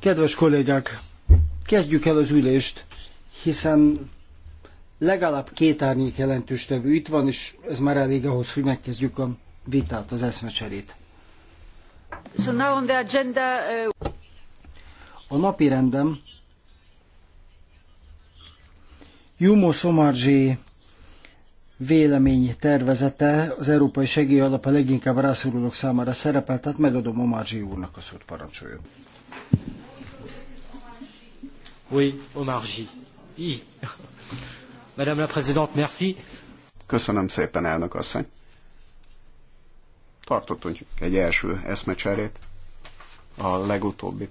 Kedves kollégák, kezdjük el az ülést, hiszen legalább két árnyék jelentős tevő itt van, és ez már elég ahhoz, hogy megkezdjük a vitát, az eszmecserét. So now on the agenda, uh... A napi rendem Jumo Szomarzsé vélemény tervezete az Európai Segélyalap a leginkább rászorulók számára szerepel, tehát megadom Omarzsi úrnak a szót parancsoljon. Oui, Omarzsi. I. Madame la Présidente, merci. Köszönöm szépen, elnök asszony. Tartottunk egy első eszmecserét a legutóbbi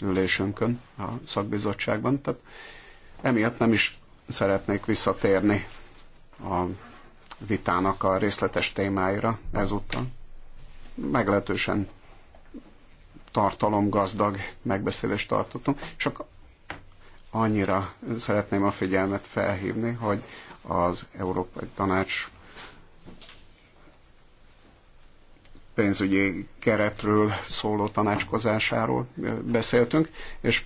ülésünkön a szakbizottságban, tehát emiatt nem is szeretnék visszatérni a vitának a részletes témáira ezúttal. Meglehetősen tartalomgazdag megbeszélést tartottunk, csak annyira szeretném a figyelmet felhívni, hogy az Európai Tanács pénzügyi keretről szóló tanácskozásáról beszéltünk, és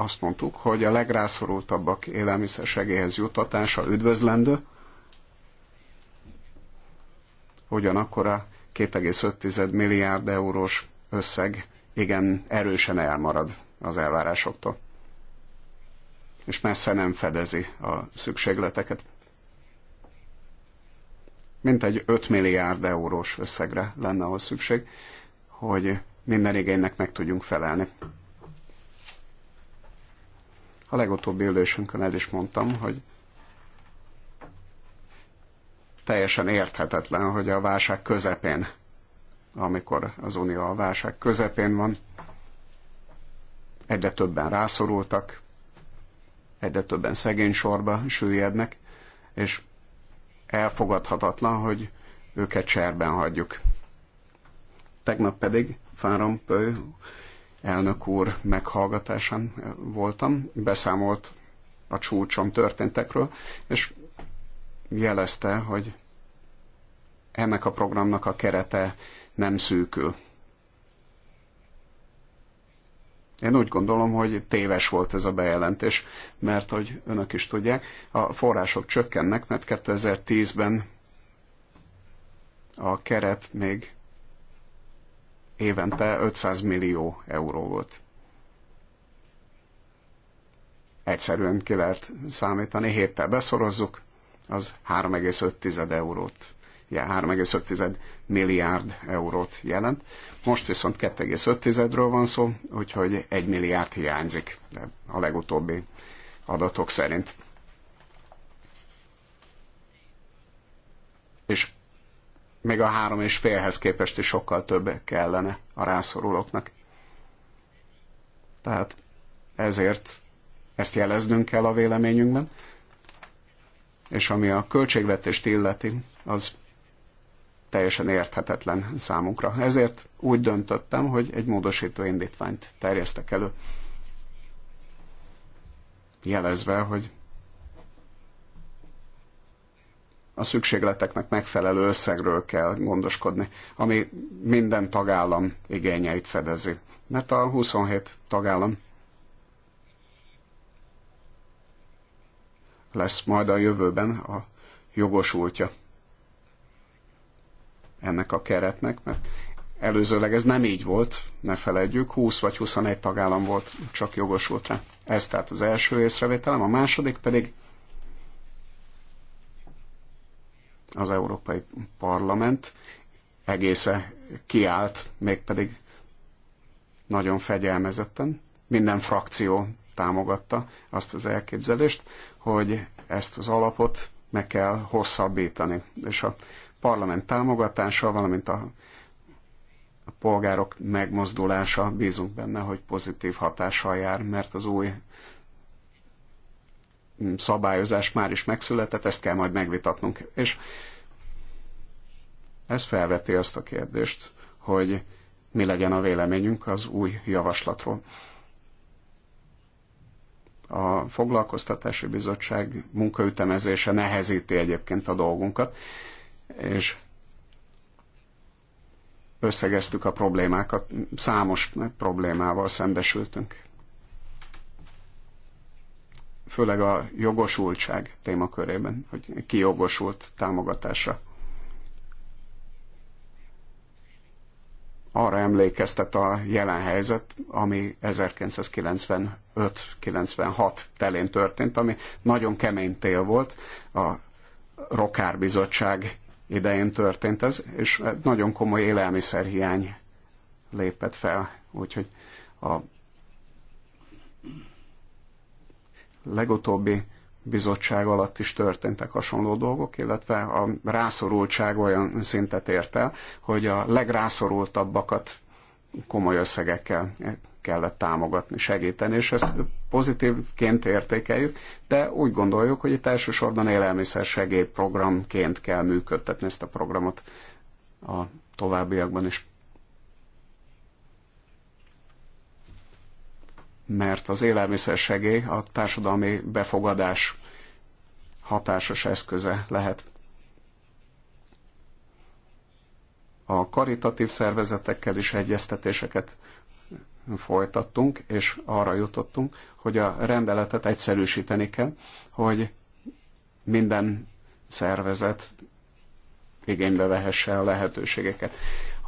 azt mondtuk, hogy a legrászorultabbak élelmiszersegélyhez jutatása üdvözlendő, ugyanakkor a 2,5 milliárd eurós összeg igen erősen elmarad az elvárásoktól, és messze nem fedezi a szükségleteket. Mint egy 5 milliárd eurós összegre lenne ahhoz szükség, hogy minden igénynek meg tudjunk felelni. A legutóbbi ülésünkön el is mondtam, hogy teljesen érthetetlen, hogy a válság közepén, amikor az Unió a válság közepén van, egyre többen rászorultak, egyre többen szegény sorba süllyednek, és elfogadhatatlan, hogy őket cserben hagyjuk. Tegnap pedig Fáron Pöly elnök úr meghallgatásán eh, voltam, beszámolt a csúcsom történtekről, és jelezte, hogy ennek a programnak a kerete nem szűkül. Én úgy gondolom, hogy téves volt ez a bejelentés, mert, hogy önök is tudják, a források csökkennek, mert 2010-ben a keret még évente 500 millió euró volt. Egyszerűen ki lehet számítani, héttel beszorozzuk, az 3,5 eurót, ja, 3,5 milliárd eurót jelent. Most viszont 2,5-ről van szó, úgyhogy 1 milliárd hiányzik a legutóbbi adatok szerint. És még a három és félhez képest is sokkal több kellene a rászorulóknak. Tehát ezért ezt jeleznünk kell a véleményünkben. És ami a költségvetést illeti, az teljesen érthetetlen számunkra. Ezért úgy döntöttem, hogy egy módosító indítványt terjesztek elő, jelezve, hogy a szükségleteknek megfelelő összegről kell gondoskodni, ami minden tagállam igényeit fedezi. Mert a 27 tagállam lesz majd a jövőben a jogosultja ennek a keretnek, mert előzőleg ez nem így volt, ne felejtjük, 20 vagy 21 tagállam volt csak jogosult rá. Ez tehát az első észrevételem, a második pedig az Európai Parlament egésze kiállt, mégpedig nagyon fegyelmezetten. Minden frakció támogatta azt az elképzelést, hogy ezt az alapot meg kell hosszabbítani. És a parlament támogatása, valamint a, a polgárok megmozdulása, bízunk benne, hogy pozitív hatással jár, mert az új szabályozás már is megszületett, ezt kell majd megvitatnunk. És ez felveti azt a kérdést, hogy mi legyen a véleményünk az új javaslatról. A Foglalkoztatási Bizottság munkaütemezése nehezíti egyébként a dolgunkat, és összegeztük a problémákat, számos problémával szembesültünk főleg a jogosultság témakörében, hogy ki jogosult támogatásra. Arra emlékeztet a jelen helyzet, ami 1995-96 telén történt, ami nagyon kemény tél volt, a Rokárbizottság idején történt ez, és nagyon komoly élelmiszerhiány lépett fel, úgyhogy a legutóbbi bizottság alatt is történtek hasonló dolgok, illetve a rászorultság olyan szintet ért el, hogy a legrászorultabbakat komoly összegekkel kellett támogatni, segíteni, és ezt pozitívként értékeljük, de úgy gondoljuk, hogy itt elsősorban élelmiszer segélyprogramként kell működtetni ezt a programot a továbbiakban is. mert az élelmiszersegély a társadalmi befogadás hatásos eszköze lehet. A karitatív szervezetekkel is egyeztetéseket folytattunk, és arra jutottunk, hogy a rendeletet egyszerűsíteni kell, hogy minden szervezet igénybe vehesse a lehetőségeket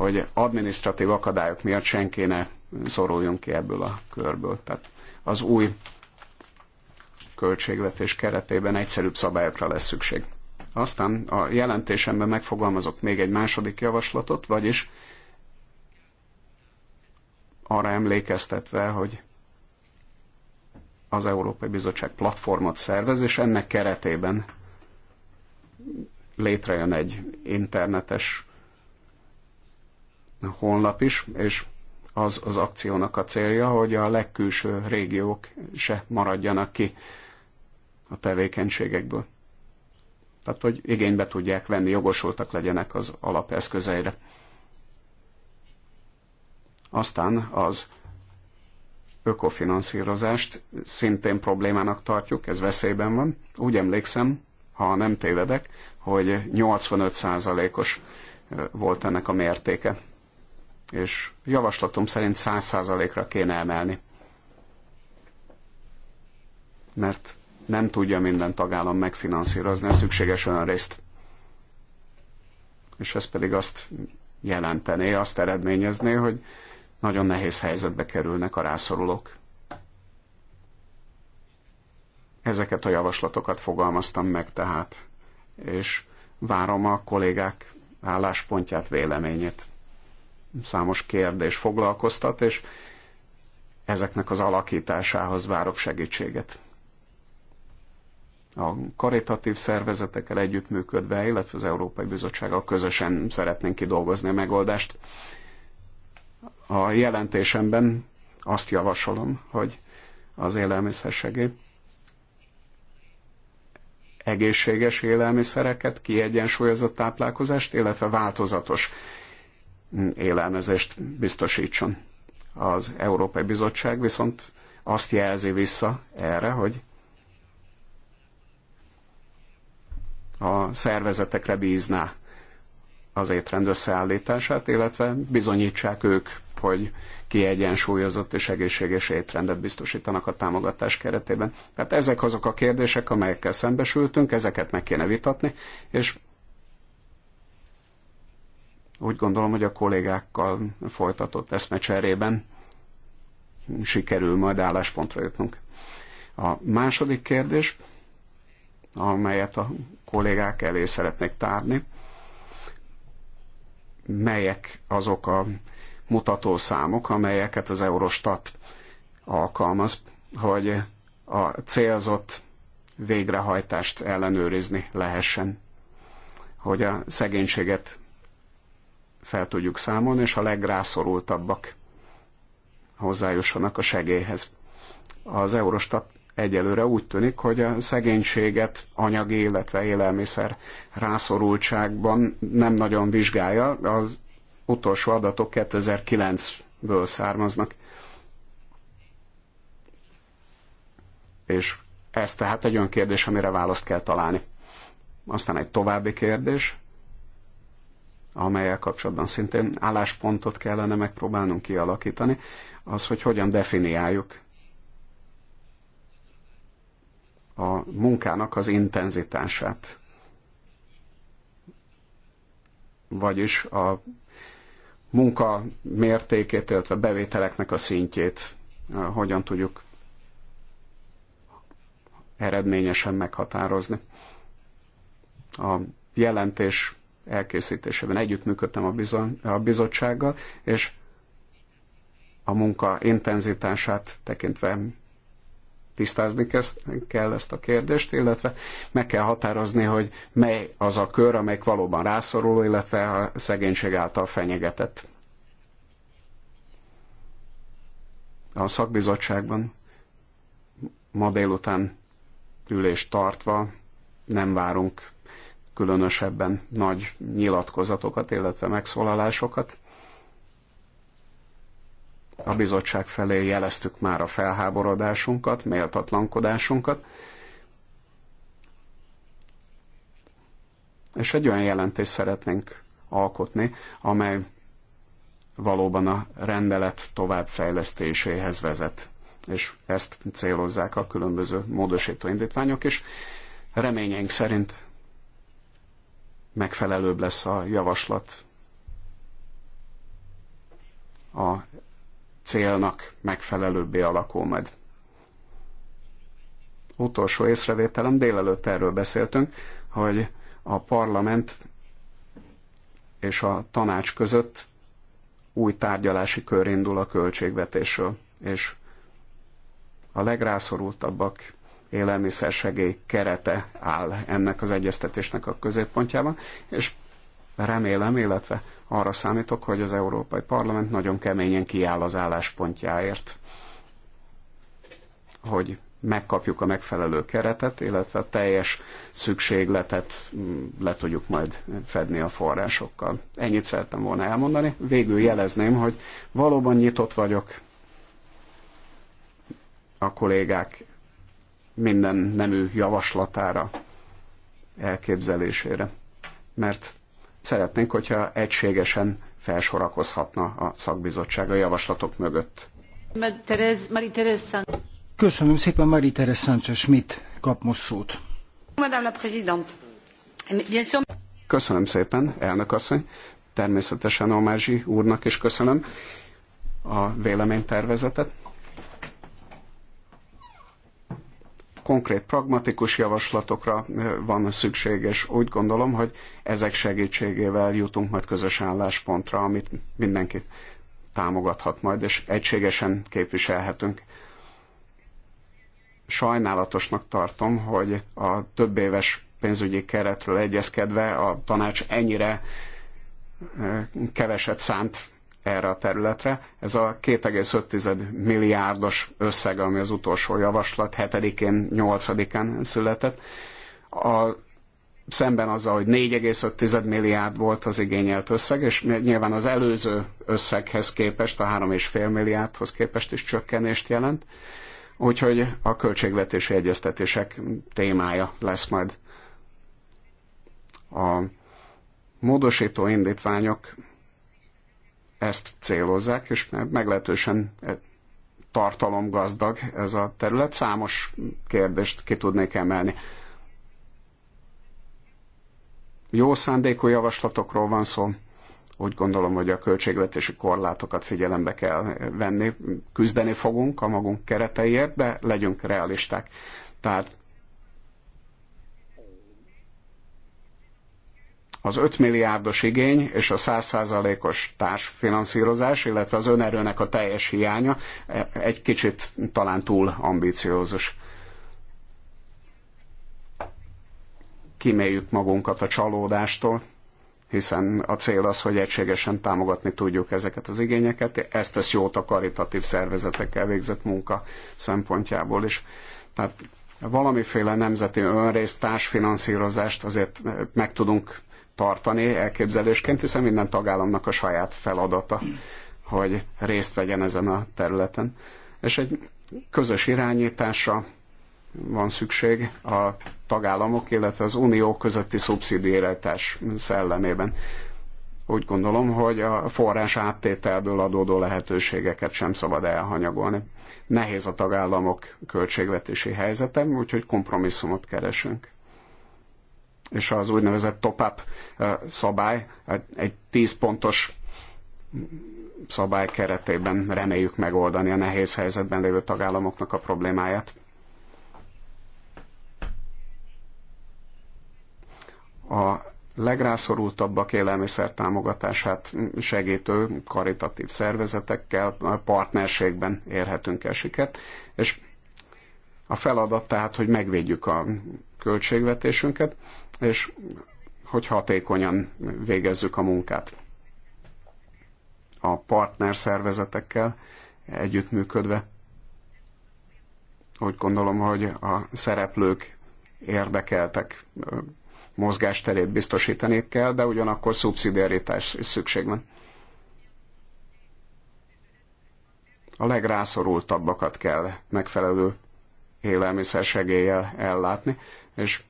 hogy administratív akadályok miatt senki ne szoruljon ki ebből a körből. Tehát az új költségvetés keretében egyszerűbb szabályokra lesz szükség. Aztán a jelentésemben megfogalmazok még egy második javaslatot, vagyis arra emlékeztetve, hogy az Európai Bizottság platformot szervez, és ennek keretében létrejön egy internetes honlap is, és az az akciónak a célja, hogy a legkülső régiók se maradjanak ki a tevékenységekből. Tehát, hogy igénybe tudják venni, jogosultak legyenek az alapeszközeire. Aztán az ökofinanszírozást szintén problémának tartjuk, ez veszélyben van. Úgy emlékszem, ha nem tévedek, hogy 85%-os volt ennek a mértéke és javaslatom szerint 100%-ra kéne emelni. Mert nem tudja minden tagállam megfinanszírozni a szükséges olyan részt. És ez pedig azt jelentené, azt eredményezné, hogy nagyon nehéz helyzetbe kerülnek a rászorulók. Ezeket a javaslatokat fogalmaztam meg tehát, és várom a kollégák álláspontját, véleményét számos kérdés foglalkoztat, és ezeknek az alakításához várok segítséget. A karitatív szervezetekkel együttműködve, illetve az Európai Bizottsággal közösen szeretnénk kidolgozni a megoldást. A jelentésemben azt javasolom, hogy az élelmiszersegély egészséges élelmiszereket, kiegyensúlyozott táplálkozást, illetve változatos élelmezést biztosítson. Az Európai Bizottság viszont azt jelzi vissza erre, hogy a szervezetekre bízná az étrend összeállítását, illetve bizonyítsák ők, hogy kiegyensúlyozott és egészséges étrendet biztosítanak a támogatás keretében. Tehát ezek azok a kérdések, amelyekkel szembesültünk, ezeket meg kéne vitatni, és úgy gondolom, hogy a kollégákkal folytatott eszmecserében sikerül majd álláspontra jutnunk. A második kérdés, amelyet a kollégák elé szeretnék tárni, melyek azok a mutatószámok, amelyeket az Eurostat alkalmaz, hogy a célzott végrehajtást ellenőrizni lehessen, hogy a szegénységet fel tudjuk számolni, és a legrászorultabbak hozzájussanak a segélyhez. Az Eurostat egyelőre úgy tűnik, hogy a szegénységet anyagi, illetve élelmiszer rászorultságban nem nagyon vizsgálja. Az utolsó adatok 2009-ből származnak. És ez tehát egy olyan kérdés, amire választ kell találni. Aztán egy további kérdés, amelyel kapcsolatban szintén álláspontot kellene megpróbálnunk kialakítani, az, hogy hogyan definiáljuk a munkának az intenzitását. Vagyis a munka mértékét, illetve bevételeknek a szintjét eh, hogyan tudjuk eredményesen meghatározni. A jelentés elkészítésében együttműködtem a, bizony, a bizottsággal, és a munka intenzitását tekintve tisztázni kell ezt a kérdést, illetve meg kell határozni, hogy mely az a kör, amelyik valóban rászorul illetve a szegénység által fenyegetett. A szakbizottságban ma délután ülést tartva nem várunk különösebben nagy nyilatkozatokat, illetve megszólalásokat. A bizottság felé jeleztük már a felháborodásunkat, méltatlankodásunkat, és egy olyan jelentést szeretnénk alkotni, amely valóban a rendelet továbbfejlesztéséhez vezet. És ezt célozzák a különböző módosító indítványok, és reményeink szerint megfelelőbb lesz a javaslat a célnak megfelelőbbé alakul majd. Utolsó észrevételem, délelőtt erről beszéltünk, hogy a parlament és a tanács között új tárgyalási kör indul a költségvetésről, és a legrászorultabbak élelmiszersegély kerete áll ennek az egyeztetésnek a középpontjában, és remélem, illetve arra számítok, hogy az Európai Parlament nagyon keményen kiáll az álláspontjáért, hogy megkapjuk a megfelelő keretet, illetve a teljes szükségletet mm, le tudjuk majd fedni a forrásokkal. Ennyit szerettem volna elmondani. Végül jelezném, hogy valóban nyitott vagyok a kollégák minden nemű javaslatára, elképzelésére. Mert szeretnénk, hogyha egységesen felsorakozhatna a szakbizottság a javaslatok mögött. Köszönöm szépen, marie Teres Sánchez Schmidt kap most szót. Köszönöm szépen, elnök asszony. Természetesen Omázsi úrnak is köszönöm a véleménytervezetet. konkrét, pragmatikus javaslatokra van szükség, és úgy gondolom, hogy ezek segítségével jutunk majd közös álláspontra, amit mindenki támogathat majd, és egységesen képviselhetünk. Sajnálatosnak tartom, hogy a több éves pénzügyi keretről egyezkedve a tanács ennyire keveset szánt erre a területre. Ez a 2,5 milliárdos összeg, ami az utolsó javaslat 7-én, 8-án született. A szemben azzal, hogy 4,5 milliárd volt az igényelt összeg, és nyilván az előző összeghez képest, a 3,5 milliárdhoz képest is csökkenést jelent. Úgyhogy a költségvetési egyeztetések témája lesz majd a módosító indítványok ezt célozzák, és meglehetősen eh, tartalomgazdag ez a terület. Számos kérdést ki tudnék emelni. Jó szándékú javaslatokról van szó. Úgy gondolom, hogy a költségvetési korlátokat figyelembe kell venni. Küzdeni fogunk a magunk kereteiért, de legyünk realisták. Tehát az 5 milliárdos igény és a 100%-os társfinanszírozás, illetve az önerőnek a teljes hiánya egy kicsit talán túl ambiciózus. Kiméljük magunkat a csalódástól, hiszen a cél az, hogy egységesen támogatni tudjuk ezeket az igényeket. Ezt tesz jót a karitatív szervezetekkel végzett munka szempontjából is. Tehát valamiféle nemzeti önrészt, társfinanszírozást azért meg tudunk tartani elképzelésként, hiszen minden tagállamnak a saját feladata, hogy részt vegyen ezen a területen. És egy közös irányításra van szükség a tagállamok, illetve az unió közötti szubszidiáltás szellemében. Úgy gondolom, hogy a forrás áttételből adódó lehetőségeket sem szabad elhanyagolni. Nehéz a tagállamok költségvetési helyzetem, úgyhogy kompromisszumot keresünk és az úgynevezett top-up szabály, egy 10 pontos szabály keretében reméljük megoldani a nehéz helyzetben lévő tagállamoknak a problémáját. A legrászorultabbak élelmiszer támogatását segítő karitatív szervezetekkel partnerségben érhetünk el siket, és a feladat tehát, hogy megvédjük a költségvetésünket, és hogy hatékonyan végezzük a munkát. A partner szervezetekkel együttműködve úgy gondolom, hogy a szereplők érdekeltek mozgásterét biztosítani kell, de ugyanakkor szubszidiaritás is szükség van. A legrászorultabbakat kell megfelelő élelmiszer segéllyel ellátni, és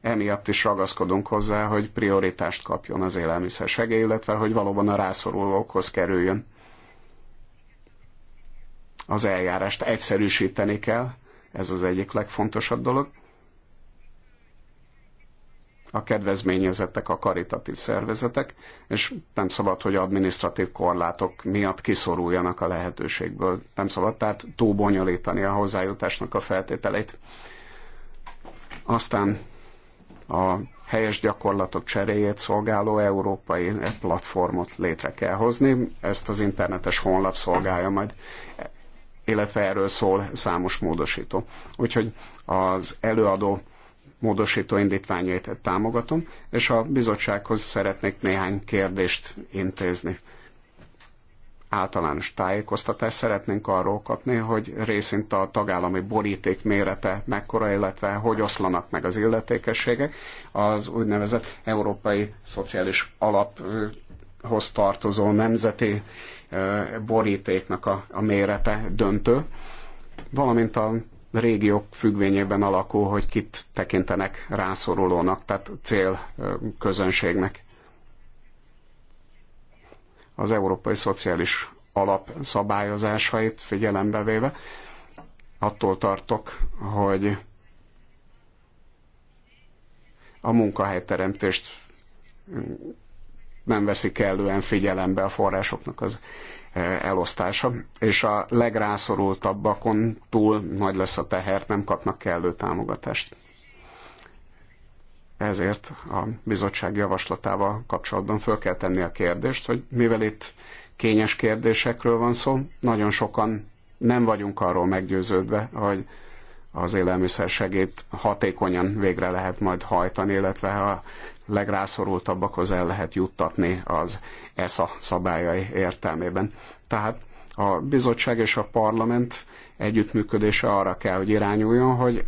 emiatt is ragaszkodunk hozzá, hogy prioritást kapjon az élelmiszer segély, illetve hogy valóban a rászorulókhoz kerüljön. Az eljárást egyszerűsíteni kell, ez az egyik legfontosabb dolog. A kedvezményezettek a karitatív szervezetek, és nem szabad, hogy administratív korlátok miatt kiszoruljanak a lehetőségből. Nem szabad tehát túlbonyolítani a hozzájutásnak a feltételeit. Aztán a helyes gyakorlatok cseréjét szolgáló európai platformot létre kell hozni. Ezt az internetes honlap szolgálja majd, illetve erről szól számos módosító. Úgyhogy az előadó módosító indítványait támogatom, és a bizottsághoz szeretnék néhány kérdést intézni általános tájékoztatást szeretnénk arról kapni, hogy részint a tagállami boríték mérete mekkora, illetve hogy oszlanak meg az illetékességek. Az úgynevezett Európai Szociális Alaphoz tartozó nemzeti borítéknak a, a mérete döntő, valamint a régiók függvényében alakul, hogy kit tekintenek rászorulónak, tehát célközönségnek az európai szociális alap szabályozásait figyelembe véve. Attól tartok, hogy a munkahelyteremtést nem veszik kellően figyelembe a forrásoknak az e, elosztása, és a legrászorultabbakon túl nagy lesz a teher, nem kapnak kellő támogatást. Ezért a bizottság javaslatával kapcsolatban föl kell tenni a kérdést, hogy mivel itt kényes kérdésekről van szó, nagyon sokan nem vagyunk arról meggyőződve, hogy az élelmiszer segít hatékonyan végre lehet majd hajtani, illetve a legrászorultabbakhoz el lehet juttatni az ESA szabályai értelmében. Tehát a bizottság és a parlament együttműködése arra kell, hogy irányuljon, hogy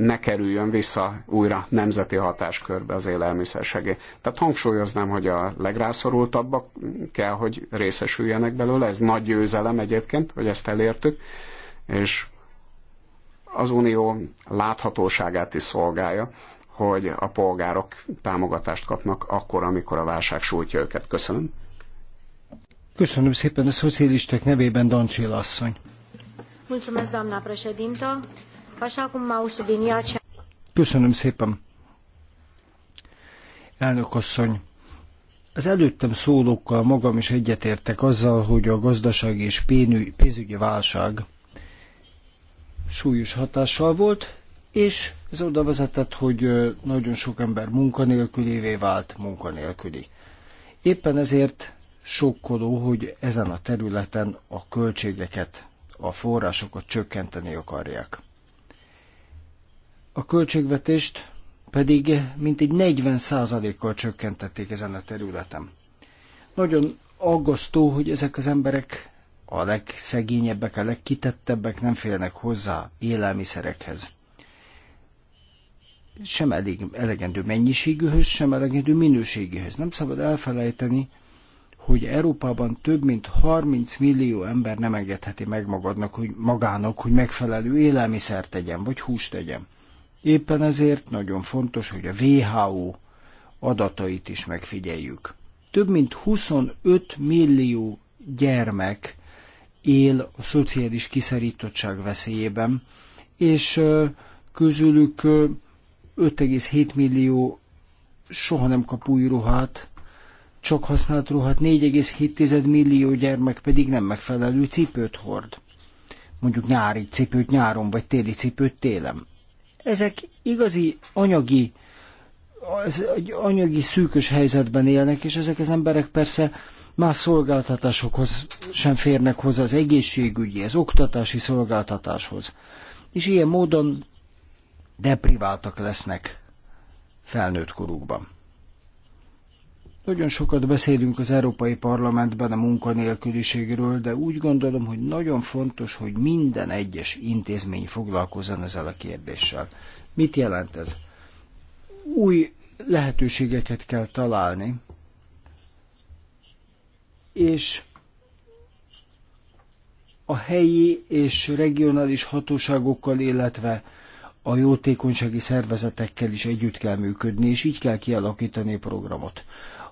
ne kerüljön vissza újra nemzeti hatáskörbe az élelmiszersegély. Tehát hangsúlyoznám, hogy a legrászorultabbak kell, hogy részesüljenek belőle. Ez nagy győzelem egyébként, hogy ezt elértük, és az unió láthatóságát is szolgálja, hogy a polgárok támogatást kapnak akkor, amikor a válság sújtja őket. Köszönöm. Köszönöm szépen a szocialisták nevében, Dancsél asszony. Mulțumesc, doamna președintă. Köszönöm szépen. Elnök asszony, az előttem szólókkal magam is egyetértek azzal, hogy a gazdasági és pénzügyi válság súlyos hatással volt, és ez oda vezetett, hogy nagyon sok ember munkanélkülévé vált munkanélküli. Éppen ezért sokkoló, hogy ezen a területen a költségeket, a forrásokat csökkenteni akarják a költségvetést pedig mintegy 40%-kal csökkentették ezen a területen. Nagyon aggasztó, hogy ezek az emberek a legszegényebbek, a legkitettebbek nem félnek hozzá élelmiszerekhez. Sem elég, elegendő mennyiségűhöz, sem elegendő minőségéhez. Nem szabad elfelejteni, hogy Európában több mint 30 millió ember nem engedheti meg magadnak, hogy magának, hogy megfelelő élelmiszert tegyen, vagy húst tegyen. Éppen ezért nagyon fontos, hogy a WHO adatait is megfigyeljük. Több mint 25 millió gyermek él a szociális kiszerítottság veszélyében, és közülük 5,7 millió soha nem kap új ruhát, csak használt ruhát, 4,7 millió gyermek pedig nem megfelelő cipőt hord. Mondjuk nyári cipőt nyáron, vagy téli cipőt télen ezek igazi anyagi az anyagi szűkös helyzetben élnek, és ezek az emberek persze más szolgáltatásokhoz sem férnek hozzá, az egészségügyi, az oktatási szolgáltatáshoz. És ilyen módon depriváltak lesznek felnőtt korukban. Nagyon sokat beszélünk az Európai Parlamentben a munkanélküliségről, de úgy gondolom, hogy nagyon fontos, hogy minden egyes intézmény foglalkozzon ezzel a kérdéssel. Mit jelent ez? Új lehetőségeket kell találni, és a helyi és regionális hatóságokkal, illetve a jótékonysági szervezetekkel is együtt kell működni, és így kell kialakítani a programot.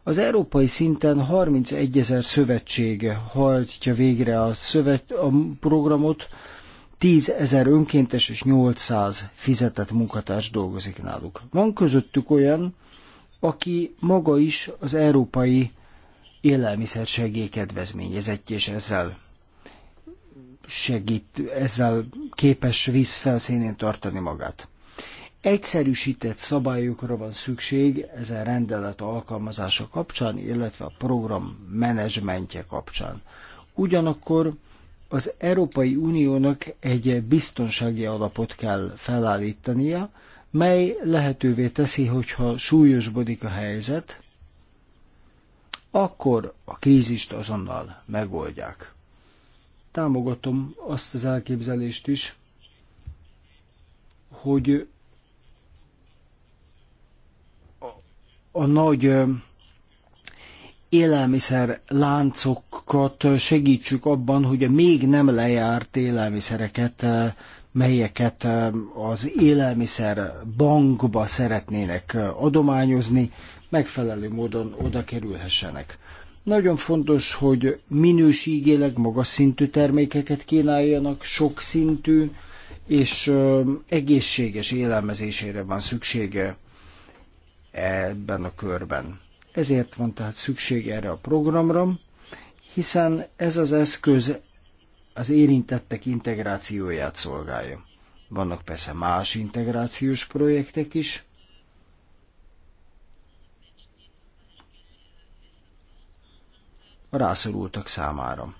Az európai szinten 31 ezer szövetség hajtja végre a, szövet, a programot, 10 ezer önkéntes és 800 fizetett munkatárs dolgozik náluk. Van közöttük olyan, aki maga is az európai élelmiszersegély kedvezményezettje, és ezzel segít, ezzel képes víz tartani magát. Egyszerűsített szabályokra van szükség ezen rendelet alkalmazása kapcsán, illetve a program menedzsmentje kapcsán. Ugyanakkor az Európai Uniónak egy biztonsági alapot kell felállítania, mely lehetővé teszi, hogyha súlyosbodik a helyzet, akkor a krízist azonnal megoldják. Támogatom azt az elképzelést is, hogy a nagy élelmiszer láncokat segítsük abban, hogy a még nem lejárt élelmiszereket, melyeket az élelmiszer bankba szeretnének adományozni, megfelelő módon oda kerülhessenek. Nagyon fontos, hogy minőségileg magas szintű termékeket kínáljanak, sok szintű és egészséges élelmezésére van szüksége ebben a körben. Ezért van tehát szükség erre a programra, hiszen ez az eszköz az érintettek integrációját szolgálja. Vannak persze más integrációs projektek is, a rászorultak számára.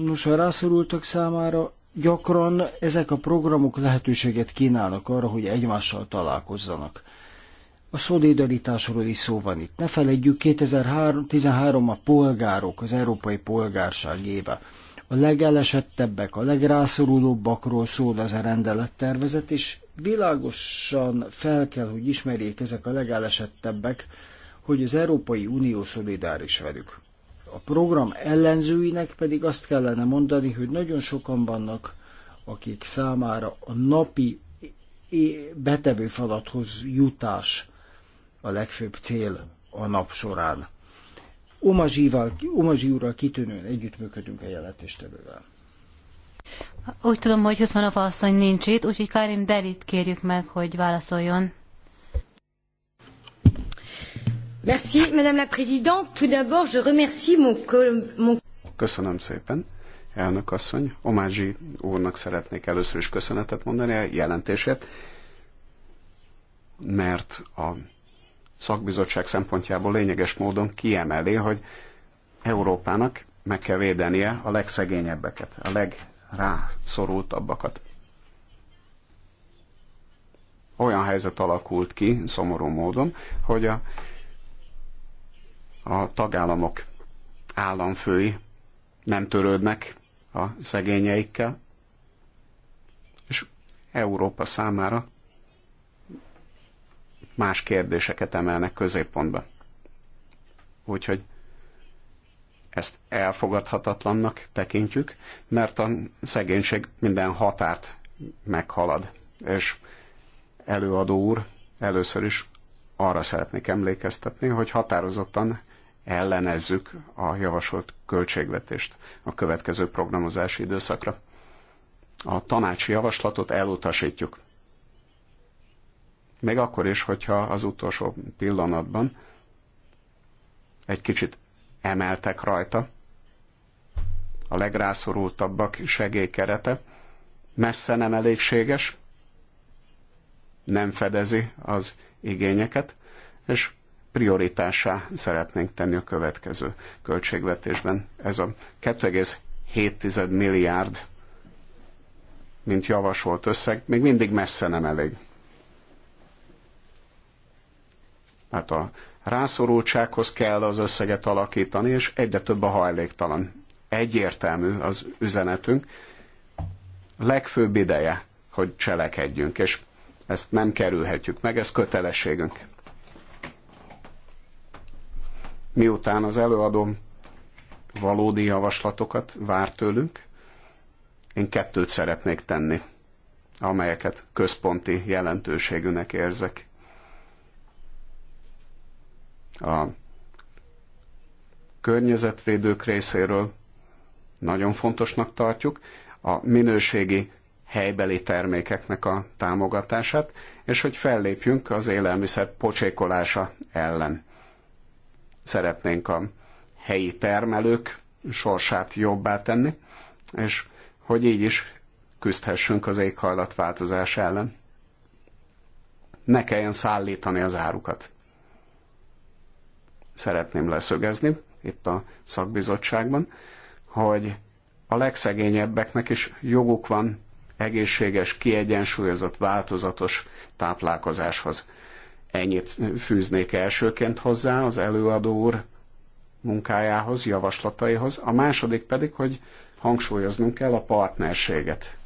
Nos, a rászorultak számára gyakran ezek a programok lehetőséget kínálnak arra, hogy egymással találkozzanak. A szolidaritásról is szó van itt. Ne feledjük, 2013 a polgárok, az európai polgárság éve. A legelesettebbek, a legrászorulóbbakról szól ez a rendelettervezet, és világosan fel kell, hogy ismerjék ezek a legelesettebbek, hogy az Európai Unió szolidáris velük. A program ellenzőinek pedig azt kellene mondani, hogy nagyon sokan vannak, akik számára a napi betevő falathoz jutás a legfőbb cél a nap során. Omazsi úrral kitűnően együttműködünk a jelentéstevővel. Úgy tudom, hogy Huszmanova asszony nincs itt, úgyhogy Karim Delit kérjük meg, hogy válaszoljon. Merci, Madame la Présidente. Tout d'abord, je remercie mon, mon... Köszönöm szépen. Elnök asszony, Omázsi úrnak szeretnék először is köszönetet mondani a jelentését, mert a szakbizottság szempontjából lényeges módon kiemeli, hogy Európának meg kell védenie a legszegényebbeket, a legrászorultabbakat. Olyan helyzet alakult ki, szomorú módon, hogy a a tagállamok államfői nem törődnek a szegényeikkel, és Európa számára más kérdéseket emelnek középpontba. Úgyhogy ezt elfogadhatatlannak tekintjük, mert a szegénység minden határt meghalad. És előadó úr, először is arra szeretnék emlékeztetni, hogy határozottan ellenezzük a javasolt költségvetést a következő programozási időszakra. A tanácsi javaslatot elutasítjuk. Még akkor is, hogyha az utolsó pillanatban egy kicsit emeltek rajta, a legrászorultabbak segélykerete messze nem elégséges, nem fedezi az igényeket, és prioritásá szeretnénk tenni a következő költségvetésben. Ez a 2,7 milliárd, mint javasolt összeg, még mindig messze nem elég. Tehát a rászorultsághoz kell az összeget alakítani, és egyre több a hajléktalan. Egyértelmű az üzenetünk. Legfőbb ideje, hogy cselekedjünk, és ezt nem kerülhetjük meg, ez kötelességünk miután az előadom valódi javaslatokat vár tőlünk, én kettőt szeretnék tenni, amelyeket központi jelentőségűnek érzek. A környezetvédők részéről nagyon fontosnak tartjuk a minőségi helybeli termékeknek a támogatását, és hogy fellépjünk az élelmiszer pocsékolása ellen szeretnénk a helyi termelők sorsát jobbá tenni, és hogy így is küzdhessünk az éghajlatváltozás ellen. Ne kelljen szállítani az árukat. Szeretném leszögezni itt a szakbizottságban, hogy a legszegényebbeknek is joguk van egészséges, kiegyensúlyozott, változatos táplálkozáshoz. Ennyit fűznék elsőként hozzá az előadó úr munkájához, javaslataihoz. A második pedig, hogy hangsúlyoznunk kell a partnerséget.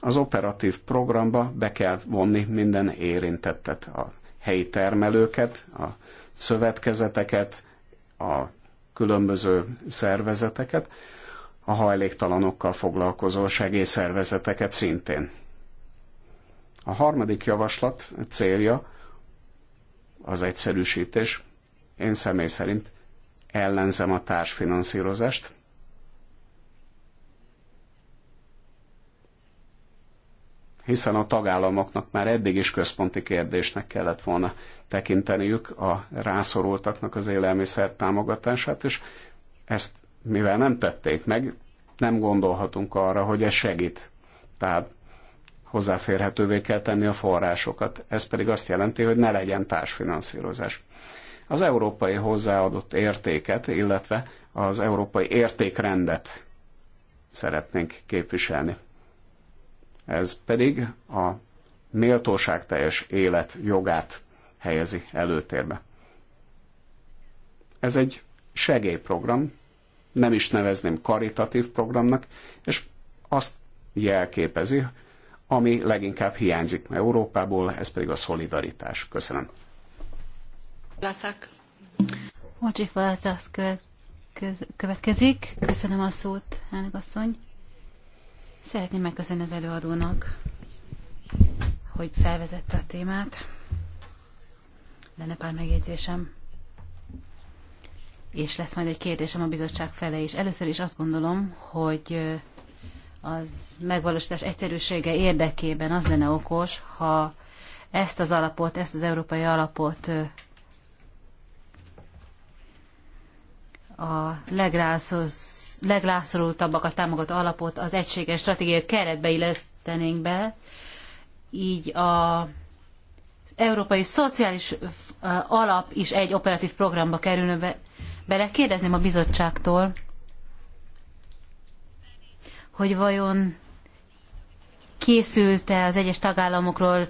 Az operatív programba be kell vonni minden érintettet, a helyi termelőket, a szövetkezeteket, a különböző szervezeteket, a hajléktalanokkal foglalkozó segélyszervezeteket szintén a harmadik javaslat célja az egyszerűsítés. Én személy szerint ellenzem a társfinanszírozást. hiszen a tagállamoknak már eddig is központi kérdésnek kellett volna tekinteniük a rászorultaknak az élelmiszer támogatását, és ezt mivel nem tették meg, nem gondolhatunk arra, hogy ez segít. Tehát hozzáférhetővé kell tenni a forrásokat. Ez pedig azt jelenti, hogy ne legyen társfinanszírozás. Az európai hozzáadott értéket, illetve az európai értékrendet szeretnénk képviselni. Ez pedig a méltóságteljes élet jogát helyezi előtérbe. Ez egy segélyprogram, nem is nevezném karitatív programnak, és azt jelképezi, ami leginkább hiányzik Európából, ez pedig a szolidaritás. Köszönöm. Lászák. Mocsik Valácsász következik. Köszönöm a szót, elnök asszony. Szeretném megköszönni az előadónak, hogy felvezette a témát. Lenne pár megjegyzésem. És lesz majd egy kérdésem a bizottság felé is. Először is azt gondolom, hogy az megvalósítás egyszerűsége érdekében az lenne okos, ha ezt az alapot, ezt az európai alapot a legrászorultabbakat támogató alapot az egységes stratégiai keretbe illesztenénk be, így a Európai Szociális Alap is egy operatív programba kerülne be, bele. Kérdezném a bizottságtól, hogy vajon készült-e az egyes tagállamokról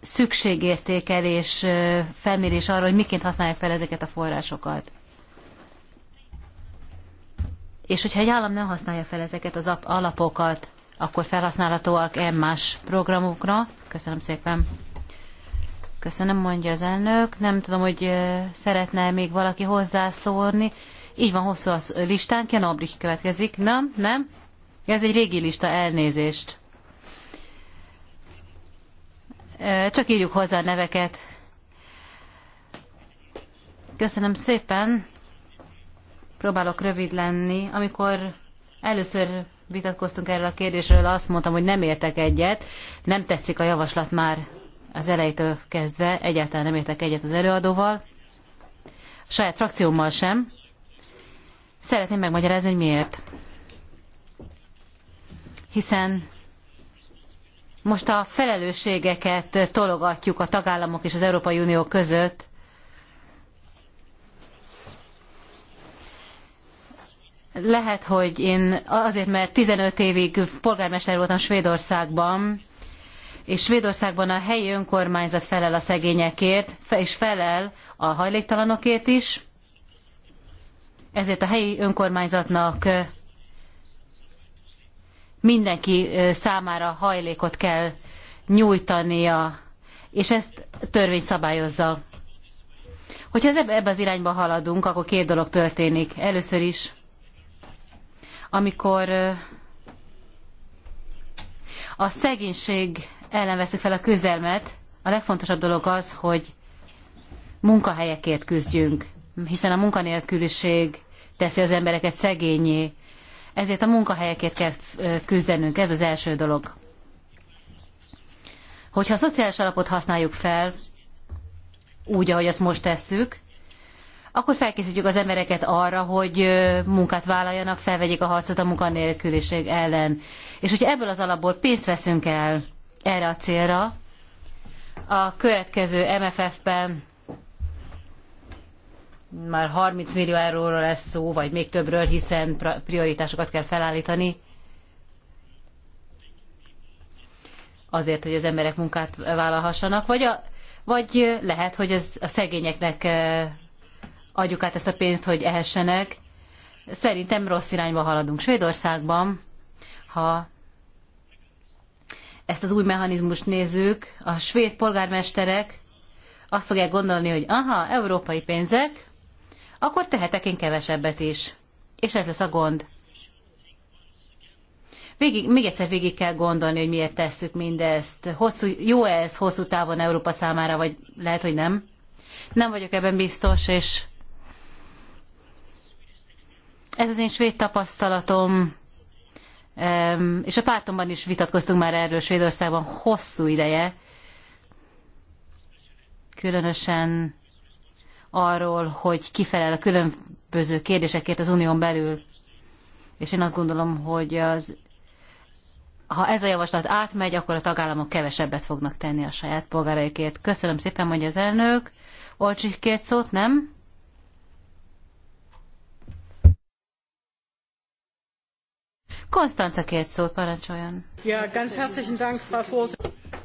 szükségértékelés, felmérés arra, hogy miként használják fel ezeket a forrásokat. És hogyha egy állam nem használja fel ezeket az alapokat, akkor felhasználhatóak-e más programokra? Köszönöm szépen. Köszönöm, mondja az elnök. Nem tudom, hogy szeretne még valaki hozzászólni. Így van hosszú a listánk, Jan Obrich következik. Nem? Nem? Ja, ez egy régi lista, elnézést. Csak írjuk hozzá a neveket. Köszönöm szépen. Próbálok rövid lenni. Amikor először vitatkoztunk erről a kérdésről, azt mondtam, hogy nem értek egyet, nem tetszik a javaslat már az elejétől kezdve, egyáltalán nem értek egyet az előadóval, a saját frakciómmal sem. Szeretném megmagyarázni, hogy miért hiszen most a felelősségeket tologatjuk a tagállamok és az Európai Unió között, lehet, hogy én azért, mert 15 évig polgármester voltam Svédországban, és Svédországban a helyi önkormányzat felel a szegényekért, és felel a hajléktalanokért is. Ezért a helyi önkormányzatnak mindenki számára hajlékot kell nyújtania, és ezt törvény szabályozza. Hogyha ebbe az irányba haladunk, akkor két dolog történik. Először is, amikor a szegénység ellen veszük fel a küzdelmet, a legfontosabb dolog az, hogy munkahelyekért küzdjünk, hiszen a munkanélküliség teszi az embereket szegényé, ezért a munkahelyekért kell küzdenünk, ez az első dolog. Hogyha a szociális alapot használjuk fel, úgy, ahogy azt most tesszük, akkor felkészítjük az embereket arra, hogy munkát vállaljanak, felvegyék a harcot a munkanélküliség ellen. És hogyha ebből az alapból pénzt veszünk el erre a célra, a következő MFF-ben már 30 millió euróról lesz szó, vagy még többről, hiszen prioritásokat kell felállítani. Azért, hogy az emberek munkát vállalhassanak, vagy, a, vagy lehet, hogy ez a szegényeknek eh, adjuk át ezt a pénzt, hogy ehessenek. Szerintem rossz irányba haladunk Svédországban, ha ezt az új mechanizmust nézzük, a svéd polgármesterek azt fogják gondolni, hogy aha, európai pénzek, akkor tehetek én kevesebbet is. És ez lesz a gond. Végig, még egyszer végig kell gondolni, hogy miért tesszük mindezt. Hosszú, jó -e ez hosszú távon Európa számára, vagy lehet, hogy nem? Nem vagyok ebben biztos, és ez az én svéd tapasztalatom, és a pártomban is vitatkoztunk már erről Svédországban hosszú ideje, különösen arról, hogy kifelel a különböző kérdésekért az unión belül. És én azt gondolom, hogy az, ha ez a javaslat átmegy, akkor a tagállamok kevesebbet fognak tenni a saját polgáraikért. Köszönöm szépen, mondja az elnök. Olcsik két szót, nem? Konstanca két szót parancsoljon. Ja, ganz herzlichen Dank, Frau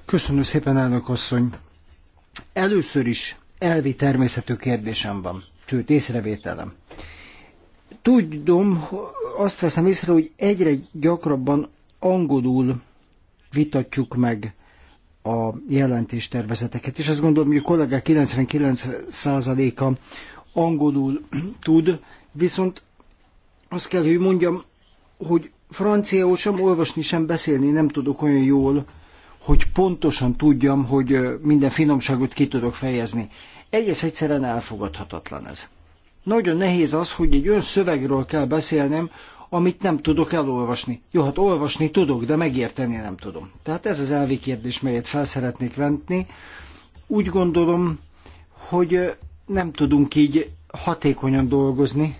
Köszönöm szépen, elnök asszony. Először is elvi természetű kérdésem van, sőt észrevételem. Tudom, azt veszem észre, hogy egyre gyakrabban angolul vitatjuk meg a jelentéstervezeteket, és azt gondolom, hogy a kollégák 99%-a angolul tud, viszont azt kell, hogy mondjam, hogy franciául sem olvasni, sem beszélni nem tudok olyan jól, hogy pontosan tudjam, hogy minden finomságot ki tudok fejezni. Egész egyszerűen elfogadhatatlan ez. Nagyon nehéz az, hogy egy olyan szövegről kell beszélnem, amit nem tudok elolvasni. Jó, hát olvasni tudok, de megérteni nem tudom. Tehát ez az elvi kérdés, melyet fel szeretnék venni. Úgy gondolom, hogy nem tudunk így hatékonyan dolgozni,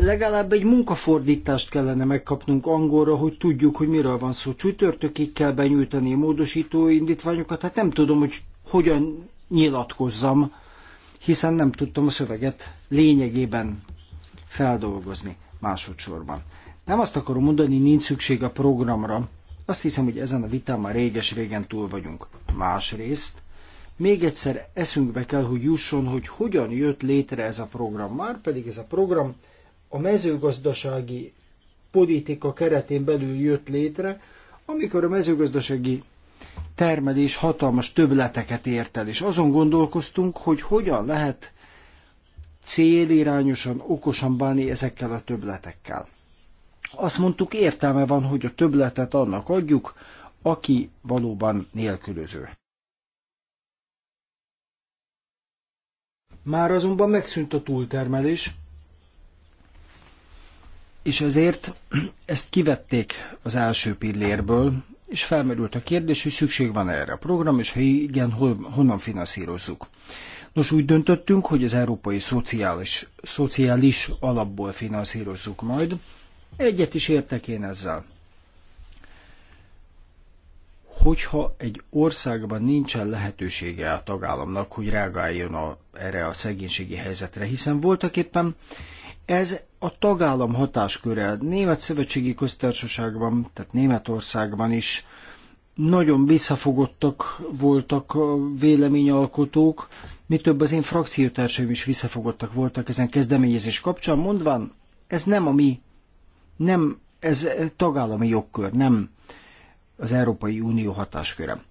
legalább egy munkafordítást kellene megkapnunk angolra, hogy tudjuk, hogy miről van szó. Csütörtökig kell benyújtani a módosító indítványokat, hát nem tudom, hogy hogyan nyilatkozzam, hiszen nem tudtam a szöveget lényegében feldolgozni másodszorban. Nem azt akarom mondani, nincs szükség a programra. Azt hiszem, hogy ezen a vitán már réges-régen túl vagyunk. Másrészt, még egyszer eszünkbe kell, hogy jusson, hogy hogyan jött létre ez a program. Már pedig ez a program a mezőgazdasági politika keretén belül jött létre, amikor a mezőgazdasági termelés hatalmas töbleteket ért el, és azon gondolkoztunk, hogy hogyan lehet célirányosan, okosan bánni ezekkel a töbletekkel. Azt mondtuk, értelme van, hogy a töbletet annak adjuk, aki valóban nélkülöző. Már azonban megszűnt a túltermelés, és ezért ezt kivették az első pillérből, és felmerült a kérdés, hogy szükség van erre a program, és ha igen, hol, honnan finanszírozzuk. Nos, úgy döntöttünk, hogy az Európai Szociális, Szociális Alapból finanszírozzuk majd. Egyet is értek én ezzel. Hogyha egy országban nincsen lehetősége a tagállamnak, hogy reagáljon a, erre a szegénységi helyzetre, hiszen voltak éppen ez a tagállam hatásköre. Német Szövetségi Köztársaságban, tehát Németországban is nagyon visszafogottak voltak a véleményalkotók, mi több az én frakciótársaim is visszafogottak voltak ezen kezdeményezés kapcsán, mondván, ez nem a mi, nem, ez tagállami jogkör, nem az Európai Unió hatásköre.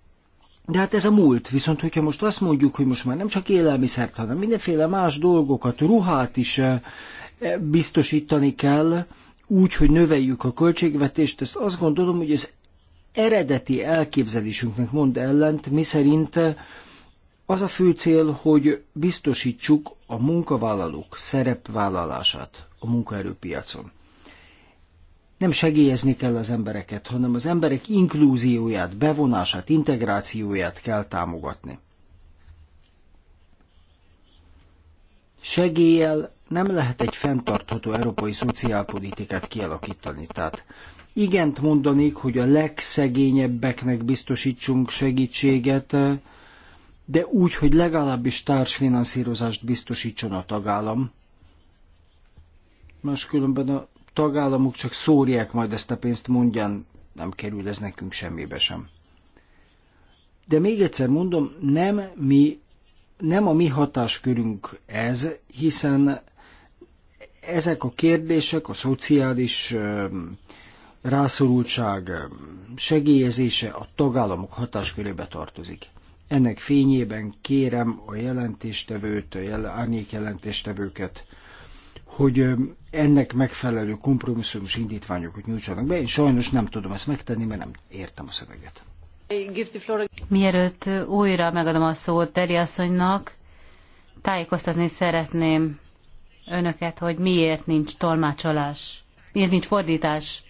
De hát ez a múlt, viszont hogyha most azt mondjuk, hogy most már nem csak élelmiszert, hanem mindenféle más dolgokat, ruhát is eh, biztosítani kell, úgy, hogy növeljük a költségvetést, ezt azt gondolom, hogy ez eredeti elképzelésünknek mond ellent, mi szerint az a fő cél, hogy biztosítsuk a munkavállalók szerepvállalását a munkaerőpiacon. Nem segélyezni kell az embereket, hanem az emberek inklúzióját, bevonását, integrációját kell támogatni. Segéllyel nem lehet egy fenntartható európai szociálpolitikát kialakítani. Tehát igent mondanék, hogy a legszegényebbeknek biztosítsunk segítséget, de úgy, hogy legalábbis társfinanszírozást biztosítson a tagállam. Máskülönben a tagállamok csak szórják majd ezt a pénzt, mondján nem kerül ez nekünk semmibe sem. De még egyszer mondom, nem mi nem a mi hatáskörünk ez, hiszen ezek a kérdések, a szociális rászorultság segélyezése a tagállamok hatáskörébe tartozik. Ennek fényében kérem a jelentéstevőt, a jel árnyék jelentéstevőket, hogy ennek megfelelő kompromisszumos indítványokat nyújtsanak be. Én sajnos nem tudom ezt megtenni, mert nem értem a szöveget. Mielőtt újra megadom a szót Teri asszonynak, tájékoztatni szeretném önöket, hogy miért nincs tolmácsolás, miért nincs fordítás.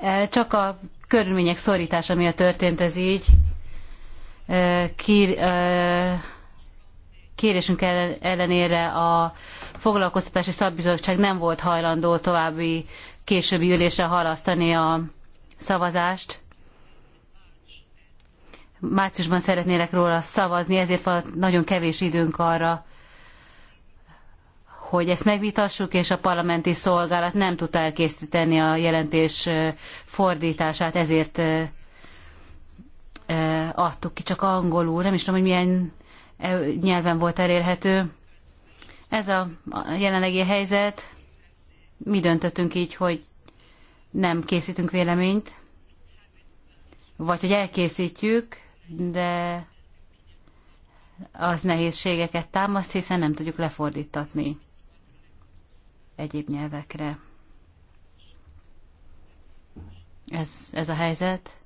E, csak a körülmények szorítása miatt történt ez így. E, kír, e, kérésünk ellenére a foglalkoztatási szabbizottság nem volt hajlandó további későbbi ülésre halasztani a szavazást. Márciusban szeretnélek róla szavazni, ezért van nagyon kevés időnk arra, hogy ezt megvitassuk, és a parlamenti szolgálat nem tudta elkészíteni a jelentés fordítását, ezért adtuk ki csak angolul, nem is tudom, hogy milyen nyelven volt elérhető. Ez a jelenlegi helyzet, mi döntöttünk így, hogy nem készítünk véleményt, vagy hogy elkészítjük, de az nehézségeket támaszt, hiszen nem tudjuk lefordítatni egyéb nyelvekre. Ez, ez a helyzet.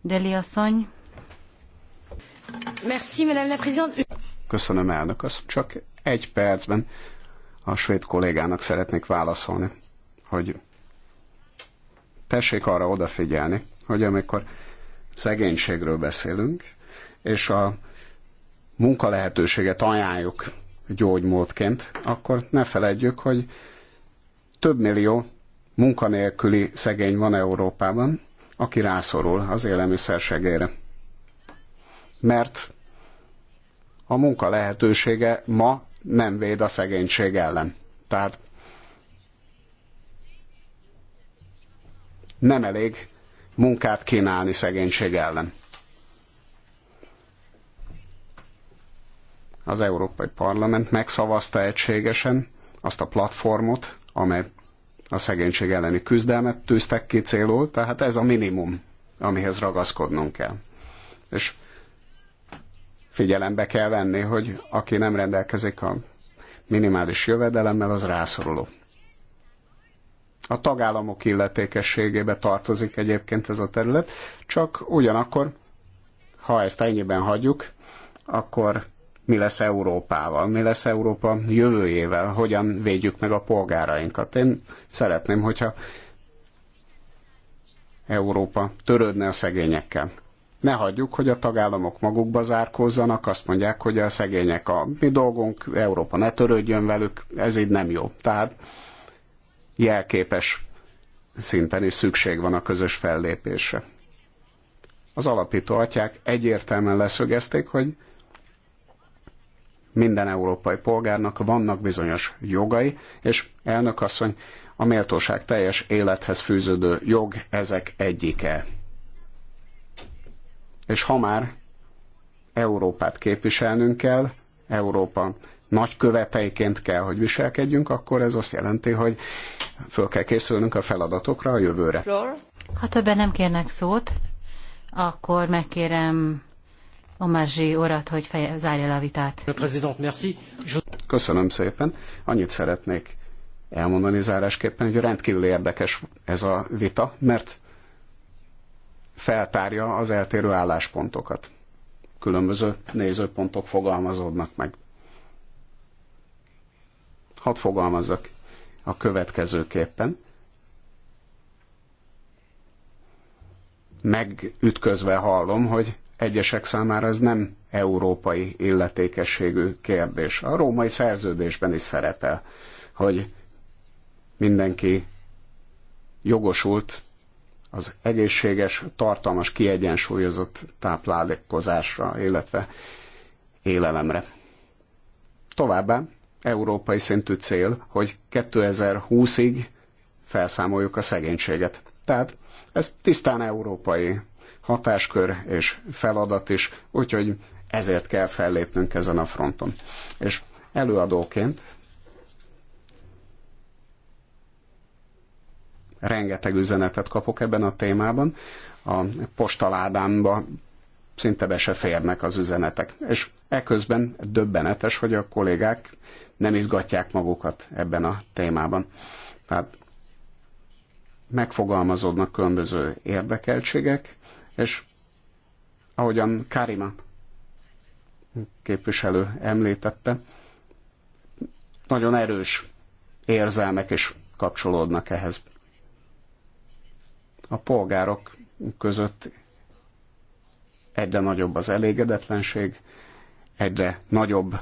Deli asszony. Merci, Madame la Présidente. Köszönöm, elnök az Csak egy percben a svéd kollégának szeretnék válaszolni, hogy tessék arra odafigyelni, hogy amikor szegénységről beszélünk, és a munkalehetőséget ajánljuk gyógymódként, akkor ne feledjük, hogy több millió munkanélküli szegény van Európában, aki rászorul az élelmiszersegélyre. Mert a munka lehetősége ma nem véd a szegénység ellen. Tehát nem elég munkát kínálni szegénység ellen. az Európai Parlament megszavazta egységesen azt a platformot, amely a szegénység elleni küzdelmet tűztek ki célul, tehát ez a minimum, amihez ragaszkodnunk kell. És figyelembe kell venni, hogy aki nem rendelkezik a minimális jövedelemmel, az rászoruló. A tagállamok illetékességébe tartozik egyébként ez a terület, csak ugyanakkor, ha ezt ennyiben hagyjuk, akkor mi lesz Európával, mi lesz Európa jövőjével, hogyan védjük meg a polgárainkat. Én szeretném, hogyha Európa törődne a szegényekkel. Ne hagyjuk, hogy a tagállamok magukba zárkózzanak, azt mondják, hogy a szegények a mi dolgunk, Európa ne törődjön velük, ez így nem jó. Tehát jelképes szinten is szükség van a közös fellépésre. Az alapító atyák egyértelműen leszögezték, hogy minden európai polgárnak vannak bizonyos jogai, és elnök asszony, a méltóság teljes élethez fűződő jog ezek egyike. És ha már Európát képviselnünk kell, Európa nagyköveteiként kell, hogy viselkedjünk, akkor ez azt jelenti, hogy föl kell készülnünk a feladatokra a jövőre. Ha többen nem kérnek szót, akkor megkérem Omarzsi urat, hogy feje, zárja le a vitát. Köszönöm szépen. Annyit szeretnék elmondani zárásképpen, hogy rendkívül érdekes ez a vita, mert feltárja az eltérő álláspontokat. Különböző nézőpontok fogalmazódnak meg. Hadd fogalmazzak a következőképpen. Megütközve hallom, hogy Egyesek számára ez nem európai illetékességű kérdés. A római szerződésben is szerepel, hogy mindenki jogosult az egészséges, tartalmas, kiegyensúlyozott táplálékozásra, illetve élelemre. Továbbá európai szintű cél, hogy 2020-ig felszámoljuk a szegénységet. Tehát ez tisztán európai hatáskör és feladat is, úgyhogy ezért kell fellépnünk ezen a fronton. És előadóként rengeteg üzenetet kapok ebben a témában, a postaládámba szinte be se férnek az üzenetek. És eközben döbbenetes, hogy a kollégák nem izgatják magukat ebben a témában. Tehát megfogalmazódnak különböző érdekeltségek, és ahogyan Karima képviselő említette, nagyon erős érzelmek is kapcsolódnak ehhez. A polgárok között egyre nagyobb az elégedetlenség, egyre nagyobb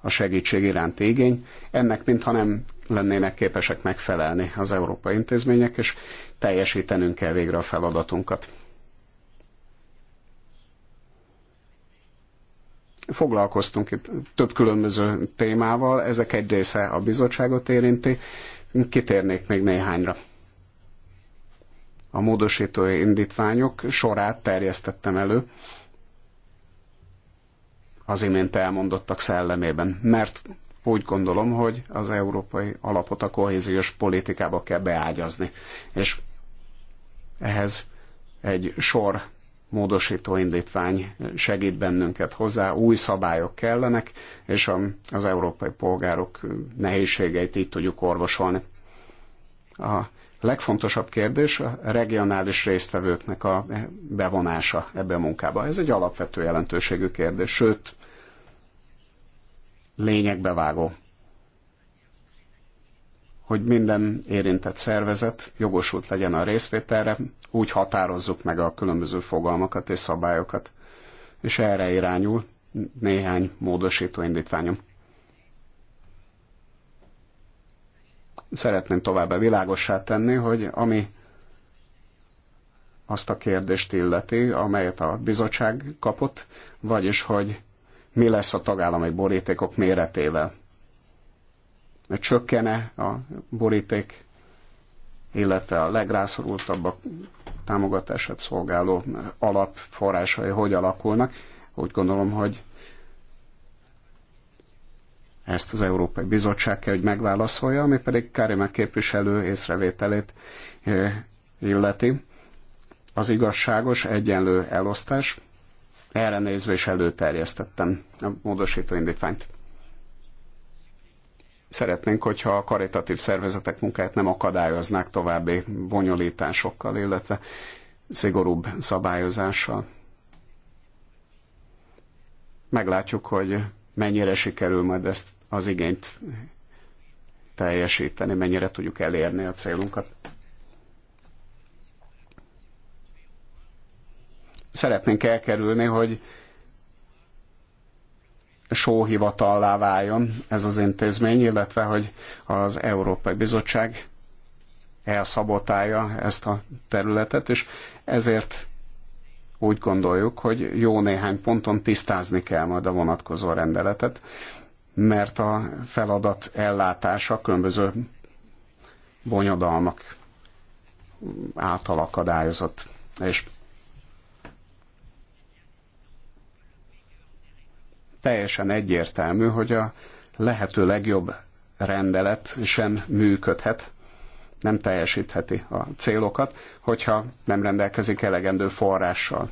a segítség iránt igény. Ennek mintha nem lennének képesek megfelelni az európai intézmények, és teljesítenünk kell végre a feladatunkat. foglalkoztunk itt több különböző témával, ezek egy része a bizottságot érinti, kitérnék még néhányra. A módosítói indítványok sorát terjesztettem elő az imént elmondottak szellemében, mert úgy gondolom, hogy az európai alapot a kohéziós politikába kell beágyazni. És ehhez egy sor módosító indítvány segít bennünket hozzá, új szabályok kellenek, és az európai polgárok nehézségeit így tudjuk orvosolni. A legfontosabb kérdés a regionális résztvevőknek a bevonása ebbe a munkába. Ez egy alapvető jelentőségű kérdés, sőt, lényegbevágó hogy minden érintett szervezet jogosult legyen a részvételre, úgy határozzuk meg a különböző fogalmakat és szabályokat. És erre irányul néhány módosító indítványom. Szeretném továbbá világossá tenni, hogy ami azt a kérdést illeti, amelyet a bizottság kapott, vagyis hogy mi lesz a tagállami borítékok méretével. Csökkene a boríték, illetve a legrászorultabbak támogatását szolgáló eh, alapforrásai hogy alakulnak. Úgy gondolom, hogy ezt az Európai Bizottság kell, hogy megválaszolja, ami pedig Karima képviselő észrevételét eh, illeti. Az igazságos, egyenlő elosztás. Erre nézve is előterjesztettem a módosító indítványt szeretnénk, hogyha a karitatív szervezetek munkáját nem akadályoznák további bonyolításokkal, illetve szigorúbb szabályozással. Meglátjuk, hogy mennyire sikerül majd ezt az igényt teljesíteni, mennyire tudjuk elérni a célunkat. Szeretnénk elkerülni, hogy sóhivatallá váljon ez az intézmény, illetve hogy az Európai Bizottság elszabotálja ezt a területet, és ezért úgy gondoljuk, hogy jó néhány ponton tisztázni kell majd a vonatkozó rendeletet, mert a feladat ellátása különböző bonyodalmak által akadályozott, és teljesen egyértelmű, hogy a lehető legjobb rendelet sem működhet, nem teljesítheti a célokat, hogyha nem rendelkezik elegendő forrással.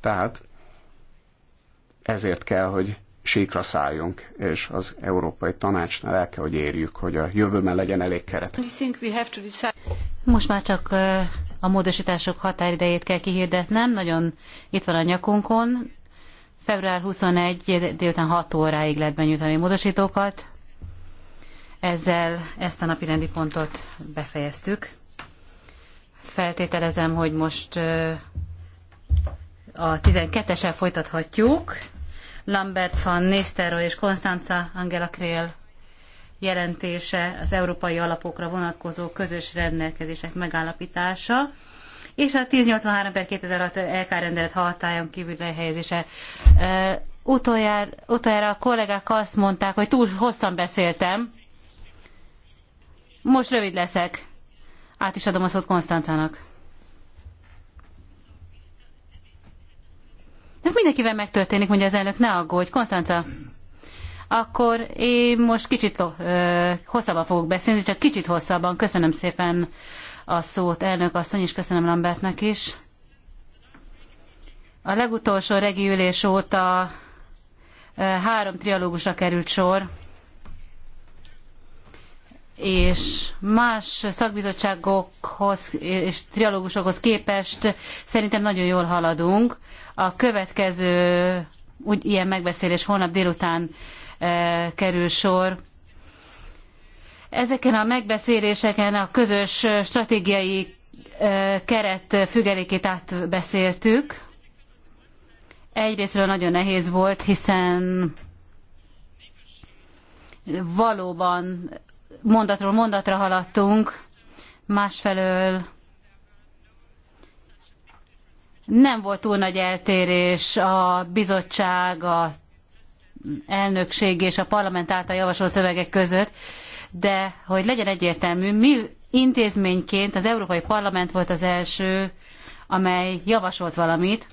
Tehát ezért kell, hogy síkra szálljunk, és az Európai Tanácsnál el kell, hogy érjük, hogy a jövőben legyen elég keret. Most már csak a módosítások határidejét kell kihirdetnem, nagyon itt van a nyakunkon, Február 21 délután 6 óráig lehet benyújtani a módosítókat. Ezzel ezt a napi rendi pontot befejeztük. Feltételezem, hogy most a 12-esel folytathatjuk. Lambert van Nisterro és Konstanza Angela Krél jelentése az európai alapokra vonatkozó közös rendelkezések megállapítása és a 1083 per 2006 LK rendelet hatályon kívül helyezése. Utoljára, utoljára a kollégák azt mondták, hogy túl hosszan beszéltem. Most rövid leszek. Át is adom a szót Konstantának. Ez mindenkivel megtörténik, mondja az elnök, ne aggódj. Konstanca, akkor én most kicsit ö, hosszabban fogok beszélni, csak kicsit hosszabban. Köszönöm szépen a szót, elnök asszony, és köszönöm Lambertnek is. A legutolsó regi ülés óta három trialógusra került sor, és más szakbizottságokhoz és trialógusokhoz képest szerintem nagyon jól haladunk. A következő úgy, ilyen megbeszélés holnap délután kerül sor Ezeken a megbeszéléseken a közös stratégiai keret függelékét átbeszéltük. Egyrésztről nagyon nehéz volt, hiszen valóban mondatról mondatra haladtunk, másfelől nem volt túl nagy eltérés a bizottság, a elnökség és a parlament által javasolt szövegek között, de hogy legyen egyértelmű, mi intézményként az Európai Parlament volt az első, amely javasolt valamit.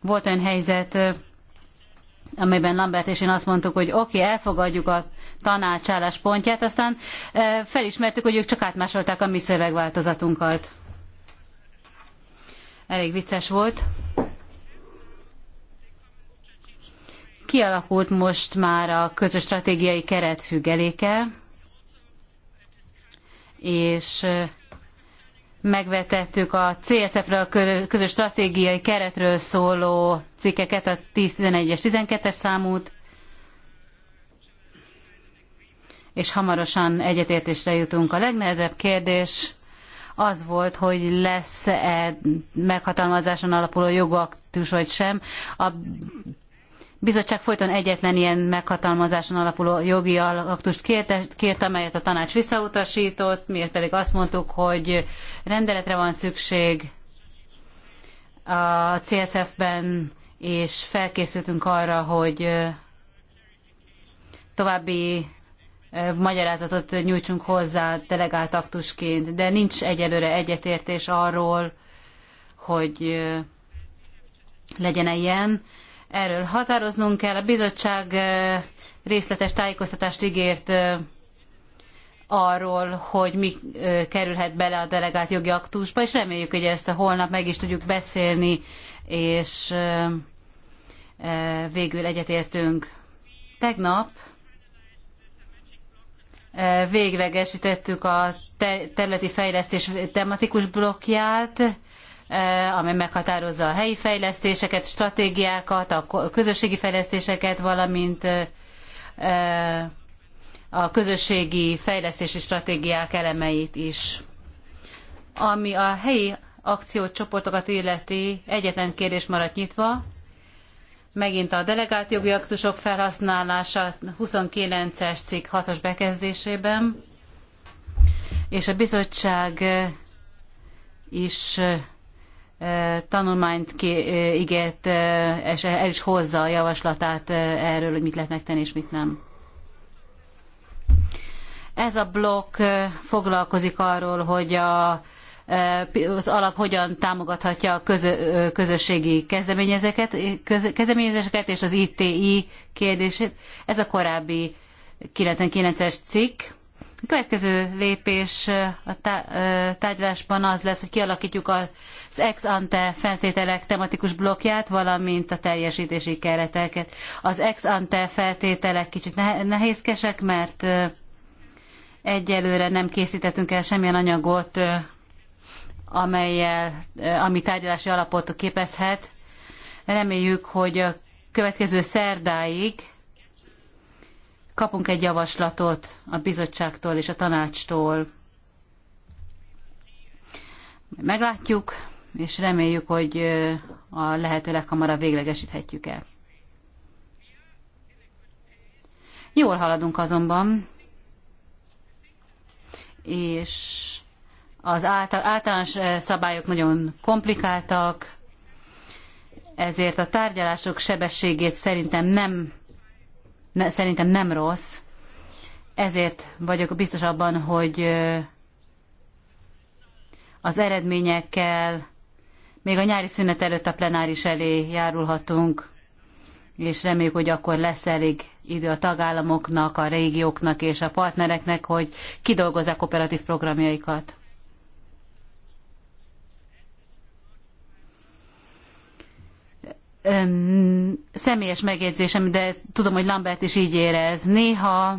Volt olyan helyzet, amelyben Lambert és én azt mondtuk, hogy oké, okay, elfogadjuk a tanács álláspontját, aztán eh, felismertük, hogy ők csak átmásolták a mi szövegváltozatunkat. Elég vicces volt. Kialakult most már a közös stratégiai keret függeléke, és megvetettük a CSF-ről, a közös stratégiai keretről szóló cikkeket, a 10, 11-es, 12-es számút, és hamarosan egyetértésre jutunk. A legnehezebb kérdés az volt, hogy lesz-e meghatalmazáson alapuló jogaktus vagy sem. A bizottság folyton egyetlen ilyen meghatalmazáson alapuló jogi aktust kérte, kért, amelyet a tanács visszautasított, miért pedig azt mondtuk, hogy rendeletre van szükség a CSF-ben, és felkészültünk arra, hogy további magyarázatot nyújtsunk hozzá delegált aktusként, de nincs egyelőre egyetértés arról, hogy legyen -e ilyen. Erről határoznunk kell. A bizottság részletes tájékoztatást ígért arról, hogy mi kerülhet bele a delegált jogi aktusba, és reméljük, hogy ezt a holnap meg is tudjuk beszélni, és végül egyetértünk. Tegnap véglegesítettük a területi fejlesztés tematikus blokkját, Eh, amely meghatározza a helyi fejlesztéseket, stratégiákat, a közösségi fejlesztéseket, valamint eh, eh, a közösségi fejlesztési stratégiák elemeit is. Ami a helyi akciócsoportokat illeti, egyetlen kérdés maradt nyitva, megint a delegált jogi aktusok felhasználása 29-es cikk 6-os bekezdésében, és a bizottság is tanulmányt ígért, és el is hozza a javaslatát erről, hogy mit lehet megtenni és mit nem. Ez a blokk foglalkozik arról, hogy a, az alap hogyan támogathatja a közö, közösségi kezdeményezeket, köz, kezdeményezéseket és az ITI kérdését. Ez a korábbi 99-es cikk, a következő lépés a tárgyalásban az lesz, hogy kialakítjuk az ex ante feltételek tematikus blokkját, valamint a teljesítési kereteket. Az ex ante feltételek kicsit nehézkesek, mert egyelőre nem készítettünk el semmilyen anyagot, amelyel, ami tárgyalási alapot képezhet. Reméljük, hogy a következő szerdáig kapunk egy javaslatot a bizottságtól és a tanácstól. Meglátjuk, és reméljük, hogy a lehető leghamarabb véglegesíthetjük el. Jól haladunk azonban, és az általános szabályok nagyon komplikáltak, ezért a tárgyalások sebességét szerintem nem ne, szerintem nem rossz, ezért vagyok biztos abban, hogy az eredményekkel még a nyári szünet előtt a plenáris elé járulhatunk, és reméljük, hogy akkor lesz elég idő a tagállamoknak, a régióknak és a partnereknek, hogy kidolgozzák operatív programjaikat. személyes megjegyzésem, de tudom, hogy Lambert is így érez. Néha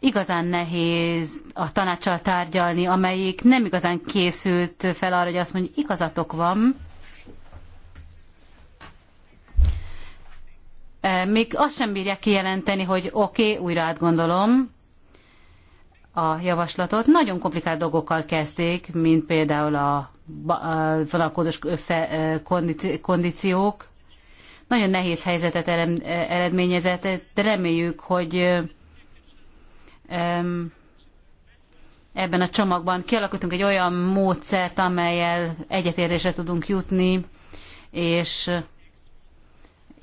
igazán nehéz a tanácssal tárgyalni, amelyik nem igazán készült fel arra, hogy azt mondja, igazatok van. Még azt sem bírják kijelenteni, hogy oké, okay, újra átgondolom, a javaslatot. Nagyon komplikált dolgokkal kezdték, mint például a vonalkódos kondíciók. Nagyon nehéz helyzetet eredményezett, de reméljük, hogy ebben a csomagban kialakítunk egy olyan módszert, amelyel egyetérésre tudunk jutni, és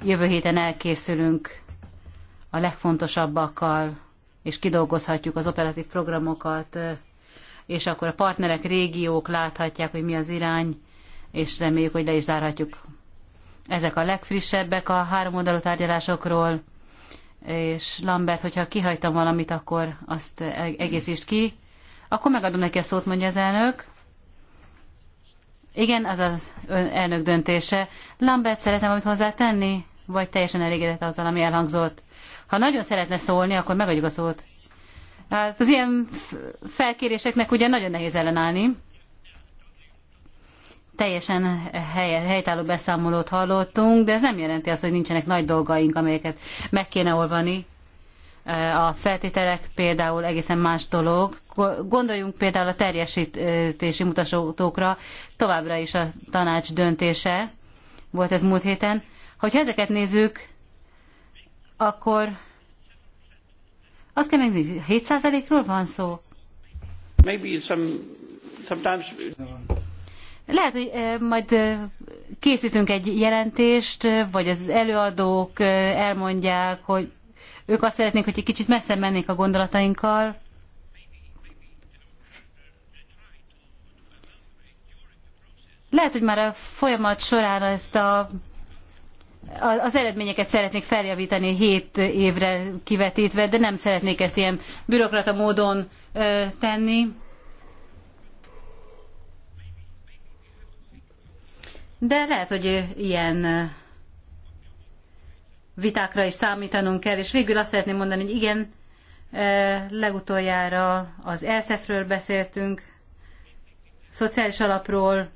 jövő héten elkészülünk a legfontosabbakkal és kidolgozhatjuk az operatív programokat, és akkor a partnerek, régiók láthatják, hogy mi az irány, és reméljük, hogy le is zárhatjuk. Ezek a legfrissebbek a három oldalú tárgyalásokról, és Lambert, hogyha kihagytam valamit, akkor azt e- egészítsd ki. Akkor megadom neki a szót, mondja az elnök. Igen, az az ön elnök döntése. Lambert, szeretném amit hozzátenni? Vagy teljesen elégedett azzal, ami elhangzott? Ha nagyon szeretne szólni, akkor megadjuk a szót. Hát az ilyen felkéréseknek ugye nagyon nehéz ellenállni. Teljesen hely, helytálló beszámolót hallottunk, de ez nem jelenti azt, hogy nincsenek nagy dolgaink, amelyeket meg kéne olvani. E, a feltételek például egészen más dolog. Gondoljunk például a terjesítési mutatókra, továbbra is a tanács döntése, volt ez múlt héten. Hogyha ezeket nézzük, akkor azt kell megnézni, 7%-ról van szó? Maybe some, sometimes... Lehet, hogy eh, majd eh, készítünk egy jelentést, eh, vagy az előadók elmondják, hogy ők azt szeretnék, hogy egy kicsit messze mennék a gondolatainkkal. Lehet, hogy már a folyamat során ezt a az eredményeket szeretnék feljavítani 7 évre kivetítve, de nem szeretnék ezt ilyen bürokrata módon tenni. De lehet, hogy ilyen vitákra is számítanunk kell, és végül azt szeretném mondani, hogy igen, legutoljára az ELSZEF-ről beszéltünk, szociális alapról.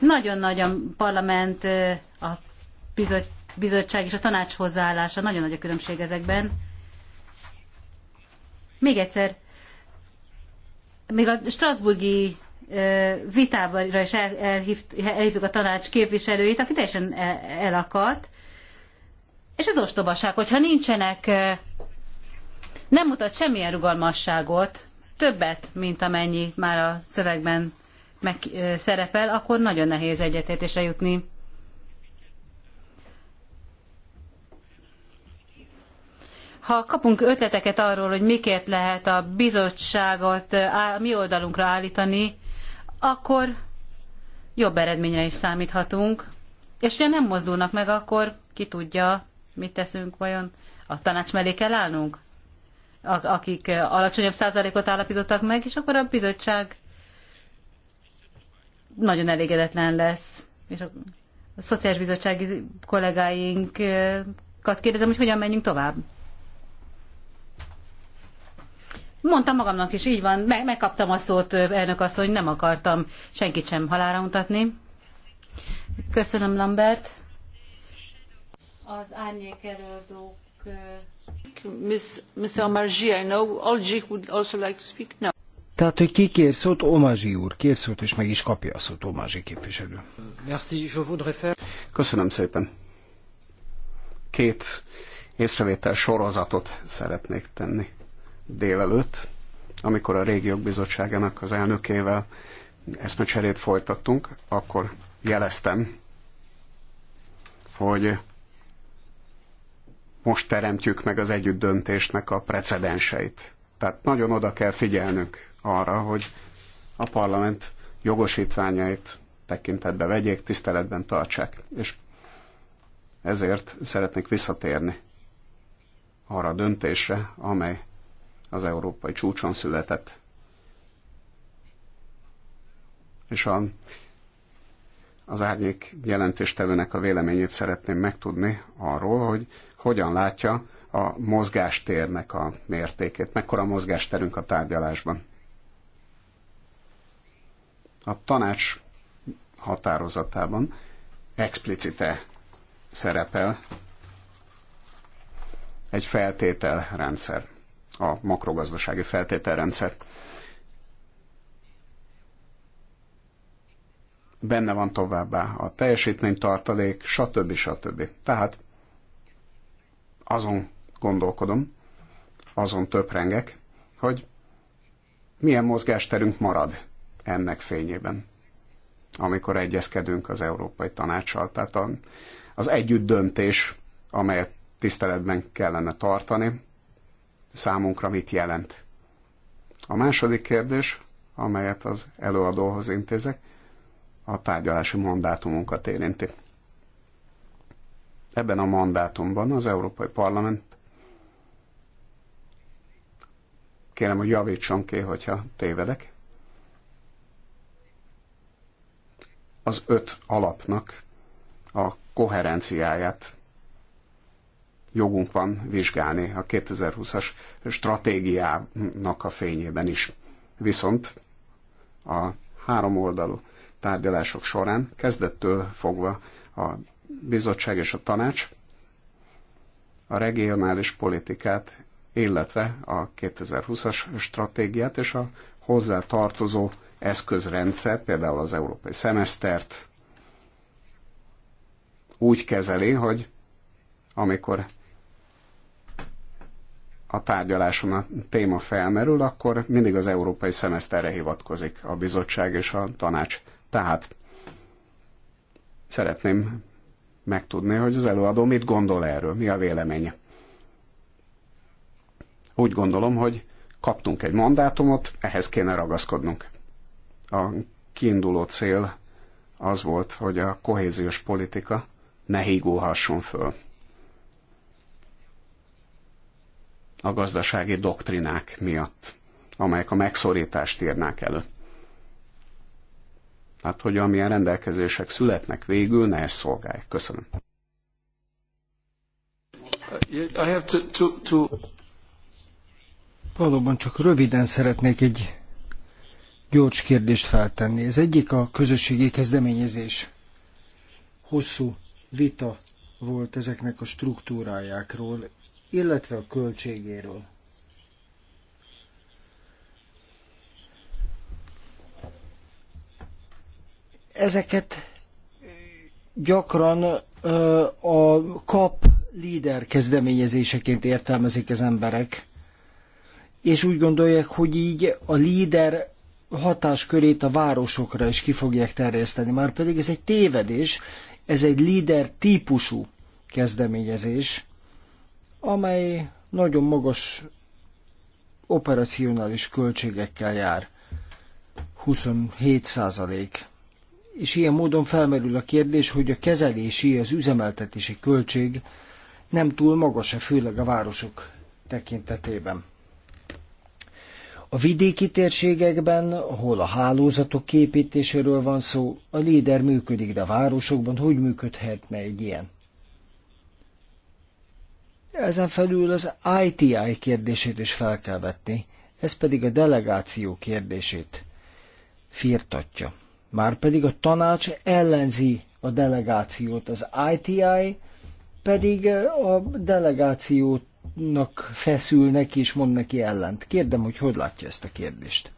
Nagyon nagy a parlament bizottság és a tanács hozzáállása, nagyon nagy a különbség ezekben. Még egyszer, még a Strasburgi vitára is elhívt, elhívtuk a tanács képviselőit, aki teljesen e, elakadt. És ez ostobaság, hogyha nincsenek, nem mutat semmilyen rugalmasságot, többet, mint amennyi már a szövegben meg, szerepel, akkor nagyon nehéz egyetértésre jutni. Ha kapunk ötleteket arról, hogy mikért lehet a bizottságot a mi oldalunkra állítani, akkor jobb eredményre is számíthatunk. És ha nem mozdulnak meg, akkor ki tudja, mit teszünk vajon. A tanács mellé kell állnunk? akik alacsonyabb százalékot állapítottak meg, és akkor a bizottság nagyon elégedetlen lesz. És a, a szociális bizottsági kollégáinkat kérdezem, hogy hogyan menjünk tovább. Mondtam magamnak is, így van, meg, megkaptam a szót, elnök asszony, nem akartam senkit sem halára mutatni. Köszönöm, Lambert. Az árnyék előadók... Mr. Margi, I know, Olgik would also like to speak now. Tehát, hogy ki kér szót, Omazsi úr kér szót, és meg is kapja a szót Omazsi képviselő. Merci, je voudrais faire... Köszönöm szépen. Két észrevétel sorozatot szeretnék tenni délelőtt, amikor a régiók bizottságának az elnökével eszmecserét folytattunk, akkor jeleztem, hogy most teremtjük meg az együtt döntésnek a precedenseit. Tehát nagyon oda kell figyelnünk arra, hogy a parlament jogosítványait tekintetbe vegyék, tiszteletben tartsák. És ezért szeretnék visszatérni arra a döntésre, amely az európai csúcson született. És a, az árnyék jelentéstevőnek a véleményét szeretném megtudni arról, hogy hogyan látja a mozgástérnek a mértékét, mekkora mozgásterünk a tárgyalásban. A tanács határozatában explicite szerepel egy feltételrendszer a makrogazdasági feltételrendszer. Benne van továbbá a teljesítménytartalék, stb. stb. Tehát azon gondolkodom, azon töprengek, hogy milyen mozgásterünk marad ennek fényében, amikor egyezkedünk az Európai Tanácssal. Tehát az együtt döntés, amelyet tiszteletben kellene tartani, számunkra mit jelent. A második kérdés, amelyet az előadóhoz intézek, a tárgyalási mandátumunkat érinti. Ebben a mandátumban az Európai Parlament kérem, hogy javítson ki, hogyha tévedek. Az öt alapnak a koherenciáját jogunk van vizsgálni a 2020-as stratégiának a fényében is. Viszont a három oldalú tárgyalások során kezdettől fogva a bizottság és a tanács a regionális politikát, illetve a 2020-as stratégiát és a hozzá tartozó eszközrendszer, például az európai szemesztert úgy kezeli, hogy amikor a tárgyaláson a téma felmerül, akkor mindig az európai szemeszterre hivatkozik a bizottság és a tanács. Tehát szeretném megtudni, hogy az előadó mit gondol erről, mi a véleménye. Úgy gondolom, hogy kaptunk egy mandátumot, ehhez kéne ragaszkodnunk. A kiinduló cél az volt, hogy a kohéziós politika ne hígulhasson föl a gazdasági doktrinák miatt, amelyek a megszorítást írnák elő. Hát, hogy amilyen rendelkezések születnek végül, ne ezt szolgálják. Köszönöm. Uh, I have to, to, to... Valóban csak röviden szeretnék egy gyors kérdést feltenni. Ez egyik a közösségi kezdeményezés. Hosszú vita volt ezeknek a struktúrájákról, illetve a költségéről. Ezeket gyakran a kap líder kezdeményezéseként értelmezik az emberek, és úgy gondolják, hogy így a líder hatáskörét a városokra is ki fogják terjeszteni. Márpedig ez egy tévedés, ez egy líder típusú kezdeményezés, amely nagyon magas operacionális költségekkel jár. 27 százalék. És ilyen módon felmerül a kérdés, hogy a kezelési, az üzemeltetési költség nem túl magas-e, főleg a városok tekintetében. A vidéki térségekben, ahol a hálózatok képítéséről van szó, a líder működik, de a városokban hogy működhetne egy ilyen? Ezen felül az ITI kérdését is fel kell vetni, ez pedig a delegáció kérdését firtatja. Márpedig a tanács ellenzi a delegációt, az ITI pedig a delegációnak feszül neki és mond neki ellent. Kérdem, hogy hogy látja ezt a kérdést.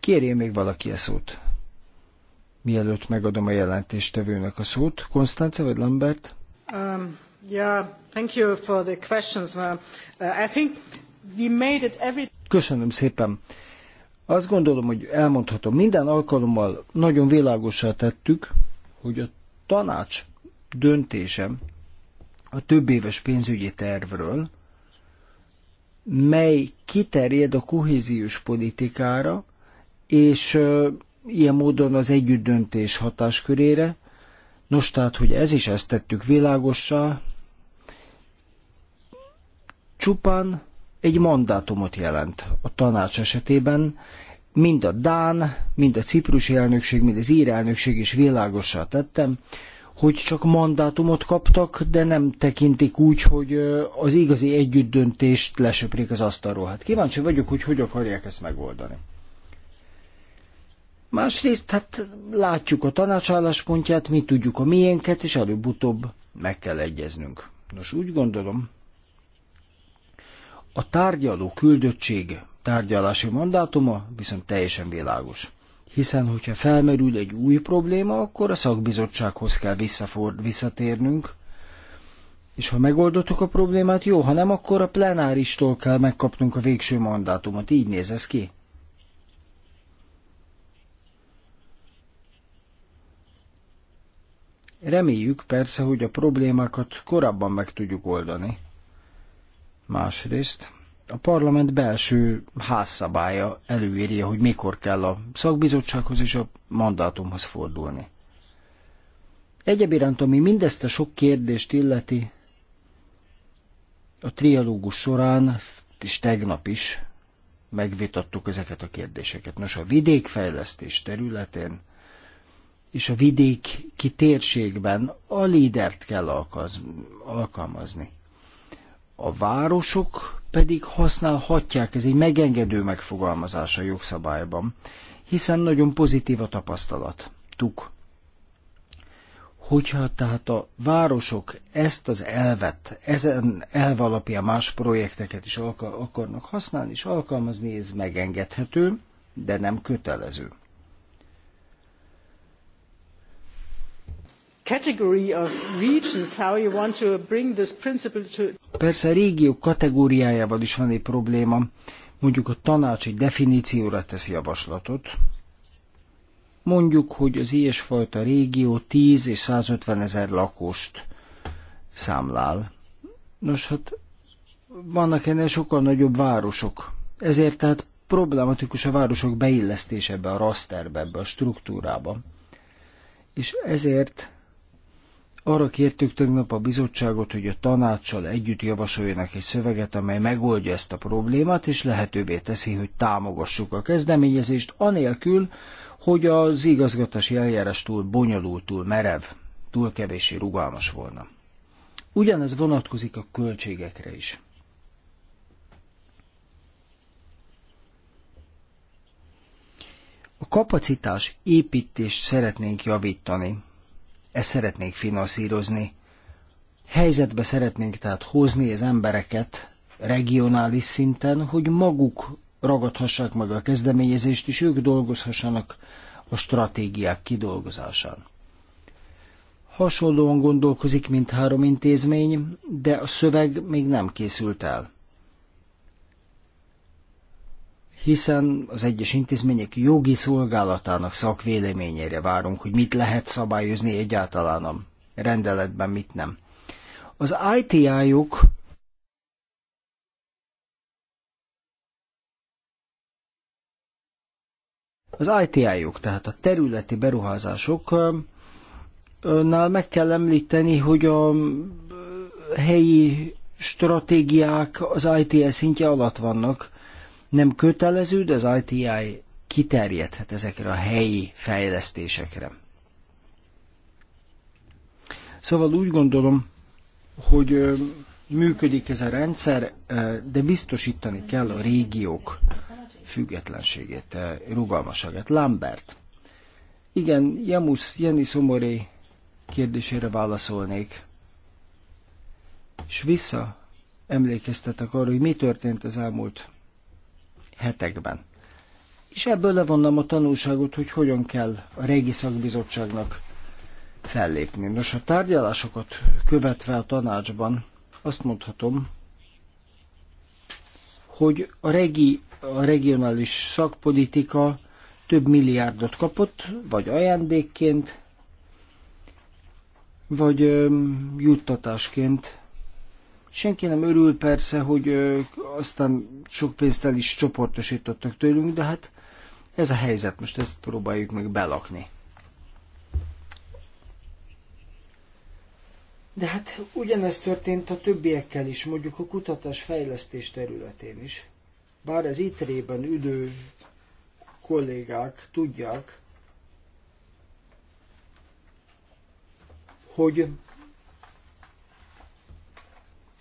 Kérje még valaki a szót. Mielőtt megadom a jelentéstevőnek a szót, Konstance vagy Lambert? Um. Köszönöm szépen. Azt gondolom, hogy elmondhatom, minden alkalommal nagyon világossá tettük, hogy a tanács döntése a több éves pénzügyi tervről, mely kiterjed a kohéziós politikára, és ilyen módon az együttdöntés hatáskörére. Nos, tehát, hogy ez is ezt tettük világossá, csupán egy mandátumot jelent a tanács esetében, mind a Dán, mind a Ciprusi elnökség, mind az Ír elnökség is világossá tettem, hogy csak mandátumot kaptak, de nem tekintik úgy, hogy az igazi együttdöntést lesöprik az asztalról. Hát kíváncsi vagyok, hogy hogy akarják ezt megoldani. Másrészt, hát látjuk a tanácsálláspontját, mi tudjuk a miénket, és előbb-utóbb meg kell egyeznünk. Nos, úgy gondolom, a tárgyaló küldöttség tárgyalási mandátuma viszont teljesen világos. Hiszen, hogyha felmerül egy új probléma, akkor a szakbizottsághoz kell visszaford, visszatérnünk, és ha megoldottuk a problémát, jó, ha nem, akkor a plenáristól kell megkapnunk a végső mandátumot. Így néz ez ki. Reméljük persze, hogy a problémákat korábban meg tudjuk oldani. Másrészt a parlament belső házszabálya előírja, hogy mikor kell a szakbizottsághoz és a mandátumhoz fordulni. iránt, ami mindezt a sok kérdést illeti, a trialógus során, és tegnap is megvitattuk ezeket a kérdéseket. Nos, a vidékfejlesztés területén és a vidéki térségben a lídert kell alkalmazni a városok pedig használhatják, ez egy megengedő megfogalmazás a jogszabályban, hiszen nagyon pozitív a tapasztalat. Tuk. Hogyha tehát a városok ezt az elvet, ezen elv alapján más projekteket is akarnak használni és alkalmazni, ez megengedhető, de nem kötelező. category of regions, how you want to bring this principle to... Persze a régió kategóriájával is van egy probléma. Mondjuk a tanács egy definícióra tesz javaslatot. Mondjuk, hogy az ilyesfajta régió 10 és 150 ezer lakost számlál. Nos, hát vannak ennél sokkal nagyobb városok. Ezért tehát problematikus a városok beillesztése ebbe a rasterbe, ebbe a struktúrába. És ezért arra kértük tegnap a bizottságot, hogy a tanácssal együtt javasoljanak egy szöveget, amely megoldja ezt a problémát, és lehetővé teszi, hogy támogassuk a kezdeményezést, anélkül, hogy az igazgatási eljárás túl bonyolult, túl merev, túl kevéssé rugalmas volna. Ugyanez vonatkozik a költségekre is. A kapacitás építést szeretnénk javítani, ezt szeretnék finanszírozni. Helyzetbe szeretnénk tehát hozni az embereket regionális szinten, hogy maguk ragadhassák meg a kezdeményezést, és ők dolgozhassanak a stratégiák kidolgozásán. Hasonlóan gondolkozik mindhárom intézmény, de a szöveg még nem készült el hiszen az egyes intézmények jogi szolgálatának szakvéleményére várunk, hogy mit lehet szabályozni egyáltalán a rendeletben, mit nem. Az ITI-ok Az ITI-ok, tehát a területi beruházásoknál meg kell említeni, hogy a helyi stratégiák az ITI szintje alatt vannak, nem kötelező, de az ITI kiterjedhet ezekre a helyi fejlesztésekre. Szóval úgy gondolom, hogy működik ez a rendszer, de biztosítani kell a régiók függetlenségét, rugalmaságát. Lambert. Igen, Jamus, Jenny Szomoré kérdésére válaszolnék. És vissza emlékeztetek arra, hogy mi történt az elmúlt hetekben. És ebből levonnám a tanulságot, hogy hogyan kell a régi szakbizottságnak fellépni. Nos, a tárgyalásokat követve a tanácsban azt mondhatom, hogy a, regi, a regionális szakpolitika több milliárdot kapott, vagy ajándékként, vagy ö, juttatásként Senki nem örül persze, hogy aztán sok pénzt el is csoportosítottak tőlünk, de hát ez a helyzet, most ezt próbáljuk meg belakni. De hát ugyanez történt a többiekkel is, mondjuk a kutatás-fejlesztés területén is. Bár az itt rében ülő kollégák tudják, hogy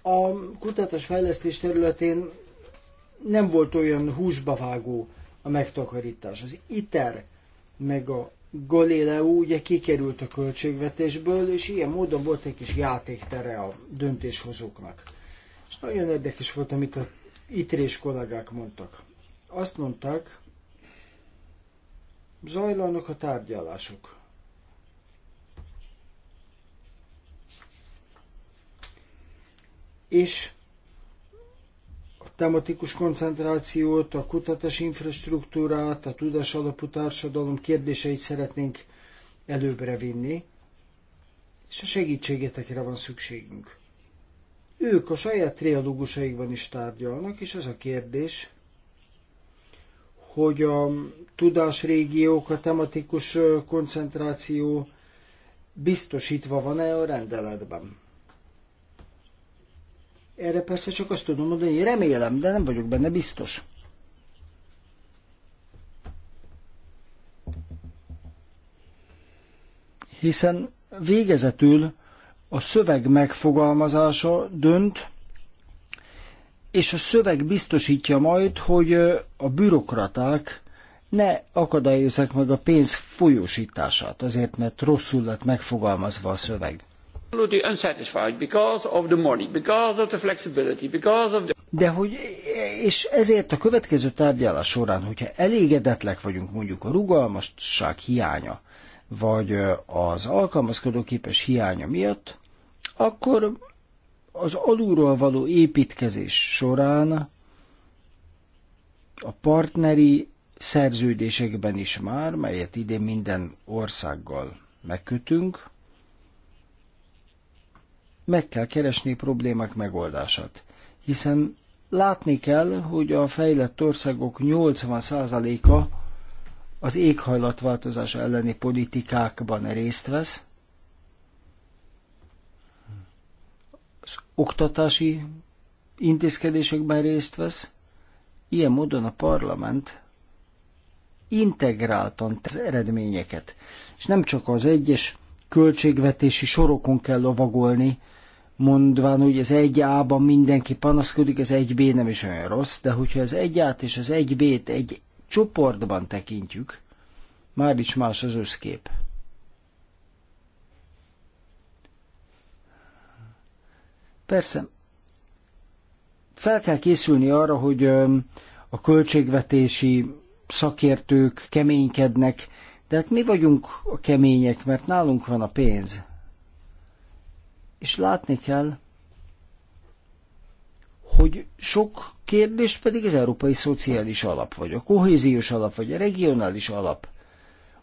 a kutatás fejlesztés területén nem volt olyan húsba vágó a megtakarítás. Az ITER meg a Galileo ugye kikerült a költségvetésből, és ilyen módon volt egy kis játéktere a döntéshozóknak. És nagyon érdekes volt, amit a itrés kollégák mondtak. Azt mondták, zajlanak a tárgyalások. és a tematikus koncentrációt, a kutatási infrastruktúrát, a tudás alapú társadalom kérdéseit szeretnénk előbbre vinni, és a segítségetekre van szükségünk. Ők a saját triadógusaikban is tárgyalnak, és az a kérdés, hogy a tudásrégiók, a tematikus koncentráció biztosítva van-e a rendeletben. Erre persze csak azt tudom mondani, hogy remélem, de nem vagyok benne biztos. Hiszen végezetül a szöveg megfogalmazása dönt, és a szöveg biztosítja majd, hogy a bürokraták ne akadályozzák meg a pénz folyósítását, azért mert rosszul lett megfogalmazva a szöveg. Absolutely unsatisfied because of the money, because of the flexibility, because of the... De hogy, és ezért a következő tárgyalás során, hogyha elégedetlek vagyunk mondjuk a rugalmasság hiánya, vagy az alkalmazkodóképes hiánya miatt, akkor az alulról való építkezés során a partneri szerződésekben is már, melyet idén minden országgal megkötünk, meg kell keresni problémák megoldását. Hiszen látni kell, hogy a fejlett országok 80%-a az éghajlatváltozás elleni politikákban részt vesz, az oktatási intézkedésekben részt vesz, ilyen módon a parlament integráltan az eredményeket. És nem csak az egyes költségvetési sorokon kell lovagolni, mondván, hogy az egy a ban mindenki panaszkodik, az egy b nem is olyan rossz, de hogyha az egy a t és az egy b t egy csoportban tekintjük, már is más az összkép. Persze, fel kell készülni arra, hogy a költségvetési szakértők keménykednek, de hát mi vagyunk a kemények, mert nálunk van a pénz. És látni kell, hogy sok kérdés pedig az Európai Szociális Alap, vagy a kohéziós alap, vagy a regionális alap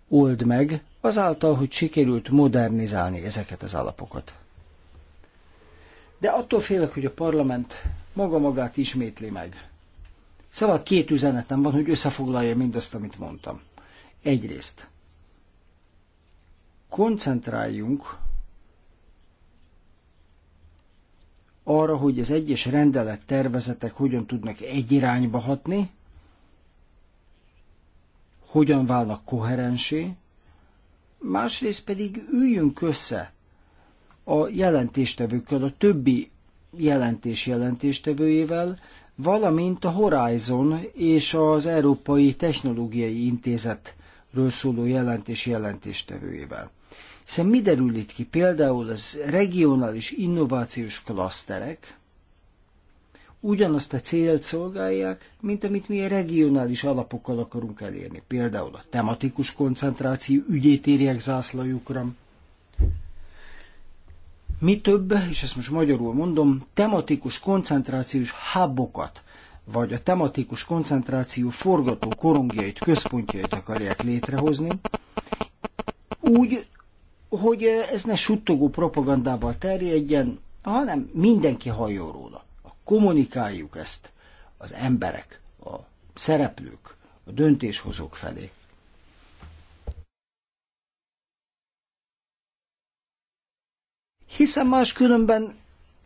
old meg, azáltal, hogy sikerült modernizálni ezeket az alapokat. De attól félek, hogy a parlament maga magát ismétli meg. Szóval két üzenetem van, hogy összefoglalja mindazt, amit mondtam. Egyrészt koncentráljunk arra, hogy az egyes rendelet tervezetek hogyan tudnak egy irányba hatni, hogyan válnak koherensé, másrészt pedig üljünk össze a jelentéstevőkkel, a többi jelentés jelentéstevőjével, valamint a Horizon és az Európai Technológiai Intézetről szóló jelentés jelentéstevőjével. Hiszen mi derül itt ki? Például az regionális innovációs klaszterek ugyanazt a célt szolgálják, mint amit mi a regionális alapokkal akarunk elérni. Például a tematikus koncentráció ügyét írják zászlajukra, mi több, és ezt most magyarul mondom, tematikus koncentrációs hábokat, vagy a tematikus koncentráció forgató korongjait, központjait akarják létrehozni, úgy, hogy ez ne suttogó propagandával terjedjen, hanem mindenki halljon róla. Kommunikáljuk ezt az emberek, a szereplők, a döntéshozók felé. Hiszen máskülönben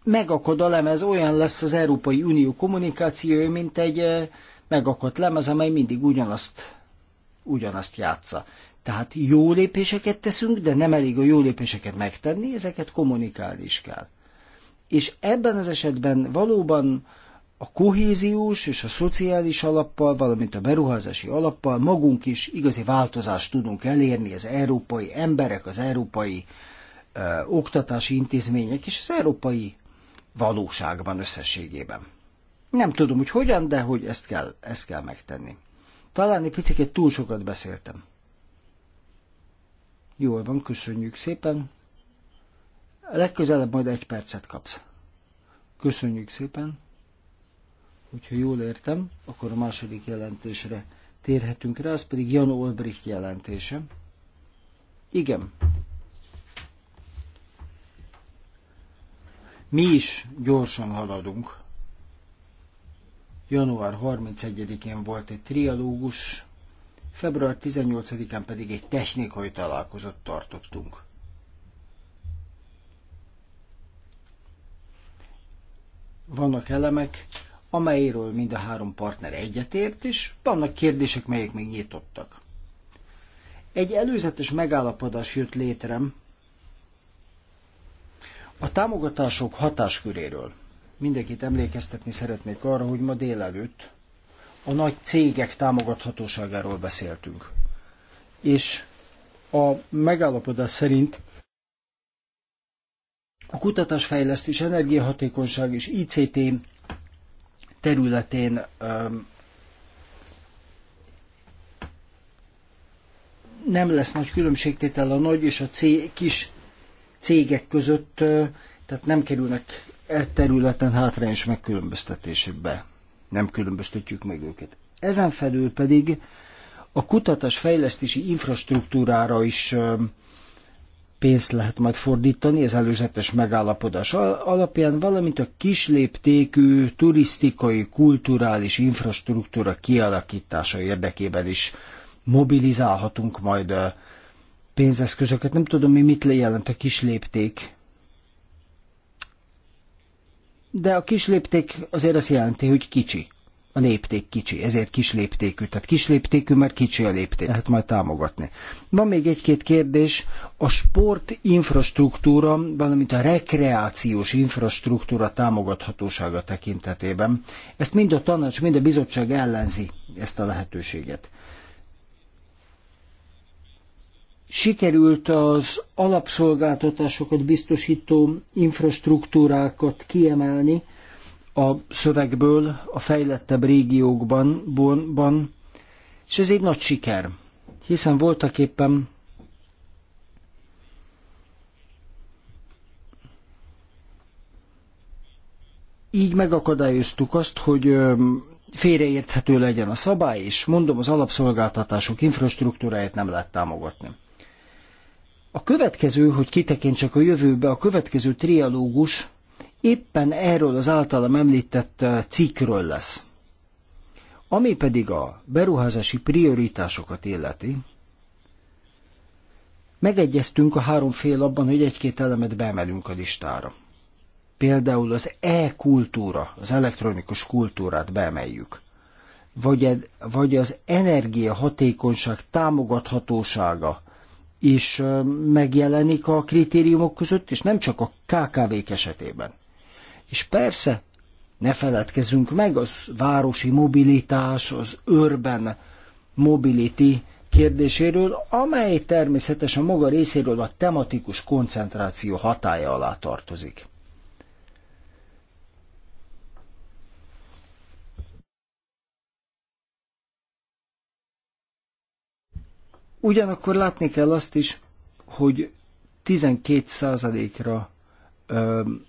megakad a lemez, olyan lesz az Európai Unió kommunikációja, mint egy megakadt lemez, amely mindig ugyanazt, ugyanazt játsza. Tehát jó lépéseket teszünk, de nem elég a jó lépéseket megtenni, ezeket kommunikálni is kell. És ebben az esetben valóban a kohéziós és a szociális alappal, valamint a beruházási alappal magunk is igazi változást tudunk elérni az európai emberek, az európai ö, oktatási intézmények és az európai valóságban összességében. Nem tudom, hogy hogyan, de hogy ezt kell, ezt kell megtenni. Talán egy picit túl sokat beszéltem. Jól van, köszönjük szépen. Legközelebb majd egy percet kapsz. Köszönjük szépen. Hogyha jól értem, akkor a második jelentésre térhetünk rá, az pedig Jan Olbricht jelentése. Igen. Mi is gyorsan haladunk. Január 31-én volt egy trialógus, február 18-án pedig egy technikai találkozót tartottunk. Vannak elemek, amelyről mind a három partner egyetért, és vannak kérdések, melyek még nyitottak. Egy előzetes megállapodás jött létre a támogatások hatásköréről. Mindenkit emlékeztetni szeretnék arra, hogy ma délelőtt a nagy cégek támogathatóságáról beszéltünk. És a megállapodás szerint a kutatásfejlesztés, energiahatékonyság és ICT területén nem lesz nagy különbségtétel a nagy és a kis cégek között, tehát nem kerülnek e területen hátrányos megkülönböztetésbe nem különböztetjük meg őket. Ezen felül pedig a kutatás fejlesztési infrastruktúrára is pénzt lehet majd fordítani az előzetes megállapodás alapján, valamint a kisléptékű turisztikai, kulturális infrastruktúra kialakítása érdekében is mobilizálhatunk majd pénzeszközöket. Nem tudom, mi mit jelent a kislépték de a kislépték azért azt jelenti, hogy kicsi. A lépték kicsi, ezért kisléptékű. Tehát kisléptékű, mert kicsi a lépték, lehet majd támogatni. Van még egy-két kérdés. A sport infrastruktúra, valamint a rekreációs infrastruktúra támogathatósága tekintetében. Ezt mind a tanács, mind a bizottság ellenzi ezt a lehetőséget. sikerült az alapszolgáltatásokat biztosító infrastruktúrákat kiemelni a szövegből a fejlettebb régiókban, bon, és ez egy nagy siker, hiszen voltak éppen így megakadályoztuk azt, hogy félreérthető legyen a szabály, és mondom, az alapszolgáltatások infrastruktúráját nem lehet támogatni. A következő, hogy kitekintsek a jövőbe, a következő trialógus éppen erről az általam említett eh, cikkről lesz. Ami pedig a beruházási prioritásokat illeti, megegyeztünk a három fél abban, hogy egy-két elemet beemelünk a listára. Például az e-kultúra, az elektronikus kultúrát beemeljük. Vagy, vagy az energiahatékonyság támogathatósága is megjelenik a kritériumok között, és nem csak a KKV-k esetében. És persze, ne feledkezzünk meg, az városi mobilitás, az urban mobility kérdéséről, amely természetesen maga részéről a tematikus koncentráció hatája alá tartozik. Ugyanakkor látni kell azt is, hogy 12%-ra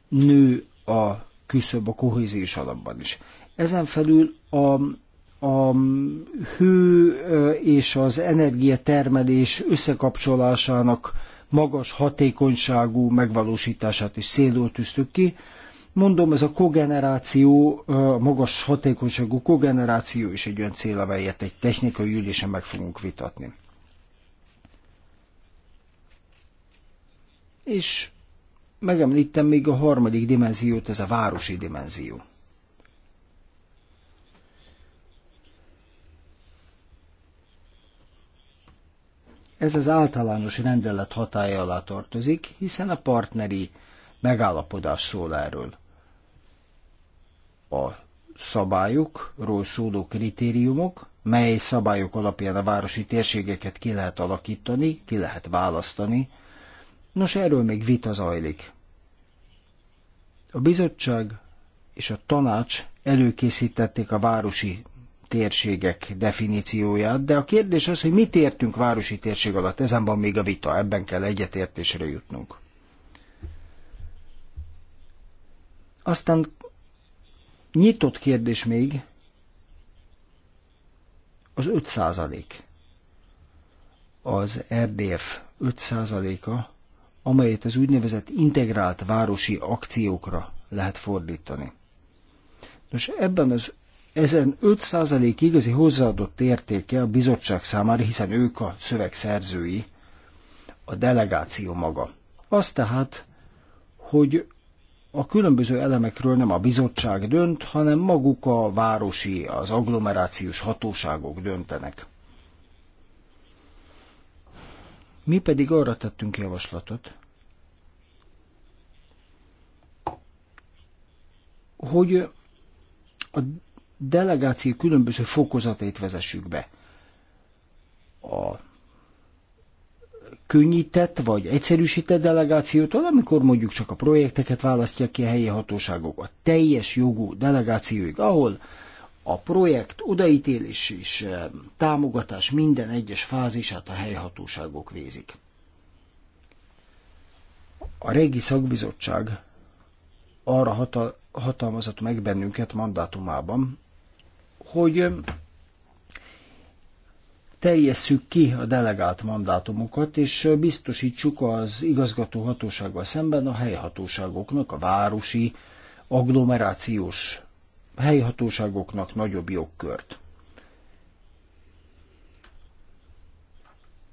nő a küszöb a kohéziós alapban is. Ezen felül a a hő és az energiatermelés összekapcsolásának magas hatékonyságú megvalósítását is célul tűztük ki. Mondom, ez a kogeneráció, a magas hatékonyságú kogeneráció is egy olyan cél, amelyet egy technikai ülésen meg fogunk vitatni. És megemlítem még a harmadik dimenziót, ez a városi dimenzió. Ez az általános rendelet hatája alá tartozik, hiszen a partneri megállapodás szól erről. A szabályokról szóló kritériumok, mely szabályok alapján a városi térségeket ki lehet alakítani, ki lehet választani, Nos, erről még vita zajlik. A bizottság és a tanács előkészítették a városi térségek definícióját, de a kérdés az, hogy mit értünk városi térség alatt, ezen van még a vita, ebben kell egyetértésre jutnunk. Aztán nyitott kérdés még az 5 százalék. Az RDF 5 százaléka amelyet az úgynevezett integrált városi akciókra lehet fordítani. Nos, ebben az ezen 5% igazi hozzáadott értéke a bizottság számára, hiszen ők a szövegszerzői, szerzői, a delegáció maga. Az tehát, hogy a különböző elemekről nem a bizottság dönt, hanem maguk a városi, az agglomerációs hatóságok döntenek. Mi pedig arra tettünk javaslatot, hogy a delegáció különböző fokozatait vezessük be. A könnyített vagy egyszerűsített delegációtól, amikor mondjuk csak a projekteket választják ki a helyi hatóságok, a teljes jogú delegációig, ahol a projekt odaítélés és eh, támogatás minden egyes fázisát a helyi hatóságok vézik. A régi szakbizottság arra hatal, hatalmazott meg bennünket mandátumában, hogy terjesszük ki a delegált mandátumokat, és biztosítsuk az igazgató hatósággal szemben a helyhatóságoknak, a városi, agglomerációs helyhatóságoknak nagyobb jogkört.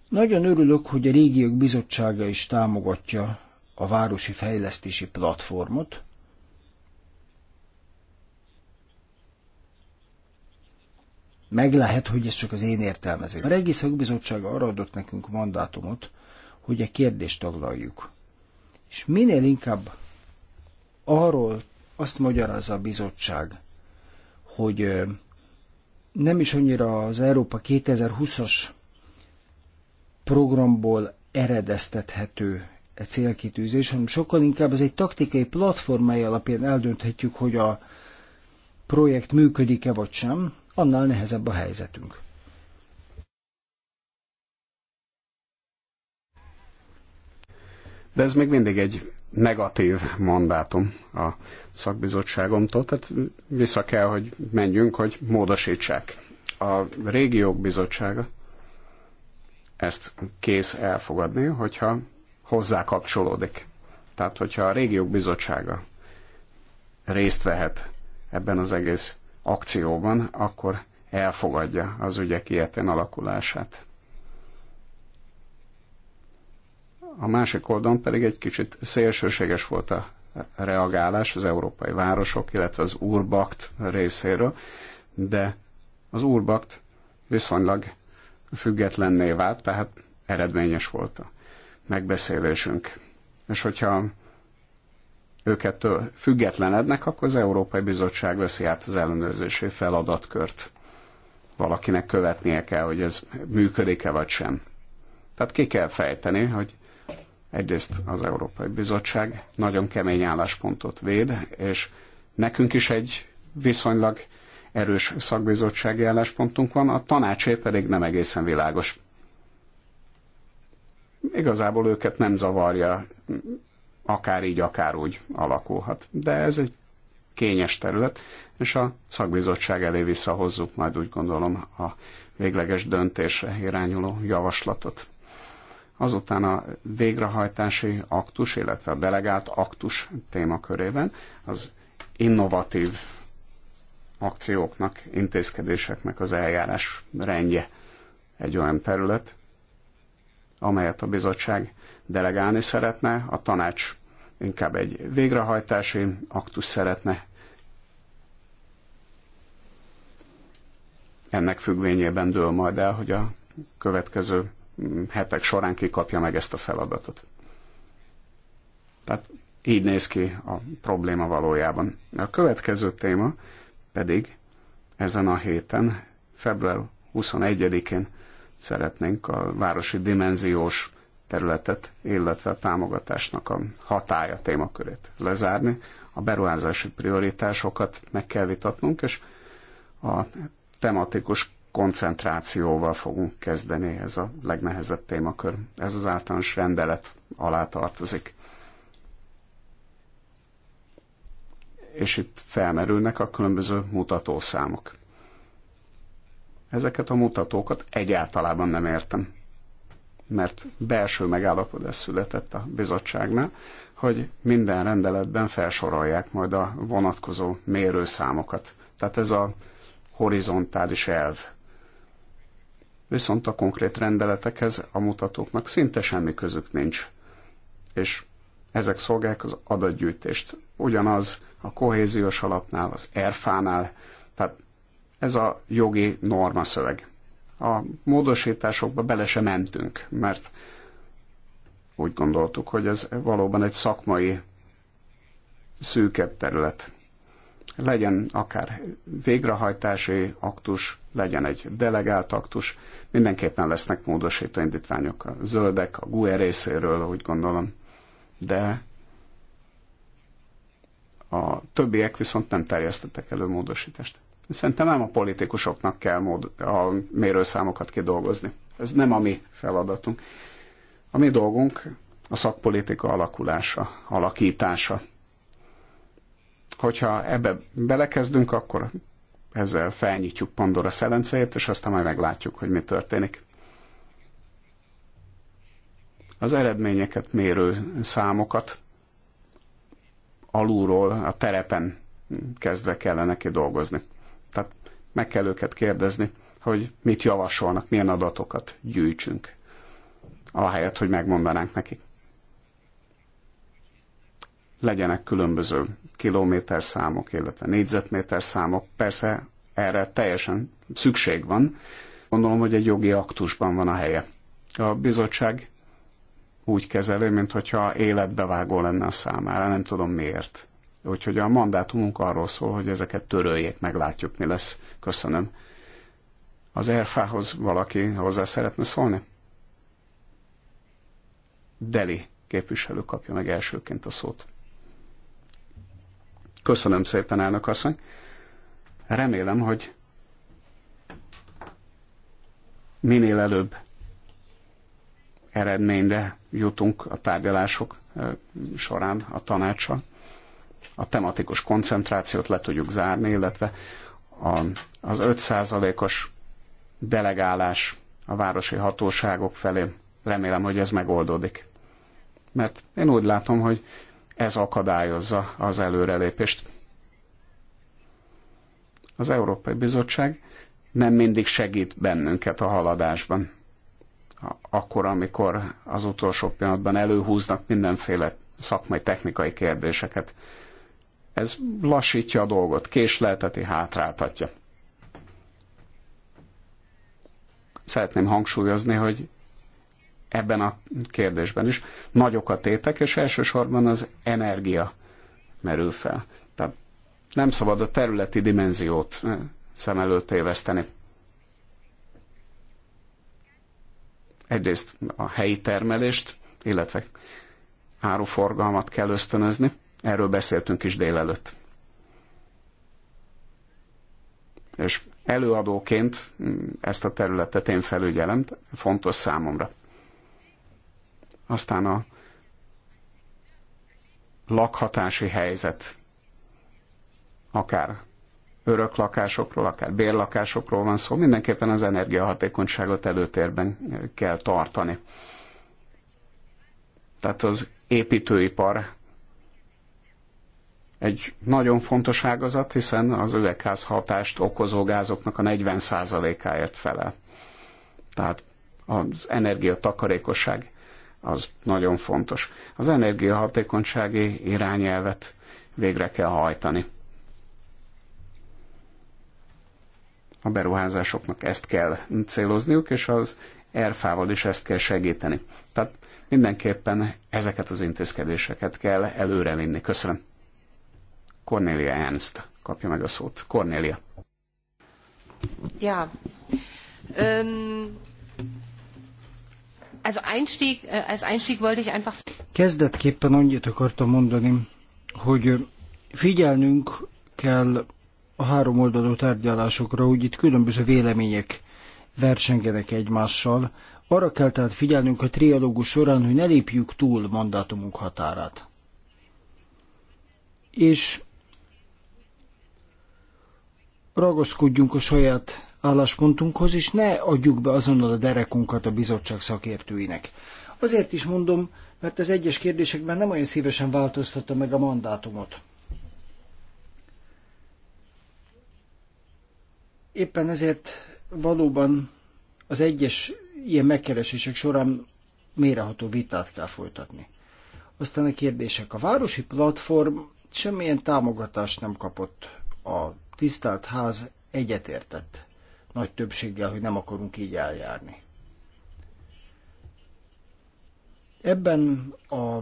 Nagyon örülök, hogy a régiók bizottsága is támogatja a városi fejlesztési platformot, Meg lehet, hogy ez csak az én értelmezésem. A Regi Szakbizottság arra adott nekünk mandátumot, hogy a kérdést taglaljuk. És minél inkább arról azt magyarázza a bizottság, hogy nem is annyira az Európa 2020-as programból eredeztethető e célkitűzés, hanem sokkal inkább ez egy taktikai platformája alapján eldönthetjük, hogy a projekt működik-e vagy sem, annál nehezebb a helyzetünk. De ez még mindig egy negatív mandátum a szakbizottságomtól, tehát vissza kell, hogy menjünk, hogy módosítsák. A régiók bizottsága ezt kész elfogadni, hogyha hozzá kapcsolódik. Tehát, hogyha a régiók bizottsága részt vehet ebben az egész akcióban, akkor elfogadja az ügyek ilyetén alakulását. A másik oldalon pedig egy kicsit szélsőséges volt a reagálás az európai városok, illetve az Urbakt részéről, de az Urbakt viszonylag függetlenné vált, tehát eredményes volt a megbeszélésünk. És hogyha őket függetlenednek, akkor az Európai Bizottság veszi át az ellenőrzési feladatkört. Valakinek követnie kell, hogy ez működik-e vagy sem. Tehát ki kell fejteni, hogy egyrészt az Európai Bizottság nagyon kemény álláspontot véd, és nekünk is egy viszonylag erős szakbizottsági álláspontunk van, a tanácsé pedig nem egészen világos. Igazából őket nem zavarja akár így, akár úgy alakulhat. De ez egy kényes terület, és a szakbizottság elé visszahozzuk majd úgy gondolom a végleges döntésre irányuló javaslatot. Azután a végrehajtási aktus, illetve a delegált aktus témakörében az innovatív akcióknak, intézkedéseknek az eljárás rendje egy olyan terület, amelyet a bizottság delegálni szeretne, a tanács inkább egy végrehajtási aktus szeretne. Ennek függvényében dől majd el, hogy a következő mm, hetek során kikapja meg ezt a feladatot. Tehát így néz ki a probléma valójában. A következő téma pedig ezen a héten, február 21-én szeretnénk a városi dimenziós területet, illetve a támogatásnak a hatája témakörét lezárni. A beruházási prioritásokat meg kell vitatnunk, és a tematikus koncentrációval fogunk kezdeni, ez a legnehezebb témakör. Ez az általános rendelet alá tartozik. És itt felmerülnek a különböző mutatószámok. Ezeket a mutatókat egyáltalában nem értem mert belső megállapodás született a bizottságnál, hogy minden rendeletben felsorolják majd a vonatkozó mérőszámokat. Tehát ez a horizontális elv. Viszont a konkrét rendeletekhez a mutatóknak szinte semmi közük nincs. És ezek szolgálják az adatgyűjtést. Ugyanaz a kohéziós alapnál, az erfánál, tehát ez a jogi norma szöveg a módosításokba bele se mentünk, mert úgy gondoltuk, hogy ez valóban egy szakmai szűkebb terület. Legyen akár végrehajtási aktus, legyen egy delegált aktus, mindenképpen lesznek módosító indítványok a zöldek, a GUE részéről, úgy gondolom. De a többiek viszont nem terjesztettek elő módosítást. Szerintem nem a politikusoknak kell mód, a mérőszámokat kidolgozni. Ez nem a mi feladatunk. A mi dolgunk a szakpolitika alakulása, alakítása. Hogyha ebbe belekezdünk, akkor ezzel felnyitjuk Pandora szelencejét, és aztán majd meglátjuk, hogy mi történik. Az eredményeket mérő számokat alulról, a terepen kezdve kellene ki dolgozni. Meg kell őket kérdezni, hogy mit javasolnak, milyen adatokat gyűjtsünk, ahelyett, hogy megmondanánk nekik. Legyenek különböző kilométerszámok, illetve négyzetméterszámok. Persze erre teljesen szükség van. Gondolom, hogy egy jogi aktusban van a helye. A bizottság úgy kezeli, mintha életbevágó lenne a számára, nem tudom miért. Úgyhogy a mandátumunk arról szól, hogy ezeket töröljék, meglátjuk, mi lesz. Köszönöm. Az RFA-hoz valaki hozzá szeretne szólni? Deli képviselő kapja meg elsőként a szót. Köszönöm szépen, elnök asszony. Remélem, hogy minél előbb eredményre jutunk a tárgyalások során a tanácsa a tematikus koncentrációt le tudjuk zárni, illetve a, az 5%-os delegálás a városi hatóságok felé. Remélem, hogy ez megoldódik. Mert én úgy látom, hogy ez akadályozza az előrelépést. Az Európai Bizottság nem mindig segít bennünket a haladásban. Akkor, amikor az utolsó pillanatban előhúznak mindenféle szakmai, technikai kérdéseket. Ez lassítja a dolgot, késlelteti, hátráltatja. Szeretném hangsúlyozni, hogy ebben a kérdésben is nagyok a tétek, és elsősorban az energia merül fel. Tehát nem szabad a területi dimenziót eh, szem előtt téveszteni. Egyrészt a helyi termelést, illetve áruforgalmat kell ösztönözni, Erről beszéltünk is délelőtt. És előadóként ezt a területet én felügyelem, fontos számomra. Aztán a lakhatási helyzet, akár örök lakásokról, akár bérlakásokról van szó, mindenképpen az energiahatékonyságot előtérben kell tartani. Tehát az építőipar egy nagyon fontos ágazat, hiszen az üvegházhatást okozó gázoknak a 40%-áért fele, Tehát az energiatakarékosság az nagyon fontos. Az energiahatékonysági irányelvet végre kell hajtani. A beruházásoknak ezt kell célozniuk, és az erfával is ezt kell segíteni. Tehát mindenképpen ezeket az intézkedéseket kell előrevinni. Köszönöm. Cornelia Ernst kapja meg a szót. Cornelia. Ja. Um... Also Einstieg, äh, als Einstieg wollte ich einfach... Kezdetképpen annyit akartam mondani, hogy figyelnünk kell a három oldalú tárgyalásokra, hogy itt különböző vélemények versengenek egymással. Arra kell tehát figyelnünk a trialógus során, hogy ne lépjük túl mandátumunk határát. És ragaszkodjunk a saját álláspontunkhoz, és ne adjuk be azonnal a derekunkat a bizottság szakértőinek. Azért is mondom, mert az egyes kérdésekben nem olyan szívesen változtatta meg a mandátumot. Éppen ezért valóban az egyes ilyen megkeresések során méreható vitát kell folytatni. Aztán a kérdések. A városi platform semmilyen támogatást nem kapott a tisztelt ház egyetértett nagy többséggel, hogy nem akarunk így eljárni. Ebben a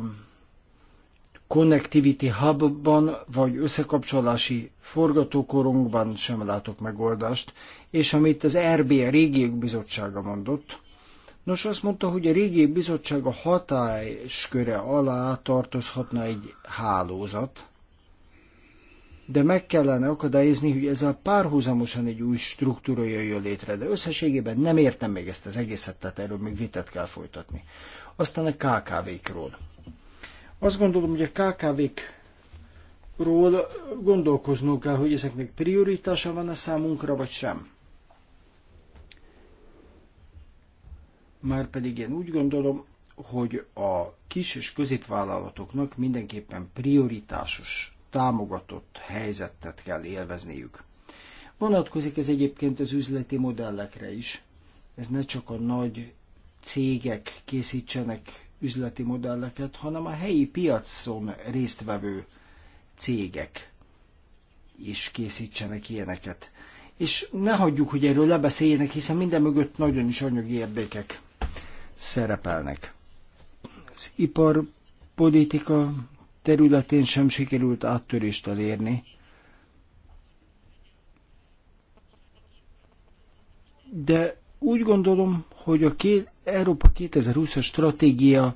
Connectivity Hubban vagy összekapcsolási forgatókorunkban sem látok megoldást, és amit az RB a Régiók Bizottsága mondott, Nos, azt mondta, hogy a Régiók Bizottsága hatásköre alá tartozhatna egy hálózat, de meg kellene akadályozni, hogy ezzel párhuzamosan egy új struktúra jöjjön létre. De összességében nem értem még ezt az egészet, tehát erről még vitet kell folytatni. Aztán a KKV-król. Azt gondolom, hogy a KKV-k ról gondolkoznunk kell, hogy ezeknek prioritása van a számunkra, vagy sem. Márpedig én úgy gondolom, hogy a kis és középvállalatoknak mindenképpen prioritásos támogatott helyzetet kell élvezniük. Vonatkozik ez egyébként az üzleti modellekre is. Ez ne csak a nagy cégek készítsenek üzleti modelleket, hanem a helyi piacon résztvevő cégek is készítsenek ilyeneket. És ne hagyjuk, hogy erről lebeszéljenek, hiszen minden mögött nagyon is anyagi érdekek szerepelnek. Az iparpolitika területén sem sikerült áttörést elérni. De úgy gondolom, hogy a két, Európa 2020-as stratégia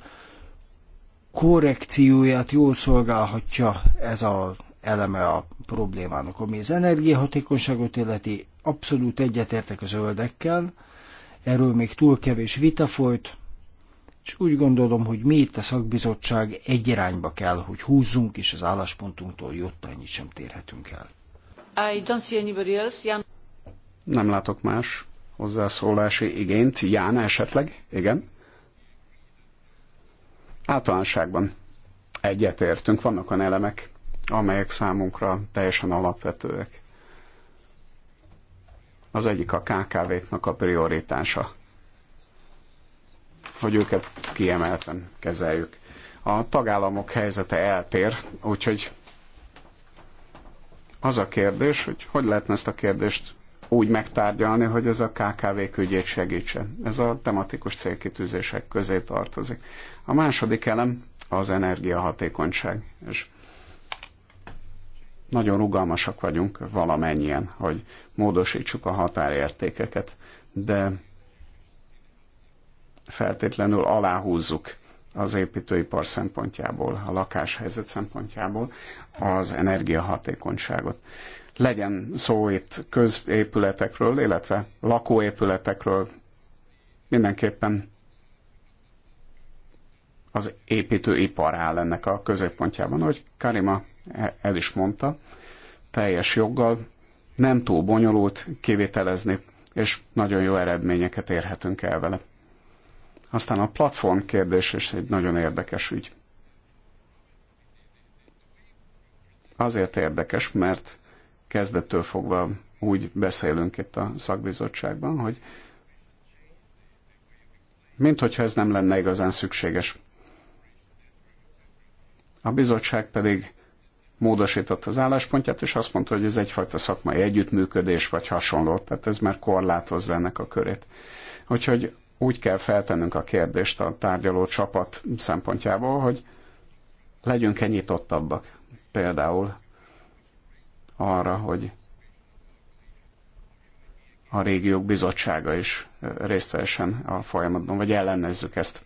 korrekcióját jól szolgálhatja ez a eleme a problémának, ami az energiahatékonyságot illeti. Abszolút egyetértek a zöldekkel, erről még túl kevés vita folyt, és úgy gondolom, hogy mi itt a szakbizottság egy irányba kell, hogy húzzunk, és az álláspontunktól annyit sem térhetünk el. I don't see anybody else. Jan... Nem látok más hozzászólási igényt. Ján esetleg? Igen? Általánosságban egyetértünk, vannak olyan elemek, amelyek számunkra teljesen alapvetőek. Az egyik a KKV-knak a prioritása hogy őket kiemelten kezeljük. A tagállamok helyzete eltér, úgyhogy az a kérdés, hogy hogy lehetne ezt a kérdést úgy megtárgyalni, hogy ez a KKV ügyét segítse. Ez a tematikus célkitűzések közé tartozik. A második elem az energiahatékonyság. És nagyon rugalmasak vagyunk valamennyien, hogy módosítsuk a határértékeket, de feltétlenül aláhúzzuk az építőipar szempontjából, a lakáshelyzet szempontjából az energiahatékonyságot. Legyen szó itt középületekről, illetve lakóépületekről, mindenképpen az építőipar áll ennek a középpontjában. Ahogy Karima el is mondta, teljes joggal nem túl bonyolult kivitelezni, és nagyon jó eredményeket érhetünk el vele. Aztán a platform kérdés is egy nagyon érdekes ügy. Azért érdekes, mert kezdettől fogva úgy beszélünk itt a szakbizottságban, hogy mint hogyha ez nem lenne igazán szükséges. A bizottság pedig módosított az álláspontját, és azt mondta, hogy ez egyfajta szakmai együttműködés, vagy hasonló, tehát ez már korlátozza ennek a körét. Úgyhogy úgy kell feltennünk a kérdést a tárgyaló csapat szempontjából, hogy legyünk-e nyitottabbak például arra, hogy a régiók bizottsága is részt vehessen a folyamatban, vagy ellenezzük ezt.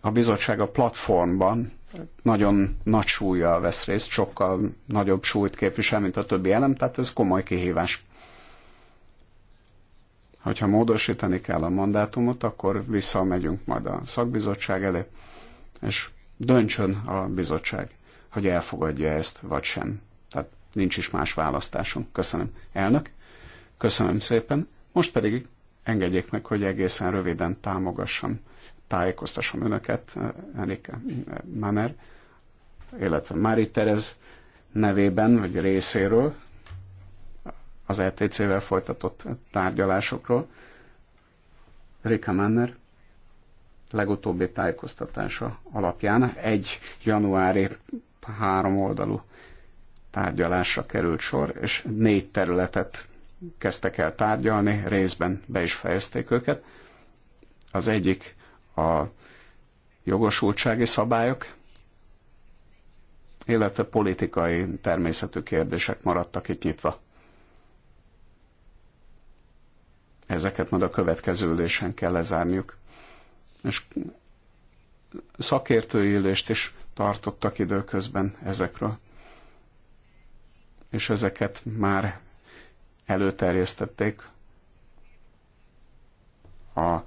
A bizottság a platformban nagyon nagy súlyjal vesz részt, sokkal nagyobb súlyt képvisel, mint a többi elem, tehát ez komoly kihívás. Hogyha módosítani kell a mandátumot, akkor visszamegyünk majd a szakbizottság elé, és döntsön a bizottság, hogy elfogadja ezt, vagy sem. Tehát nincs is más választásunk. Köszönöm. Elnök, köszönöm szépen. Most pedig engedjék meg, hogy egészen röviden támogassam, tájékoztassam önöket, Enrique Manner, illetve Mári Terez nevében, vagy részéről, az ETC-vel folytatott tárgyalásokról. Rika Manner legutóbbi tájékoztatása alapján egy januári három oldalú tárgyalásra került sor, és négy területet kezdtek el tárgyalni, részben be is fejezték őket. Az egyik a jogosultsági szabályok, illetve politikai természetű kérdések maradtak itt nyitva. Ezeket majd a következő ülésen kell lezárniuk. És szakértői ülést is tartottak időközben ezekről. És ezeket már előterjesztették a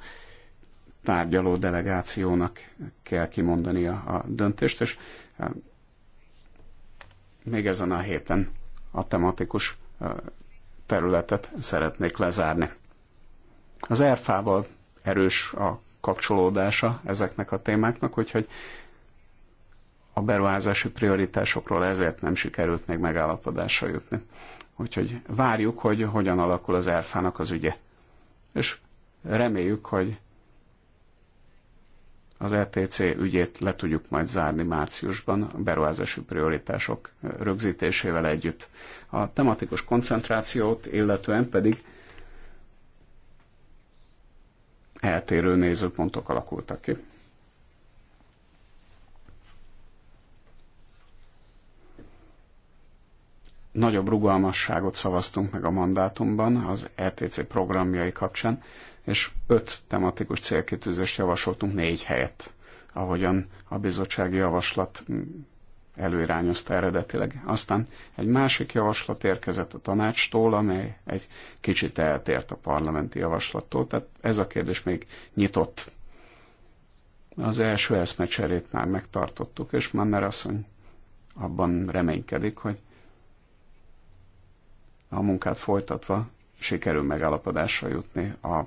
tárgyaló delegációnak kell kimondani a, a döntést, és e, még ezen a héten a tematikus e, területet szeretnék lezárni. Az erfával erős a kapcsolódása ezeknek a témáknak, úgyhogy a beruházási prioritásokról ezért nem sikerült még megállapodásra jutni. Úgyhogy várjuk, hogy hogyan alakul az erfának az ügye. És reméljük, hogy az RTC e ügyét le tudjuk majd zárni márciusban a beruházási prioritások rögzítésével együtt. A tematikus koncentrációt illetően pedig eltérő nézőpontok alakultak ki. Nagyobb rugalmasságot szavaztunk meg a mandátumban az RTC e programjai kapcsán, és öt tematikus célkitűzést javasoltunk négy helyet, ahogyan a bizottsági javaslat előirányozta eredetileg. Aztán egy másik javaslat érkezett a tanácstól, amely egy kicsit eltért a parlamenti javaslattól, tehát ez a kérdés még nyitott. Az első eszmecserét már megtartottuk, és Manner asszony abban reménykedik, hogy a munkát folytatva sikerül megállapodásra jutni a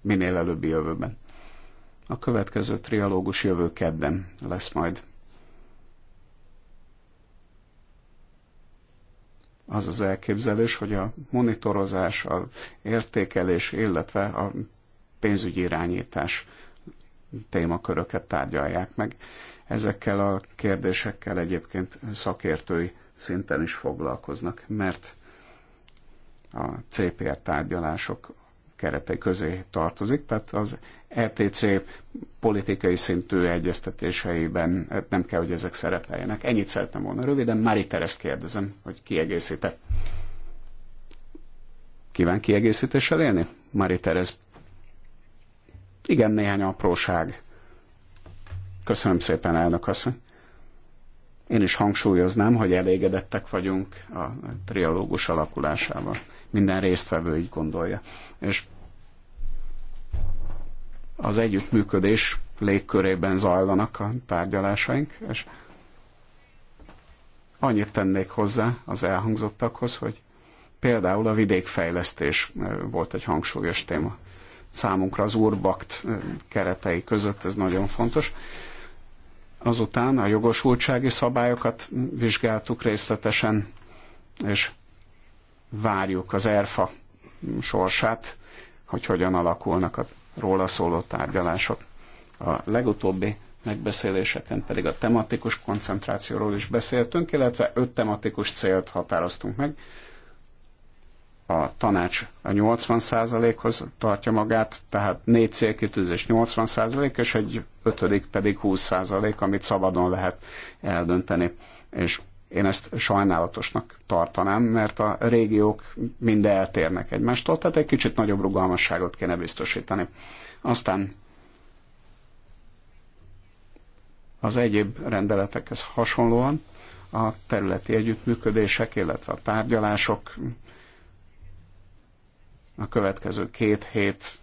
minél előbbi jövőben. A következő trialógus jövő kedden lesz majd az az elképzelés, hogy a monitorozás, a értékelés, illetve a pénzügyi irányítás témaköröket tárgyalják meg. Ezekkel a kérdésekkel egyébként szakértői szinten is foglalkoznak, mert a CPR tárgyalások keretei közé tartozik, tehát az ETC politikai szintű egyeztetéseiben hát nem kell, hogy ezek szerepeljenek. Ennyit szerettem volna röviden. Mári Terezt kérdezem, hogy kiegészíte. Kíván kiegészítéssel élni? Mári Terez. Igen, néhány apróság. Köszönöm szépen, elnök asszony. Én is hangsúlyoznám, hogy elégedettek vagyunk a trialógus alakulásával. Minden résztvevő így gondolja. És az együttműködés légkörében zajlanak a tárgyalásaink, és annyit tennék hozzá az elhangzottakhoz, hogy például a vidékfejlesztés volt egy hangsúlyos téma. Számunkra az Urbakt keretei között ez nagyon fontos. Azután a jogosultsági szabályokat vizsgáltuk részletesen, és várjuk az ERFA sorsát, hogy hogyan alakulnak a róla szóló tárgyalások. A legutóbbi megbeszéléseken pedig a tematikus koncentrációról is beszéltünk, illetve öt tematikus célt határoztunk meg. A tanács a 80%-hoz tartja magát, tehát négy célkitűzés 80% és egy ötödik pedig 20%, amit szabadon lehet eldönteni. És én ezt sajnálatosnak tartanám, mert a régiók mind eltérnek egymástól, tehát egy kicsit nagyobb rugalmasságot kéne biztosítani. Aztán az egyéb rendeletekhez hasonlóan a területi együttműködések, illetve a tárgyalások a következő két hét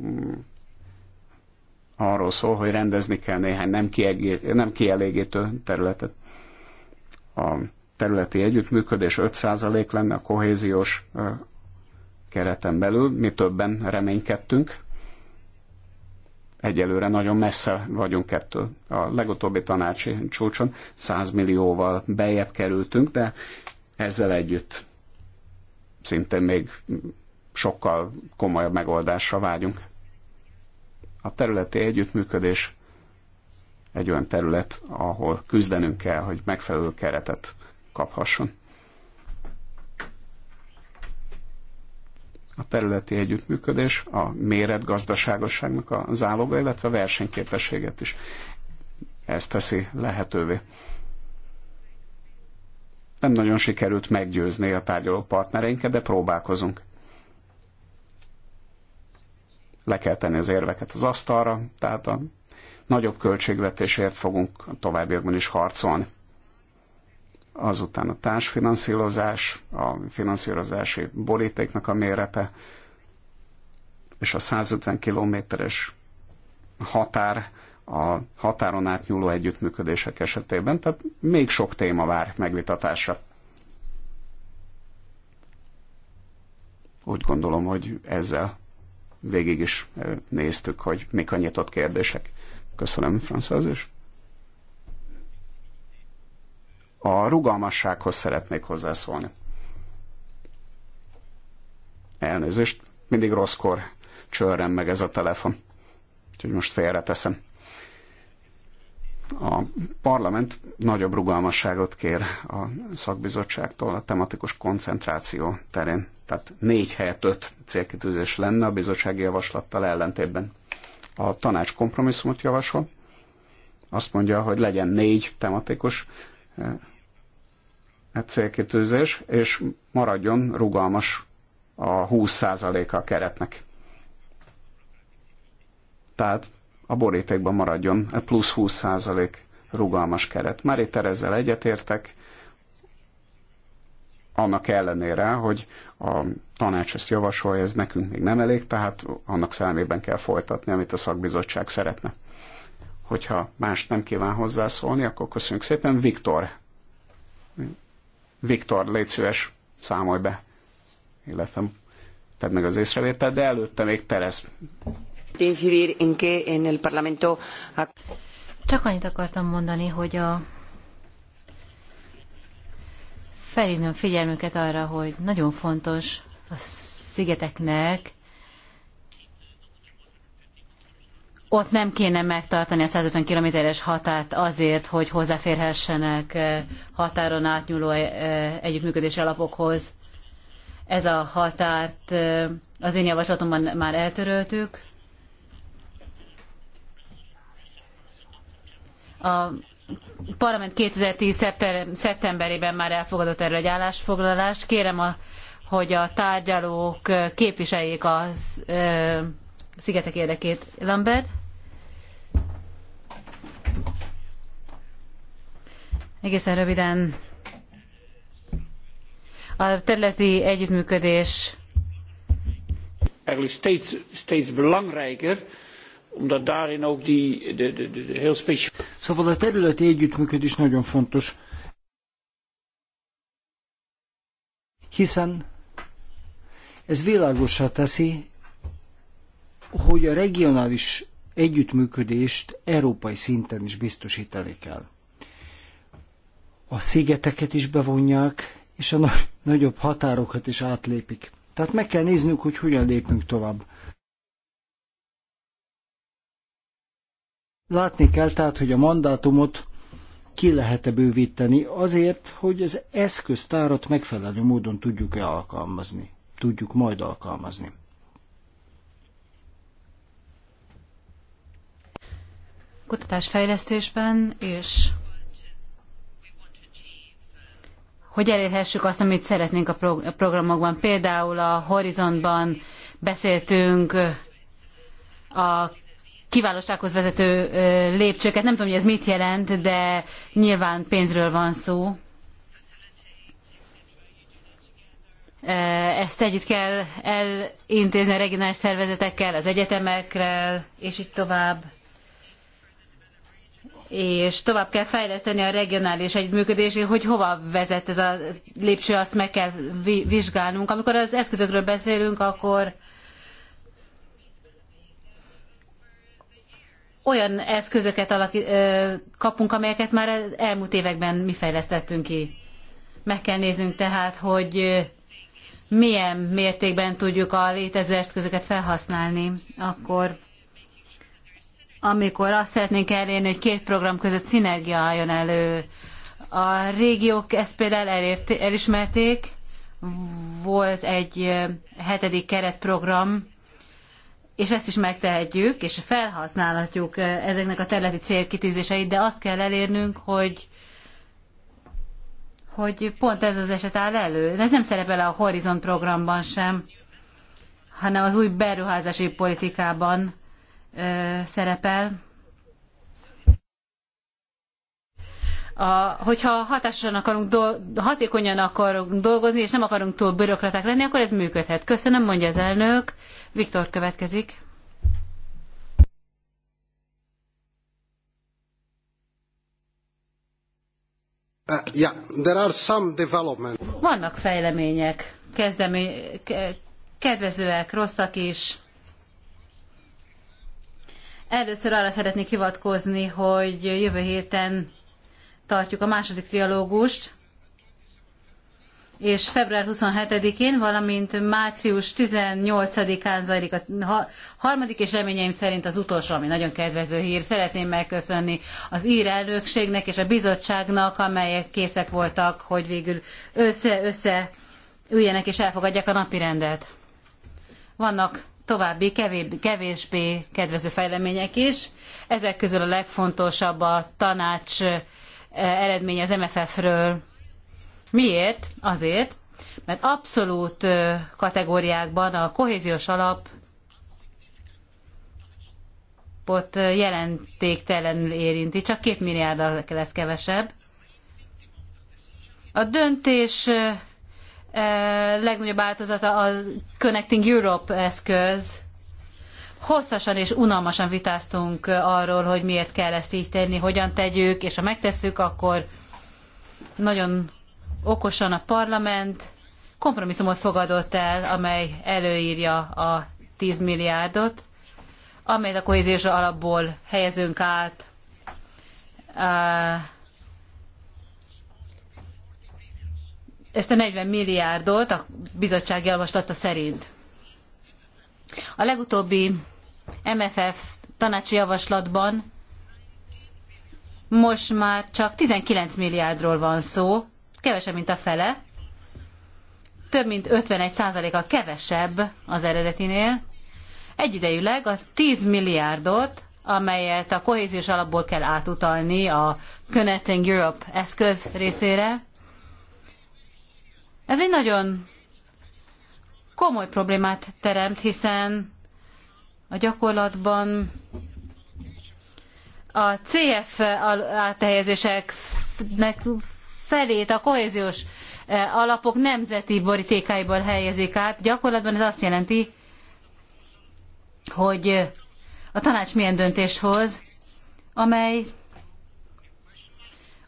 mm, arról szól, hogy rendezni kell néhány nem, kiegé- nem kielégítő területet a területi együttműködés 5% lenne a kohéziós kereten belül, mi többen reménykedtünk. Egyelőre nagyon messze vagyunk ettől. A legutóbbi tanácsi csúcson 100 millióval bejebb kerültünk, de ezzel együtt szinte még sokkal komolyabb megoldásra vágyunk. A területi együttműködés egy olyan terület, ahol küzdenünk kell, hogy megfelelő keretet kaphasson. A területi együttműködés a méret gazdaságosságnak a záloga, illetve a versenyképességet is ezt teszi lehetővé. Nem nagyon sikerült meggyőzni a tárgyaló partnereinket, de próbálkozunk le kell tenni az érveket az asztalra, tehát a nagyobb költségvetésért fogunk továbbiakban is harcolni. Azután a társfinanszírozás, a finanszírozási borítéknak a mérete, és a 150 kilométeres határ a határon átnyúló együttműködések esetében, tehát még sok téma vár megvitatásra. Úgy gondolom, hogy ezzel végig is néztük, hogy mik a nyitott kérdések. Köszönöm, Francesz is. A rugalmassághoz szeretnék hozzászólni. Elnézést, mindig rosszkor csörrem meg ez a telefon. Úgyhogy most félreteszem. A parlament nagyobb rugalmasságot kér a szakbizottságtól a tematikus koncentráció terén. Tehát négy helyett öt célkitűzés lenne a bizottsági javaslattal ellentétben. A tanács kompromisszumot javasol, azt mondja, hogy legyen négy tematikus eh, e célkitűzés, és maradjon rugalmas a 20%-a keretnek. Tehát a borítékban maradjon a plusz 20% rugalmas keret. Már itt ezzel egyetértek, annak ellenére, hogy a tanács ezt javasolja, ez nekünk még nem elég, tehát annak szelmében kell folytatni, amit a szakbizottság szeretne. Hogyha más nem kíván hozzászólni, akkor köszönjük szépen. Viktor, Viktor, légy szíves, számolj be, illetve tedd meg az észrevétel, de előtte még Terez. Csak annyit akartam mondani, hogy a felhívnom figyelmüket arra, hogy nagyon fontos, a szigeteknek, ott nem kéne megtartani a 150 es határt azért, hogy hozzáférhessenek eh, határon átnyúló eh, együttműködési alapokhoz. Ez a határt eh, az én javaslatomban már eltöröltük. A parlament 2010. szeptemberében már elfogadott erről egy állásfoglalást. Kérem a hogy a tárgyalók képviseljék a szigetek érdekét. Lambert? Egészen röviden. A területi együttműködés eigenlijk steeds, steeds belangrijker, omdat daarin ook die de, de, de, de heel specifieke... Szóval a területi együttműködés nagyon fontos, hiszen ez világosá teszi, hogy a regionális együttműködést európai szinten is biztosítani kell. A szigeteket is bevonják, és a nagyobb határokat is átlépik. Tehát meg kell néznünk, hogy hogyan lépünk tovább. Látni kell tehát, hogy a mandátumot ki lehet-e bővíteni azért, hogy az eszköztárat megfelelő módon tudjuk-e alkalmazni tudjuk majd alkalmazni. Kutatásfejlesztésben és hogy elérhessük azt, amit szeretnénk a programokban. Például a Horizontban beszéltünk a kiválósághoz vezető lépcsőket. Nem tudom, hogy ez mit jelent, de nyilván pénzről van szó. Eh, ezt együtt kell elintézni a regionális szervezetekkel, az egyetemekkel, és így tovább. És tovább kell fejleszteni a regionális együttműködést, hogy hova vezet ez a lépcső, azt meg kell vizsgálnunk. Amikor az eszközökről beszélünk, akkor olyan eszközöket alaki, ö, kapunk, amelyeket már elmúlt években mi fejlesztettünk ki. Meg kell néznünk tehát, hogy milyen mértékben tudjuk a létező eszközöket felhasználni, akkor amikor azt szeretnénk elérni, hogy két program között szinergia álljon elő. A régiók ezt például elért, elismerték, volt egy hetedik keretprogram, és ezt is megtehetjük, és felhasználhatjuk ezeknek a területi célkitűzéseit, de azt kell elérnünk, hogy hogy pont ez az eset áll elő. De ez nem szerepel a Horizon programban sem, hanem az új beruházási politikában ö, szerepel. A, hogyha hatásosan akarunk, dol- hatékonyan akarunk dolgozni, és nem akarunk túl bürokraták lenni, akkor ez működhet. Köszönöm, mondja az elnök. Viktor következik. Uh, Vannak fejlemények, kezdemé... kedvezőek, rosszak is. Először arra szeretnék hivatkozni, hogy jövő héten tartjuk a második trialógust és február 27-én, valamint március 18-án zajlik a harmadik, és reményeim szerint az utolsó, ami nagyon kedvező hír. Szeretném megköszönni az ír elnökségnek és a bizottságnak, amelyek készek voltak, hogy végül össze-össze üljenek és elfogadják a napirendet. Vannak további kevésbé kedvező fejlemények is. Ezek közül a legfontosabb a tanács eh, eredménye az MFF-ről, Miért? Azért, mert abszolút kategóriákban a kohéziós alap pot jelentéktelenül érinti, csak két milliárdal lesz kevesebb. A döntés legnagyobb változata a Connecting Europe eszköz. Hosszasan és unalmasan vitáztunk arról, hogy miért kell ezt így tenni, hogyan tegyük, és ha megtesszük, akkor nagyon okosan a parlament kompromisszumot fogadott el, amely előírja a 10 milliárdot, amelyet a kohéziós alapból helyezünk át ezt a 40 milliárdot a bizottság javaslata szerint. A legutóbbi MFF tanácsi javaslatban most már csak 19 milliárdról van szó, kevesebb, mint a fele, több mint 51%-a kevesebb az eredetinél, egyidejűleg a 10 milliárdot, amelyet a kohéziós alapból kell átutalni a Connecting Europe eszköz részére. Ez egy nagyon komoly problémát teremt, hiszen a gyakorlatban a CF áthelyezéseknek felét a kohéziós e, alapok nemzeti borítékáiból helyezik át. Gyakorlatban ez azt jelenti, hogy a tanács milyen döntést hoz, amely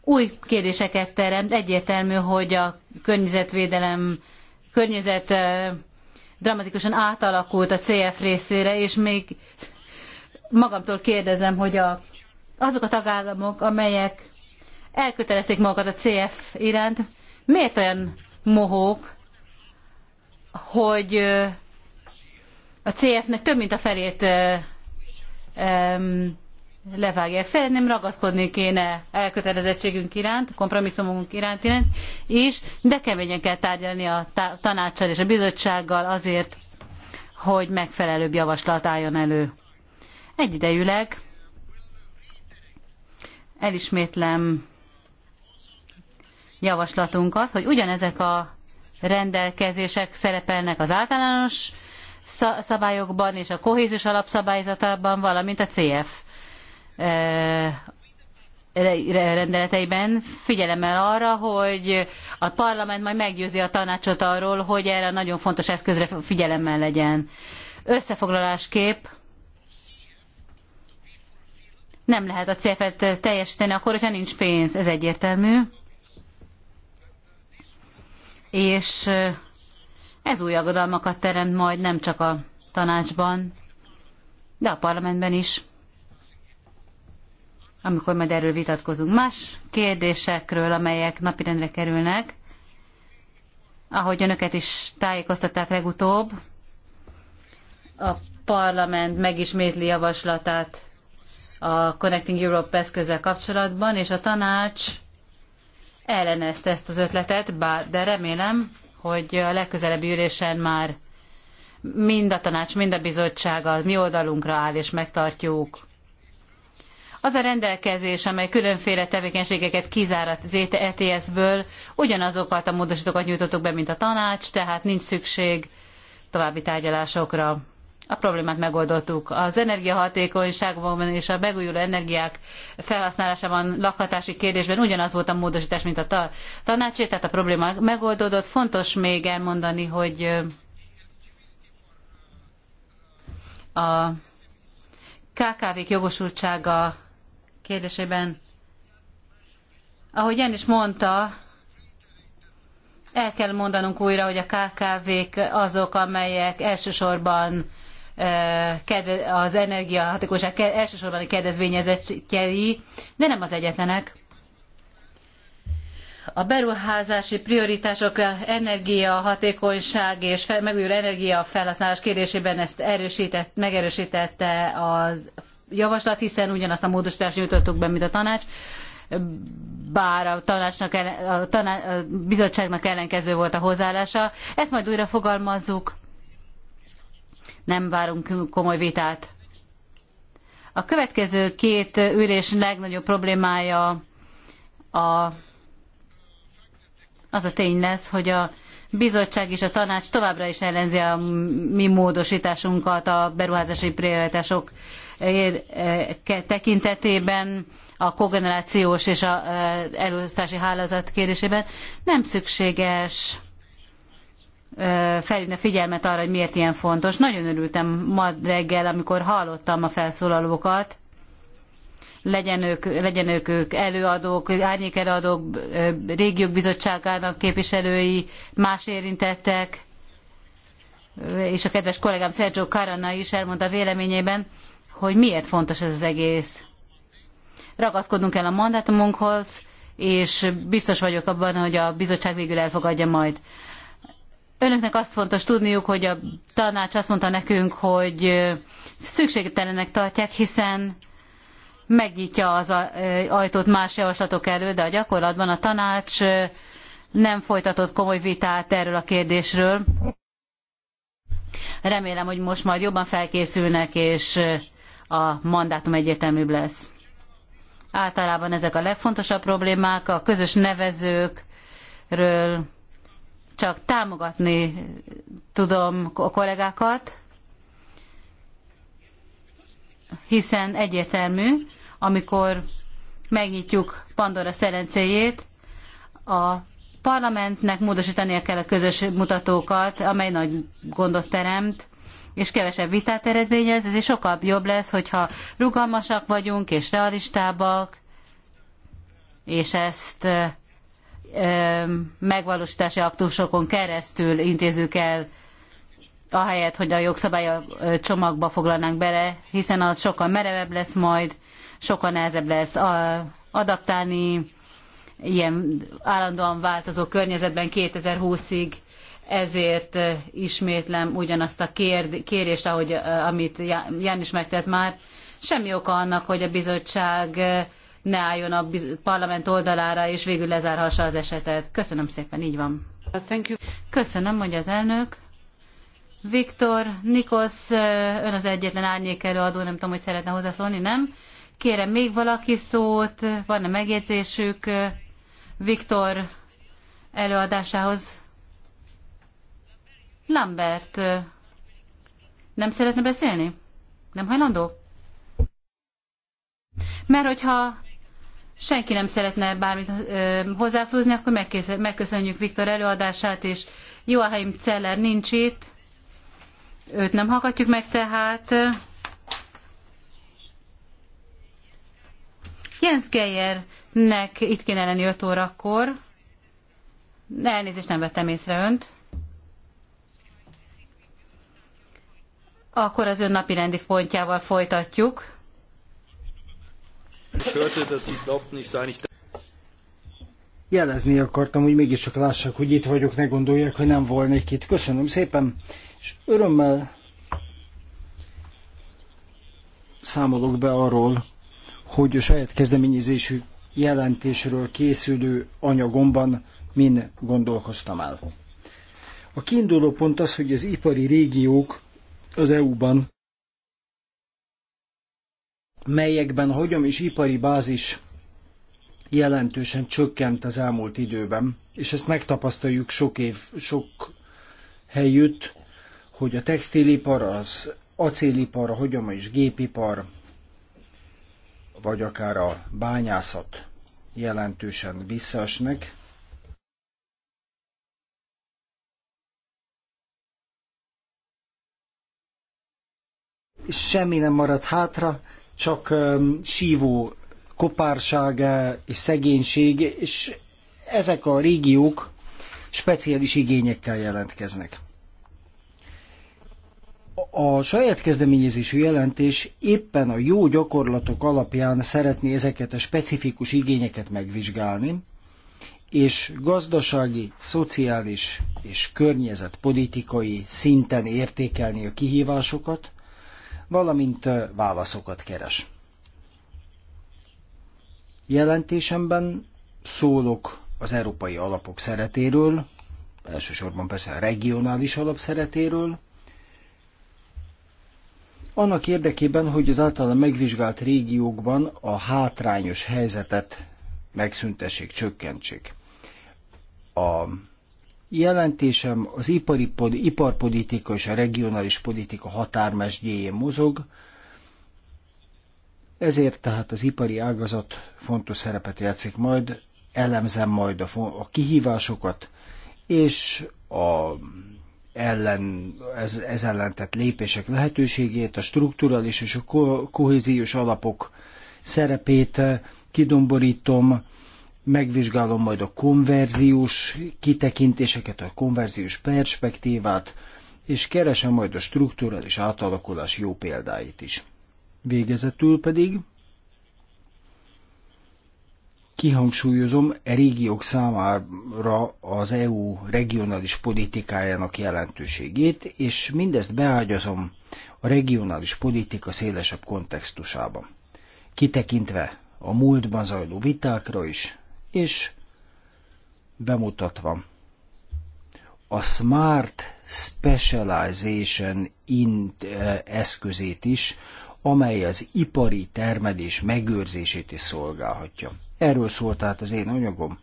új kérdéseket teremt. Egyértelmű, hogy a környezetvédelem, környezet e, dramatikusan átalakult a CF részére, és még magamtól kérdezem, hogy a, azok a tagállamok, amelyek elkötelezték magukat a CF iránt. Miért olyan mohók, hogy a CF-nek több mint a felét levágják. Szeretném ragaszkodni kéne elkötelezettségünk iránt, kompromisszumunk iránt, iránt is, de keményen kell tárgyalni a tanácssal és a bizottsággal azért, hogy megfelelőbb javaslat álljon elő. Egyidejűleg elismétlem javaslatunkat, hogy ugyanezek a rendelkezések szerepelnek az általános szabályokban és a kohéziós alapszabályzatában, valamint a CF eh, rendeleteiben figyelemmel arra, hogy a parlament majd meggyőzi a tanácsot arról, hogy erre a nagyon fontos eszközre figyelemmel legyen. Összefoglalásképp nem lehet a CF-et teljesíteni akkor, hogyha nincs pénz. Ez egyértelmű és ez új aggodalmakat teremt majd nem csak a tanácsban, de a parlamentben is, amikor majd erről vitatkozunk. Más kérdésekről, amelyek napirendre kerülnek, ahogy önöket is tájékoztatták legutóbb, a parlament megismétli javaslatát a Connecting Europe eszközzel kapcsolatban, és a tanács ellenezte ezt az ötletet, bár, de remélem, hogy a legközelebbi ülésen már mind a tanács, mind a bizottság a mi oldalunkra áll, és megtartjuk. Az a rendelkezés, amely különféle tevékenységeket kizár az ETS-ből, ugyanazokat a módosítókat nyújtottuk be, mint a tanács, tehát nincs szükség további tárgyalásokra a problémát megoldottuk. Az energiahatékonyságban és a megújuló energiák felhasználásában lakhatási kérdésben ugyanaz volt a módosítás, mint a tanácsé, tehát a probléma megoldódott. Fontos még elmondani, hogy a KKV-k jogosultsága kérdésében, ahogy Jen is mondta, el kell mondanunk újra, hogy a KKV-k azok, amelyek elsősorban az energiahatékonyság elsősorban a kedvezményezettjei, de nem az egyetlenek. A beruházási prioritások energiahatékonyság és megújuló energiafelhasználás kérdésében ezt erősített, megerősítette a javaslat, hiszen ugyanazt a módosítást nyújtottuk be, mint a tanács bár a, tanácsnak, a, a bizottságnak ellenkező volt a hozzáállása. Ezt majd újra fogalmazzuk nem várunk komoly vitát. A következő két ülés legnagyobb problémája a, az a tény lesz, hogy a bizottság és a tanács továbbra is ellenzi a mi módosításunkat a beruházási prioritások e, tekintetében, a kogenerációs és az e, elosztási hálózat kérdésében. Nem szükséges felhívni a figyelmet arra, hogy miért ilyen fontos. Nagyon örültem ma reggel, amikor hallottam a felszólalókat, legyen ők, legyen ők, ők előadók, árnyékelőadók, régiók bizottságának képviselői, más érintettek, és a kedves kollégám Sergio Karana is elmondta véleményében, hogy miért fontos ez az egész. Ragaszkodnunk kell a mandátumunkhoz, és biztos vagyok abban, hogy a bizottság végül elfogadja majd önöknek azt fontos tudniuk, hogy a tanács azt mondta nekünk, hogy szükségtelenek tartják, hiszen megnyitja az ajtót más javaslatok elő, de a gyakorlatban a tanács nem folytatott komoly vitát erről a kérdésről. Remélem, hogy most majd jobban felkészülnek, és a mandátum egyértelműbb lesz. Általában ezek a legfontosabb problémák, a közös nevezőkről csak támogatni tudom a kollégákat, hiszen egyértelmű, amikor megnyitjuk Pandora szerencéjét, a parlamentnek módosítania kell a közös mutatókat, amely nagy gondot teremt, és kevesebb vitát eredményez, ezért sokkal jobb lesz, hogyha rugalmasak vagyunk és realistábbak, és ezt megvalósítási aktusokon keresztül intézzük el, ahelyett, hogy a jogszabály csomagba foglalnánk bele, hiszen az sokkal merevebb lesz majd, sokkal nehezebb lesz adaptálni ilyen állandóan változó környezetben 2020-ig, ezért ismétlem ugyanazt a kérd, kérést, ahogy, amit Ján is megtett már. Semmi oka annak, hogy a bizottság ne álljon a parlament oldalára, és végül lezárhassa az esetet. Köszönöm szépen, így van. Köszönöm, mondja az elnök. Viktor, Nikos, ön az egyetlen árnyék előadó, nem tudom, hogy szeretne hozzászólni, nem? Kérem, még valaki szót, van-e megjegyzésük Viktor előadásához? Lambert, nem szeretne beszélni? Nem hajlandó? Mert hogyha senki nem szeretne bármit hozzáfűzni, akkor megköszönjük Viktor előadását, és Joachim Celler nincs itt, őt nem hallgatjuk meg tehát. Jens Geyernek itt kéne lenni 5 órakor. Ne, elnézést, nem vettem észre önt. Akkor az ön napi rendi pontjával folytatjuk. Jelezni akartam, hogy mégiscsak lássák, hogy itt vagyok, ne gondolják, hogy nem volnék itt. Köszönöm szépen, és örömmel számolok be arról, hogy a saját kezdeményezésű jelentésről készülő anyagomban min gondolkoztam el. A kiinduló pont az, hogy az ipari régiók az EU-ban melyekben a hagyom és ipari bázis jelentősen csökkent az elmúlt időben, és ezt megtapasztaljuk sok év, sok helyütt, hogy a textilipar, az acélipar, a és gépipar, vagy akár a bányászat jelentősen visszaesnek. És semmi nem maradt hátra, csak sívó kopárság és szegénység, és ezek a régiók speciális igényekkel jelentkeznek. A saját kezdeményezésű jelentés éppen a jó gyakorlatok alapján szeretné ezeket a specifikus igényeket megvizsgálni, és gazdasági, szociális és környezetpolitikai szinten értékelni a kihívásokat, valamint válaszokat keres. Jelentésemben szólok az európai alapok szeretéről, elsősorban persze a regionális alap szeretéről, annak érdekében, hogy az általa megvizsgált régiókban a hátrányos helyzetet megszüntessék, csökkentsék. A Jelentésem az ipari, iparpolitika és a regionális politika határmesdjéjén mozog, ezért tehát az ipari ágazat fontos szerepet játszik majd, elemzem majd a, a kihívásokat, és a ellen, ez, ez ellen tett lépések lehetőségét, a strukturális és a ko kohéziós alapok szerepét kidomborítom, megvizsgálom majd a konverziós kitekintéseket, a konverziós perspektívát, és keresem majd a strukturális átalakulás jó példáit is. Végezetül pedig kihangsúlyozom a e régiók számára az EU regionális politikájának jelentőségét, és mindezt beágyazom a regionális politika szélesebb kontextusába. Kitekintve a múltban zajló vitákra is, és bemutatva a Smart Specialization in eh, eszközét is, amely az ipari termelés megőrzését is szolgálhatja. Erről szólt tehát az én anyagom,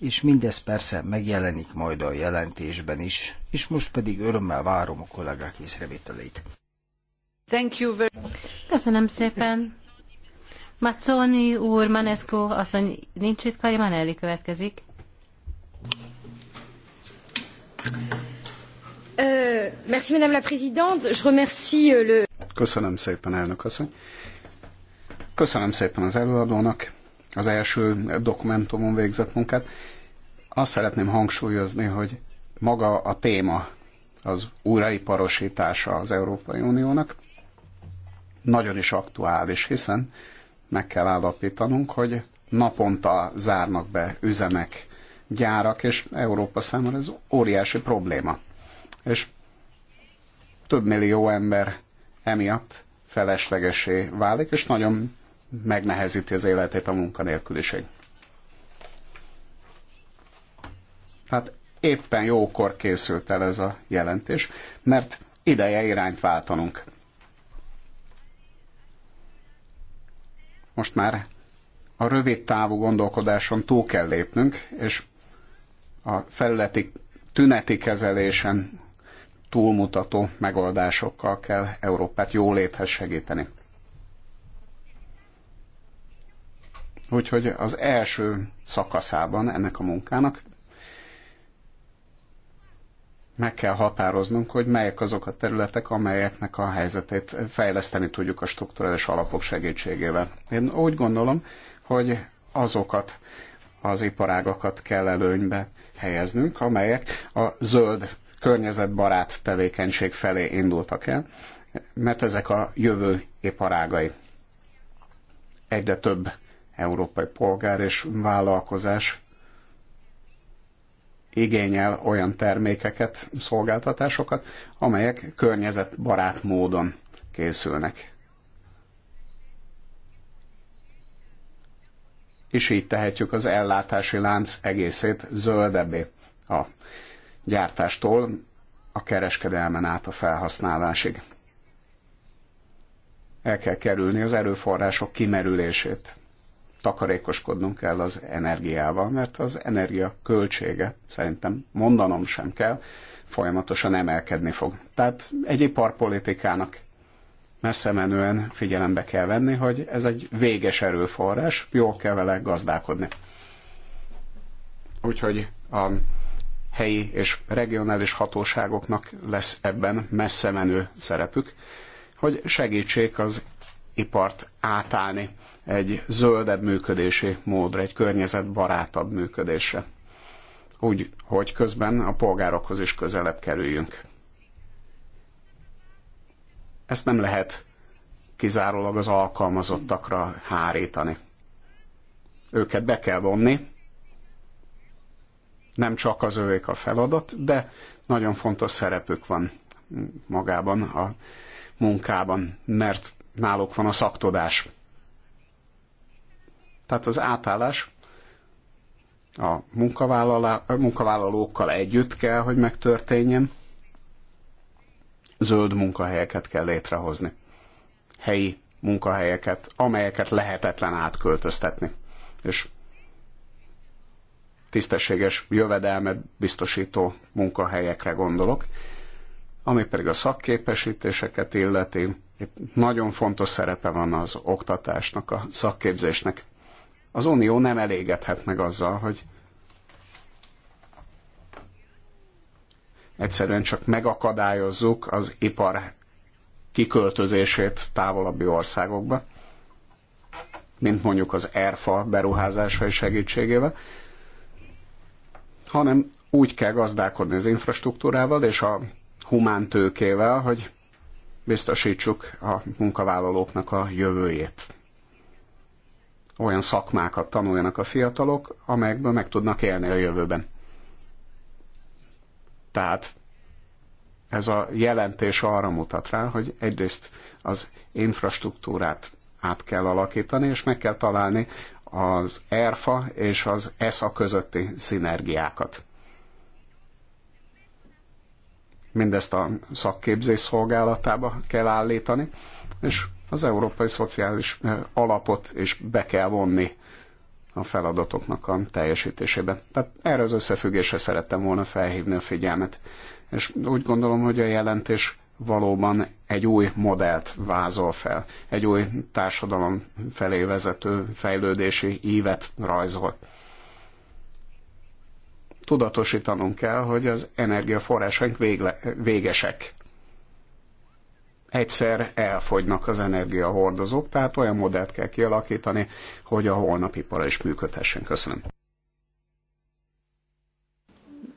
és mindez persze megjelenik majd a jelentésben is, és most pedig örömmel várom a kollégák észrevételét. Thank you very... Köszönöm szépen! Mazzoni úr, Manesco, asszony nincs itt, Karimanelli következik. Merci, Madame la Présidente. Je remercie euh, le... Köszönöm szépen, elnök asszony. Köszönöm szépen az előadónak az első dokumentumon végzett munkát. Azt szeretném hangsúlyozni, hogy maga a téma az újraiparosítása az Európai Uniónak nagyon is aktuális, hiszen meg kell állapítanunk, hogy naponta zárnak be üzemek, gyárak, és Európa számára ez óriási probléma. És több millió ember emiatt feleslegesé válik, és nagyon megnehezíti az életét a munkanélküliség. Tehát éppen jókor készült el ez a jelentés, mert ideje irányt váltanunk. Most már a rövid távú gondolkodáson túl kell lépnünk, és a felületi tüneti kezelésen túlmutató megoldásokkal kell Európát jóléthez segíteni. Úgyhogy az első szakaszában ennek a munkának meg kell határoznunk, hogy melyek azok a területek, amelyeknek a helyzetét fejleszteni tudjuk a strukturális alapok segítségével. Én úgy gondolom, hogy azokat az iparágakat kell előnybe helyeznünk, amelyek a zöld környezetbarát tevékenység felé indultak el, mert ezek a jövő iparágai. Egyre több európai polgár és vállalkozás igényel olyan termékeket, szolgáltatásokat, amelyek környezetbarát módon készülnek. És így tehetjük az ellátási lánc egészét zöldebbé a gyártástól a kereskedelmen át a felhasználásig. El kell kerülni az erőforrások kimerülését takarékoskodnunk kell az energiával, mert az energia költsége, szerintem mondanom sem kell, folyamatosan emelkedni fog. Tehát egy iparpolitikának messze menően figyelembe kell venni, hogy ez egy véges erőforrás, jól kell vele gazdálkodni. Úgyhogy a helyi és regionális hatóságoknak lesz ebben messze menő szerepük, hogy segítsék az ipart átállni egy zöldebb működési módra, egy környezetbarátabb működésre. Úgy, hogy közben a polgárokhoz is közelebb kerüljünk. Ezt nem lehet kizárólag az alkalmazottakra hárítani. Őket be kell vonni, nem csak az övék a feladat, de nagyon fontos szerepük van magában a munkában, mert náluk van a szaktodás. Tehát az átállás a munkavállalókkal együtt kell, hogy megtörténjen. Zöld munkahelyeket kell létrehozni. Helyi munkahelyeket, amelyeket lehetetlen átköltöztetni. És tisztességes jövedelmet biztosító munkahelyekre gondolok, ami pedig a szakképesítéseket illeti. Itt nagyon fontos szerepe van az oktatásnak, a szakképzésnek. Az Unió nem elégedhet meg azzal, hogy egyszerűen csak megakadályozzuk az ipar kiköltözését távolabbi országokba, mint mondjuk az ERFA beruházásai segítségével, hanem úgy kell gazdálkodni az infrastruktúrával és a humántőkével, hogy biztosítsuk a munkavállalóknak a jövőjét olyan szakmákat tanuljanak a fiatalok, amelyekből meg tudnak élni a jövőben. Tehát ez a jelentés arra mutat rá, hogy egyrészt az infrastruktúrát át kell alakítani, és meg kell találni az ERFA és az ESA közötti szinergiákat. Mindezt a szakképzés szolgálatába kell állítani, és az európai szociális eh, alapot is be kell vonni a feladatoknak a teljesítésébe. Tehát erre az összefüggésre szerettem volna felhívni a figyelmet. És úgy gondolom, hogy a jelentés valóban egy új modellt vázol fel, egy új társadalom felé vezető fejlődési ívet rajzol. Tudatosítanunk kell, hogy az energiaforrásaink végle, végesek, egyszer elfogynak az energiahordozók, tehát olyan modellt kell kialakítani, hogy a holnapi para is működhessen. Köszönöm.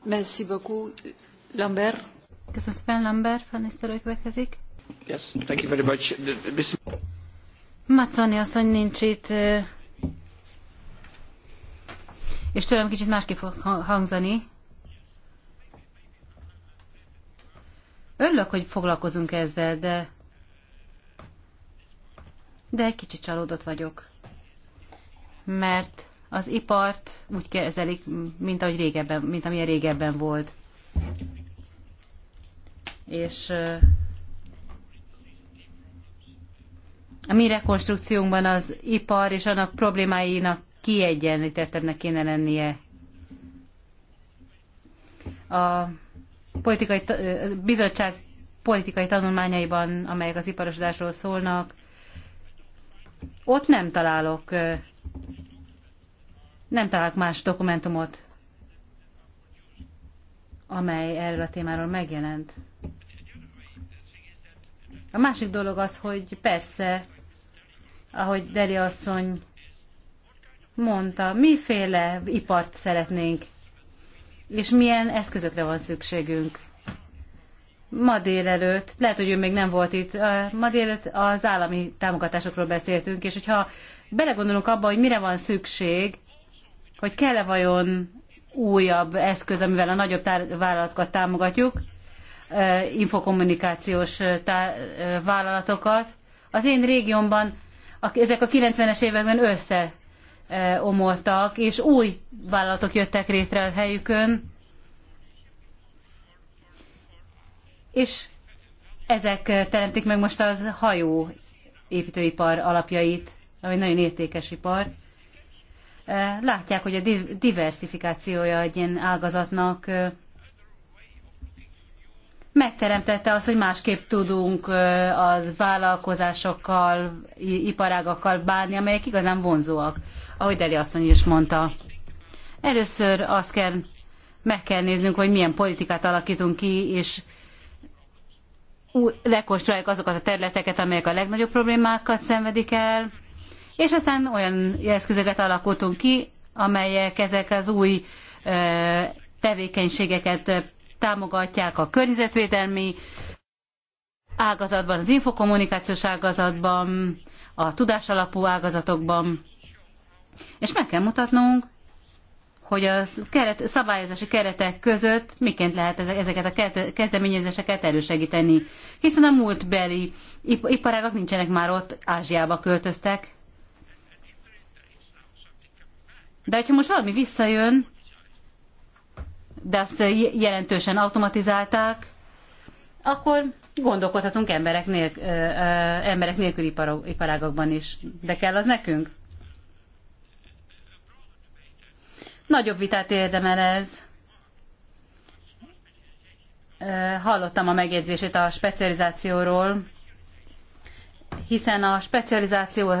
Merci beaucoup. Lambert. Köszönöm szépen, Lambert. Fannisztor következik. Yes, thank you very much. This... Maconi asszony nincs itt, és tőlem kicsit másképp fog hangzani, Örülök, hogy foglalkozunk ezzel, de, de egy kicsit csalódott vagyok. Mert az ipart úgy kezelik, mint, ahogy régebben, mint amilyen régebben volt. És a mi rekonstrukciónkban az ipar és annak problémáinak kiegyenlítettebbnek kéne lennie. A politikai, bizottság politikai tanulmányaiban, amelyek az iparosodásról szólnak, ott nem találok, nem találok más dokumentumot, amely erről a témáról megjelent. A másik dolog az, hogy persze, ahogy Deri asszony mondta, miféle ipart szeretnénk és milyen eszközökre van szükségünk. Ma délelőtt, lehet, hogy ő még nem volt itt, ma délelőtt az állami támogatásokról beszéltünk, és hogyha belegondolunk abba, hogy mire van szükség, hogy kell-e vajon újabb eszköz, amivel a nagyobb vállalatokat támogatjuk, infokommunikációs vállalatokat. Az én régiómban ezek a 90-es években össze omoltak, és új vállalatok jöttek létre a helyükön, és ezek teremtik meg most az hajó építőipar alapjait, ami nagyon értékes ipar. Látják, hogy a diversifikációja egy ilyen ágazatnak megteremtette azt, hogy másképp tudunk az vállalkozásokkal, iparágakkal bánni, amelyek igazán vonzóak, ahogy Deli asszony is mondta. Először azt kell, meg kell néznünk, hogy milyen politikát alakítunk ki, és lekonstruáljuk azokat a területeket, amelyek a legnagyobb problémákat szenvedik el, és aztán olyan eszközöket alakítunk ki, amelyek ezek az új tevékenységeket támogatják a környezetvédelmi ágazatban, az infokommunikációs ágazatban, a tudásalapú ágazatokban. És meg kell mutatnunk, hogy a keret, szabályozási keretek között miként lehet ezeket a kezdeményezéseket elősegíteni. Hiszen a múltbeli iparágak nincsenek már ott, Ázsiába költöztek. De hogyha most valami visszajön, de azt jelentősen automatizálták, akkor gondolkodhatunk emberek, nélkül, emberek nélküli iparágokban is. De kell az nekünk? Nagyobb vitát érdemel ez. Hallottam a megjegyzését a specializációról, hiszen a specializáció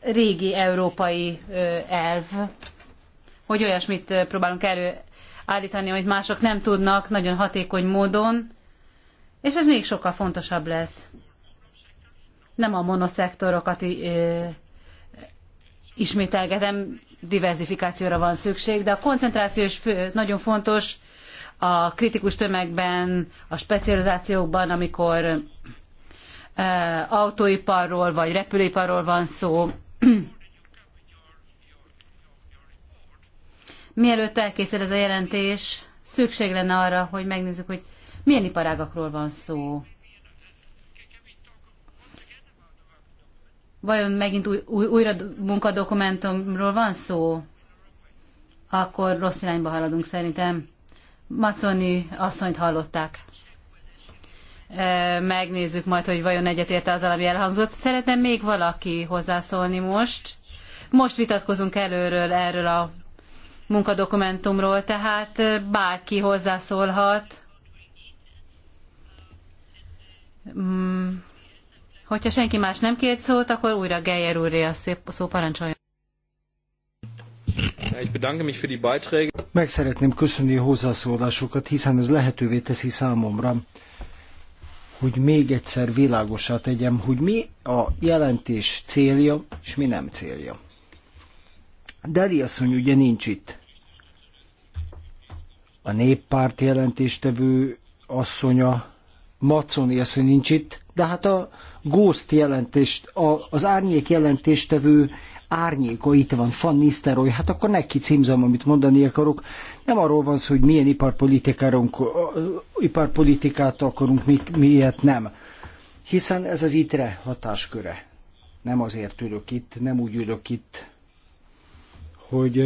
régi európai elv, hogy olyasmit próbálunk előállítani, amit mások nem tudnak nagyon hatékony módon, és ez még sokkal fontosabb lesz. Nem a monoszektorokat ismételgetem, diversifikációra van szükség, de a koncentráció is nagyon fontos a kritikus tömegben, a specializációkban, amikor autóiparról vagy repülőiparról van szó, mielőtt elkészül ez a jelentés, szükség lenne arra, hogy megnézzük, hogy milyen iparágakról van szó. Vajon megint új, új, újra munkadokumentumról van szó? Akkor rossz irányba haladunk szerintem. Maconi asszonyt hallották. E, megnézzük majd, hogy vajon egyetérte az alami elhangzott. Szeretne még valaki hozzászólni most? Most vitatkozunk előről erről a munkadokumentumról, tehát bárki hozzászólhat. Mm. Hogyha senki más nem kért szót, akkor újra Geyer úrré a szó parancsoljon. Meg szeretném köszönni a hozzászólásokat, hiszen ez lehetővé teszi számomra, hogy még egyszer világosá tegyem, hogy mi a jelentés célja, és mi nem célja. Deli asszony ugye nincs itt. A néppárt jelentéstevő asszonya, Maconi asszony nincs itt, de hát a Ghost jelentést, a, az árnyék jelentéstevő árnyéka itt van, Van Nisztelrooy, hát akkor neki címzem, amit mondani akarok. Nem arról van szó, hogy milyen iparpolitikát akarunk, mi miért nem. Hiszen ez az ITRE hatásköre. Nem azért ülök itt, nem úgy ülök itt, hogy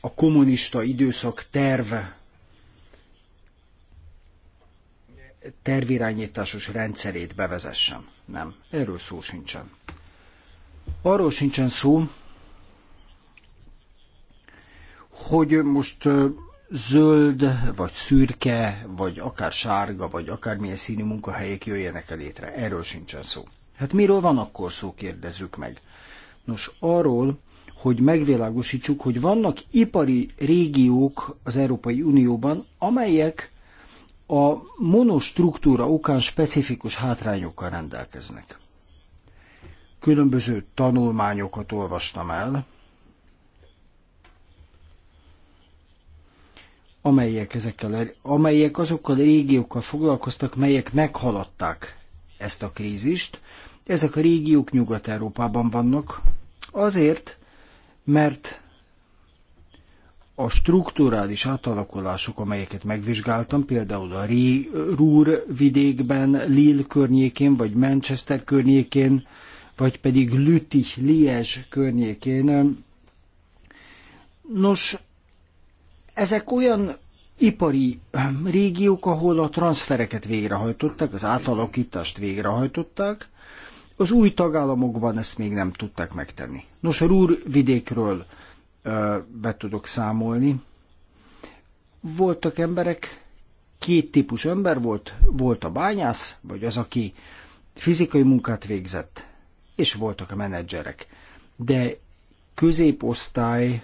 a kommunista időszak terve tervirányításos rendszerét bevezessem. Nem, erről szó sincsen. Arról sincsen szó, hogy most zöld, vagy szürke, vagy akár sárga, vagy akármilyen színű munkahelyek jöjjenek el létre. Erről sincsen szó. Hát miről van akkor szó, kérdezzük meg. Nos, arról, hogy megvilágosítsuk, hogy vannak ipari régiók az Európai Unióban, amelyek a monostruktúra okán specifikus hátrányokkal rendelkeznek. Különböző tanulmányokat olvastam el, amelyek, ezekkel, amelyek azokkal a régiókkal foglalkoztak, melyek meghaladták ezt a krízist, ezek a régiók Nyugat-Európában vannak, azért, mert a strukturális átalakulások, amelyeket megvizsgáltam, például a Rúr vidékben, Lille környékén, vagy Manchester környékén, vagy pedig Lüttich, Liège környékén. Nos, ezek olyan ipari régiók, ahol a transfereket végrehajtották, az átalakítást végrehajtották, az új tagállamokban ezt még nem tudták megtenni. Nos, a Rúr vidékről ö, be tudok számolni. Voltak emberek, két típus ember volt, volt a bányász, vagy az, aki fizikai munkát végzett, és voltak a menedzserek. De középosztály,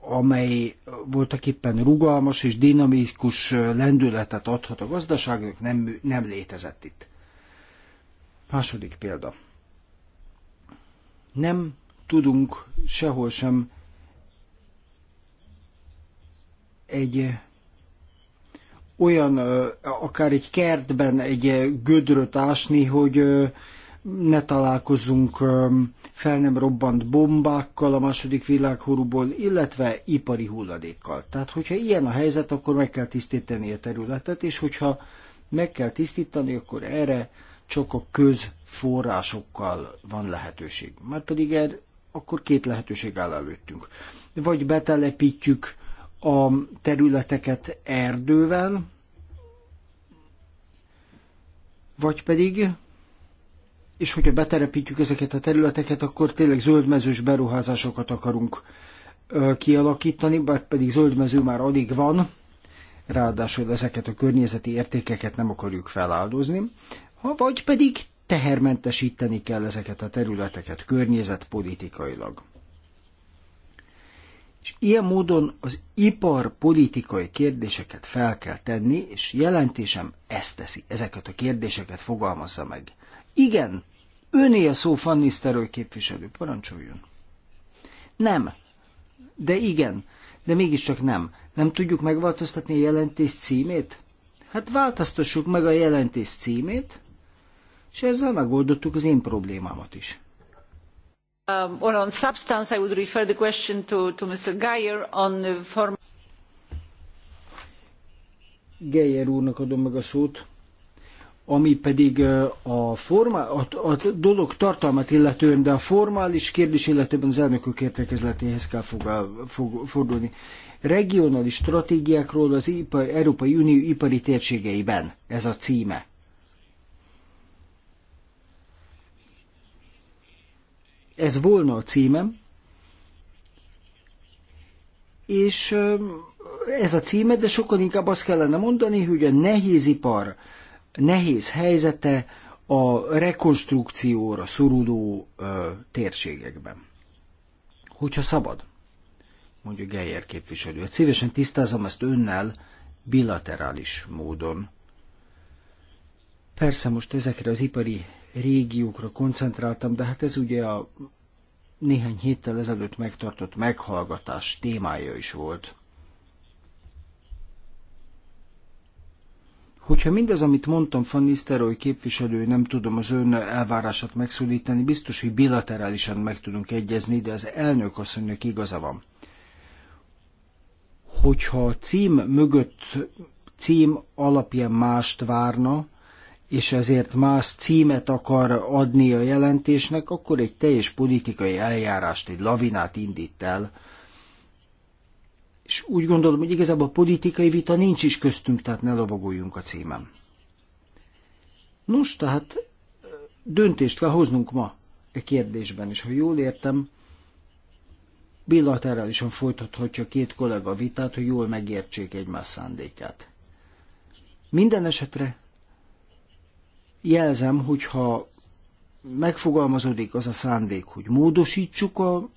amely voltak éppen rugalmas és dinamikus lendületet adhat a gazdaságnak, nem, nem létezett itt. Második példa. Nem tudunk sehol sem egy olyan, akár egy kertben egy gödröt ásni, hogy ne találkozunk fel nem robbant bombákkal a második világháborúból, illetve ipari hulladékkal. Tehát, hogyha ilyen a helyzet, akkor meg kell tisztítani a területet, és hogyha meg kell tisztítani, akkor erre csak a közforrásokkal van lehetőség. pedig er, akkor két lehetőség áll előttünk. Vagy betelepítjük a területeket erdővel, vagy pedig, és hogyha beterepítjük ezeket a területeket, akkor tényleg zöldmezős beruházásokat akarunk kialakítani, bár pedig zöldmező már addig van, ráadásul ezeket a környezeti értékeket nem akarjuk feláldozni, vagy pedig tehermentesíteni kell ezeket a területeket környezetpolitikailag. És ilyen módon az ipar politikai kérdéseket fel kell tenni, és jelentésem ezt teszi, ezeket a kérdéseket fogalmazza meg. Igen, öné a szó Fanny képviselő, parancsoljon. Nem, de igen, de mégiscsak nem. Nem tudjuk megváltoztatni a jelentés címét? Hát változtassuk meg a jelentés címét, és ezzel megoldottuk az én problémámat is. Um, on substance, I would refer the question to, to Mr. Geyer on the form... úrnak adom meg a szót, ami pedig a, forma, a, a dolog tartalmat illetően, de a formális kérdés illetően az elnökök értekezletéhez kell fog, fog, fordulni. Regionális stratégiákról az ipar, Európai Unió ipari térségeiben ez a címe Ez volna a címem, és ez a címe, de sokkal inkább azt kellene mondani, hogy a nehézipar nehéz helyzete a rekonstrukcióra szoruló ö, térségekben. Hogyha szabad, mondja Geyer képviselő. Hát szívesen tisztázom ezt önnel bilaterális módon. Persze most ezekre az ipari régiókra koncentráltam, de hát ez ugye a néhány héttel ezelőtt megtartott meghallgatás témája is volt. Hogyha mindez, amit mondtam Van Nisztelrooy képviselő, nem tudom az ön elvárását megszólítani, biztos, hogy bilaterálisan meg tudunk egyezni, de az elnök asszonynak igaza van. Hogyha a cím mögött cím alapján mást várna, és ezért más címet akar adni a jelentésnek, akkor egy teljes politikai eljárást, egy lavinát indít el. És úgy gondolom, hogy igazából a politikai vita nincs is köztünk, tehát ne lovagoljunk a címen. Nos, tehát döntést kell hoznunk ma e kérdésben, és ha jól értem, bilaterálisan folytathatja két kollega vitát, hogy jól megértsék egymás szándékát. Minden esetre Jelzem, hogyha megfogalmazódik az a szándék, hogy módosítsuk a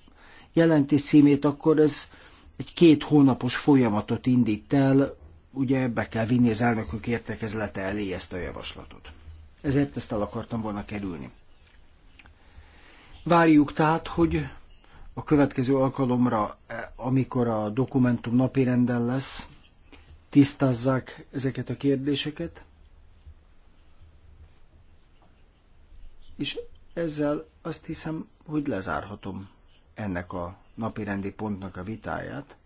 jelentés címét, akkor ez egy két hónapos folyamatot indít el, ugye be kell vinni az elnökök értekezlete elé ezt a javaslatot. Ezért ezt el akartam volna kerülni. Várjuk tehát, hogy a következő alkalomra, amikor a dokumentum napirenden lesz, tisztázzák ezeket a kérdéseket. és ezzel azt hiszem, hogy lezárhatom ennek a napi rendi pontnak a vitáját,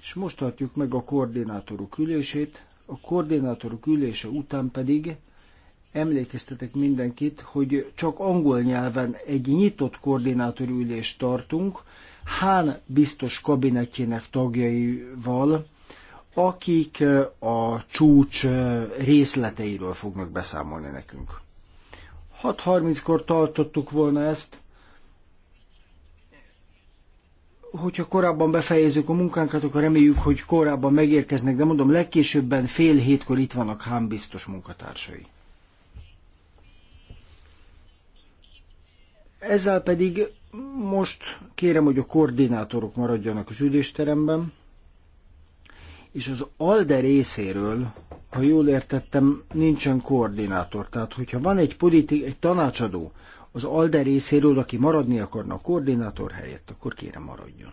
és most tartjuk meg a koordinátorok ülését, a koordinátorok ülése után pedig emlékeztetek mindenkit, hogy csak angol nyelven egy nyitott koordinátorülést tartunk, Hán biztos kabinetjének tagjaival, akik eh, a csúcs eh, részleteiről fognak beszámolni nekünk. 6.30-kor tartottuk volna ezt, hogyha korábban befejezzük a munkánkat, akkor reméljük, hogy korábban megérkeznek, de mondom, legkésőbben fél hétkor itt vannak Hán biztos munkatársai. Ezzel pedig most kérem, hogy a koordinátorok maradjanak az ülésteremben és az ALDE részéről, ha jól értettem, nincsen koordinátor. Tehát, hogyha van egy, politi- egy tanácsadó az ALDE részéről, aki maradni akarna a koordinátor helyett, akkor kérem maradjon.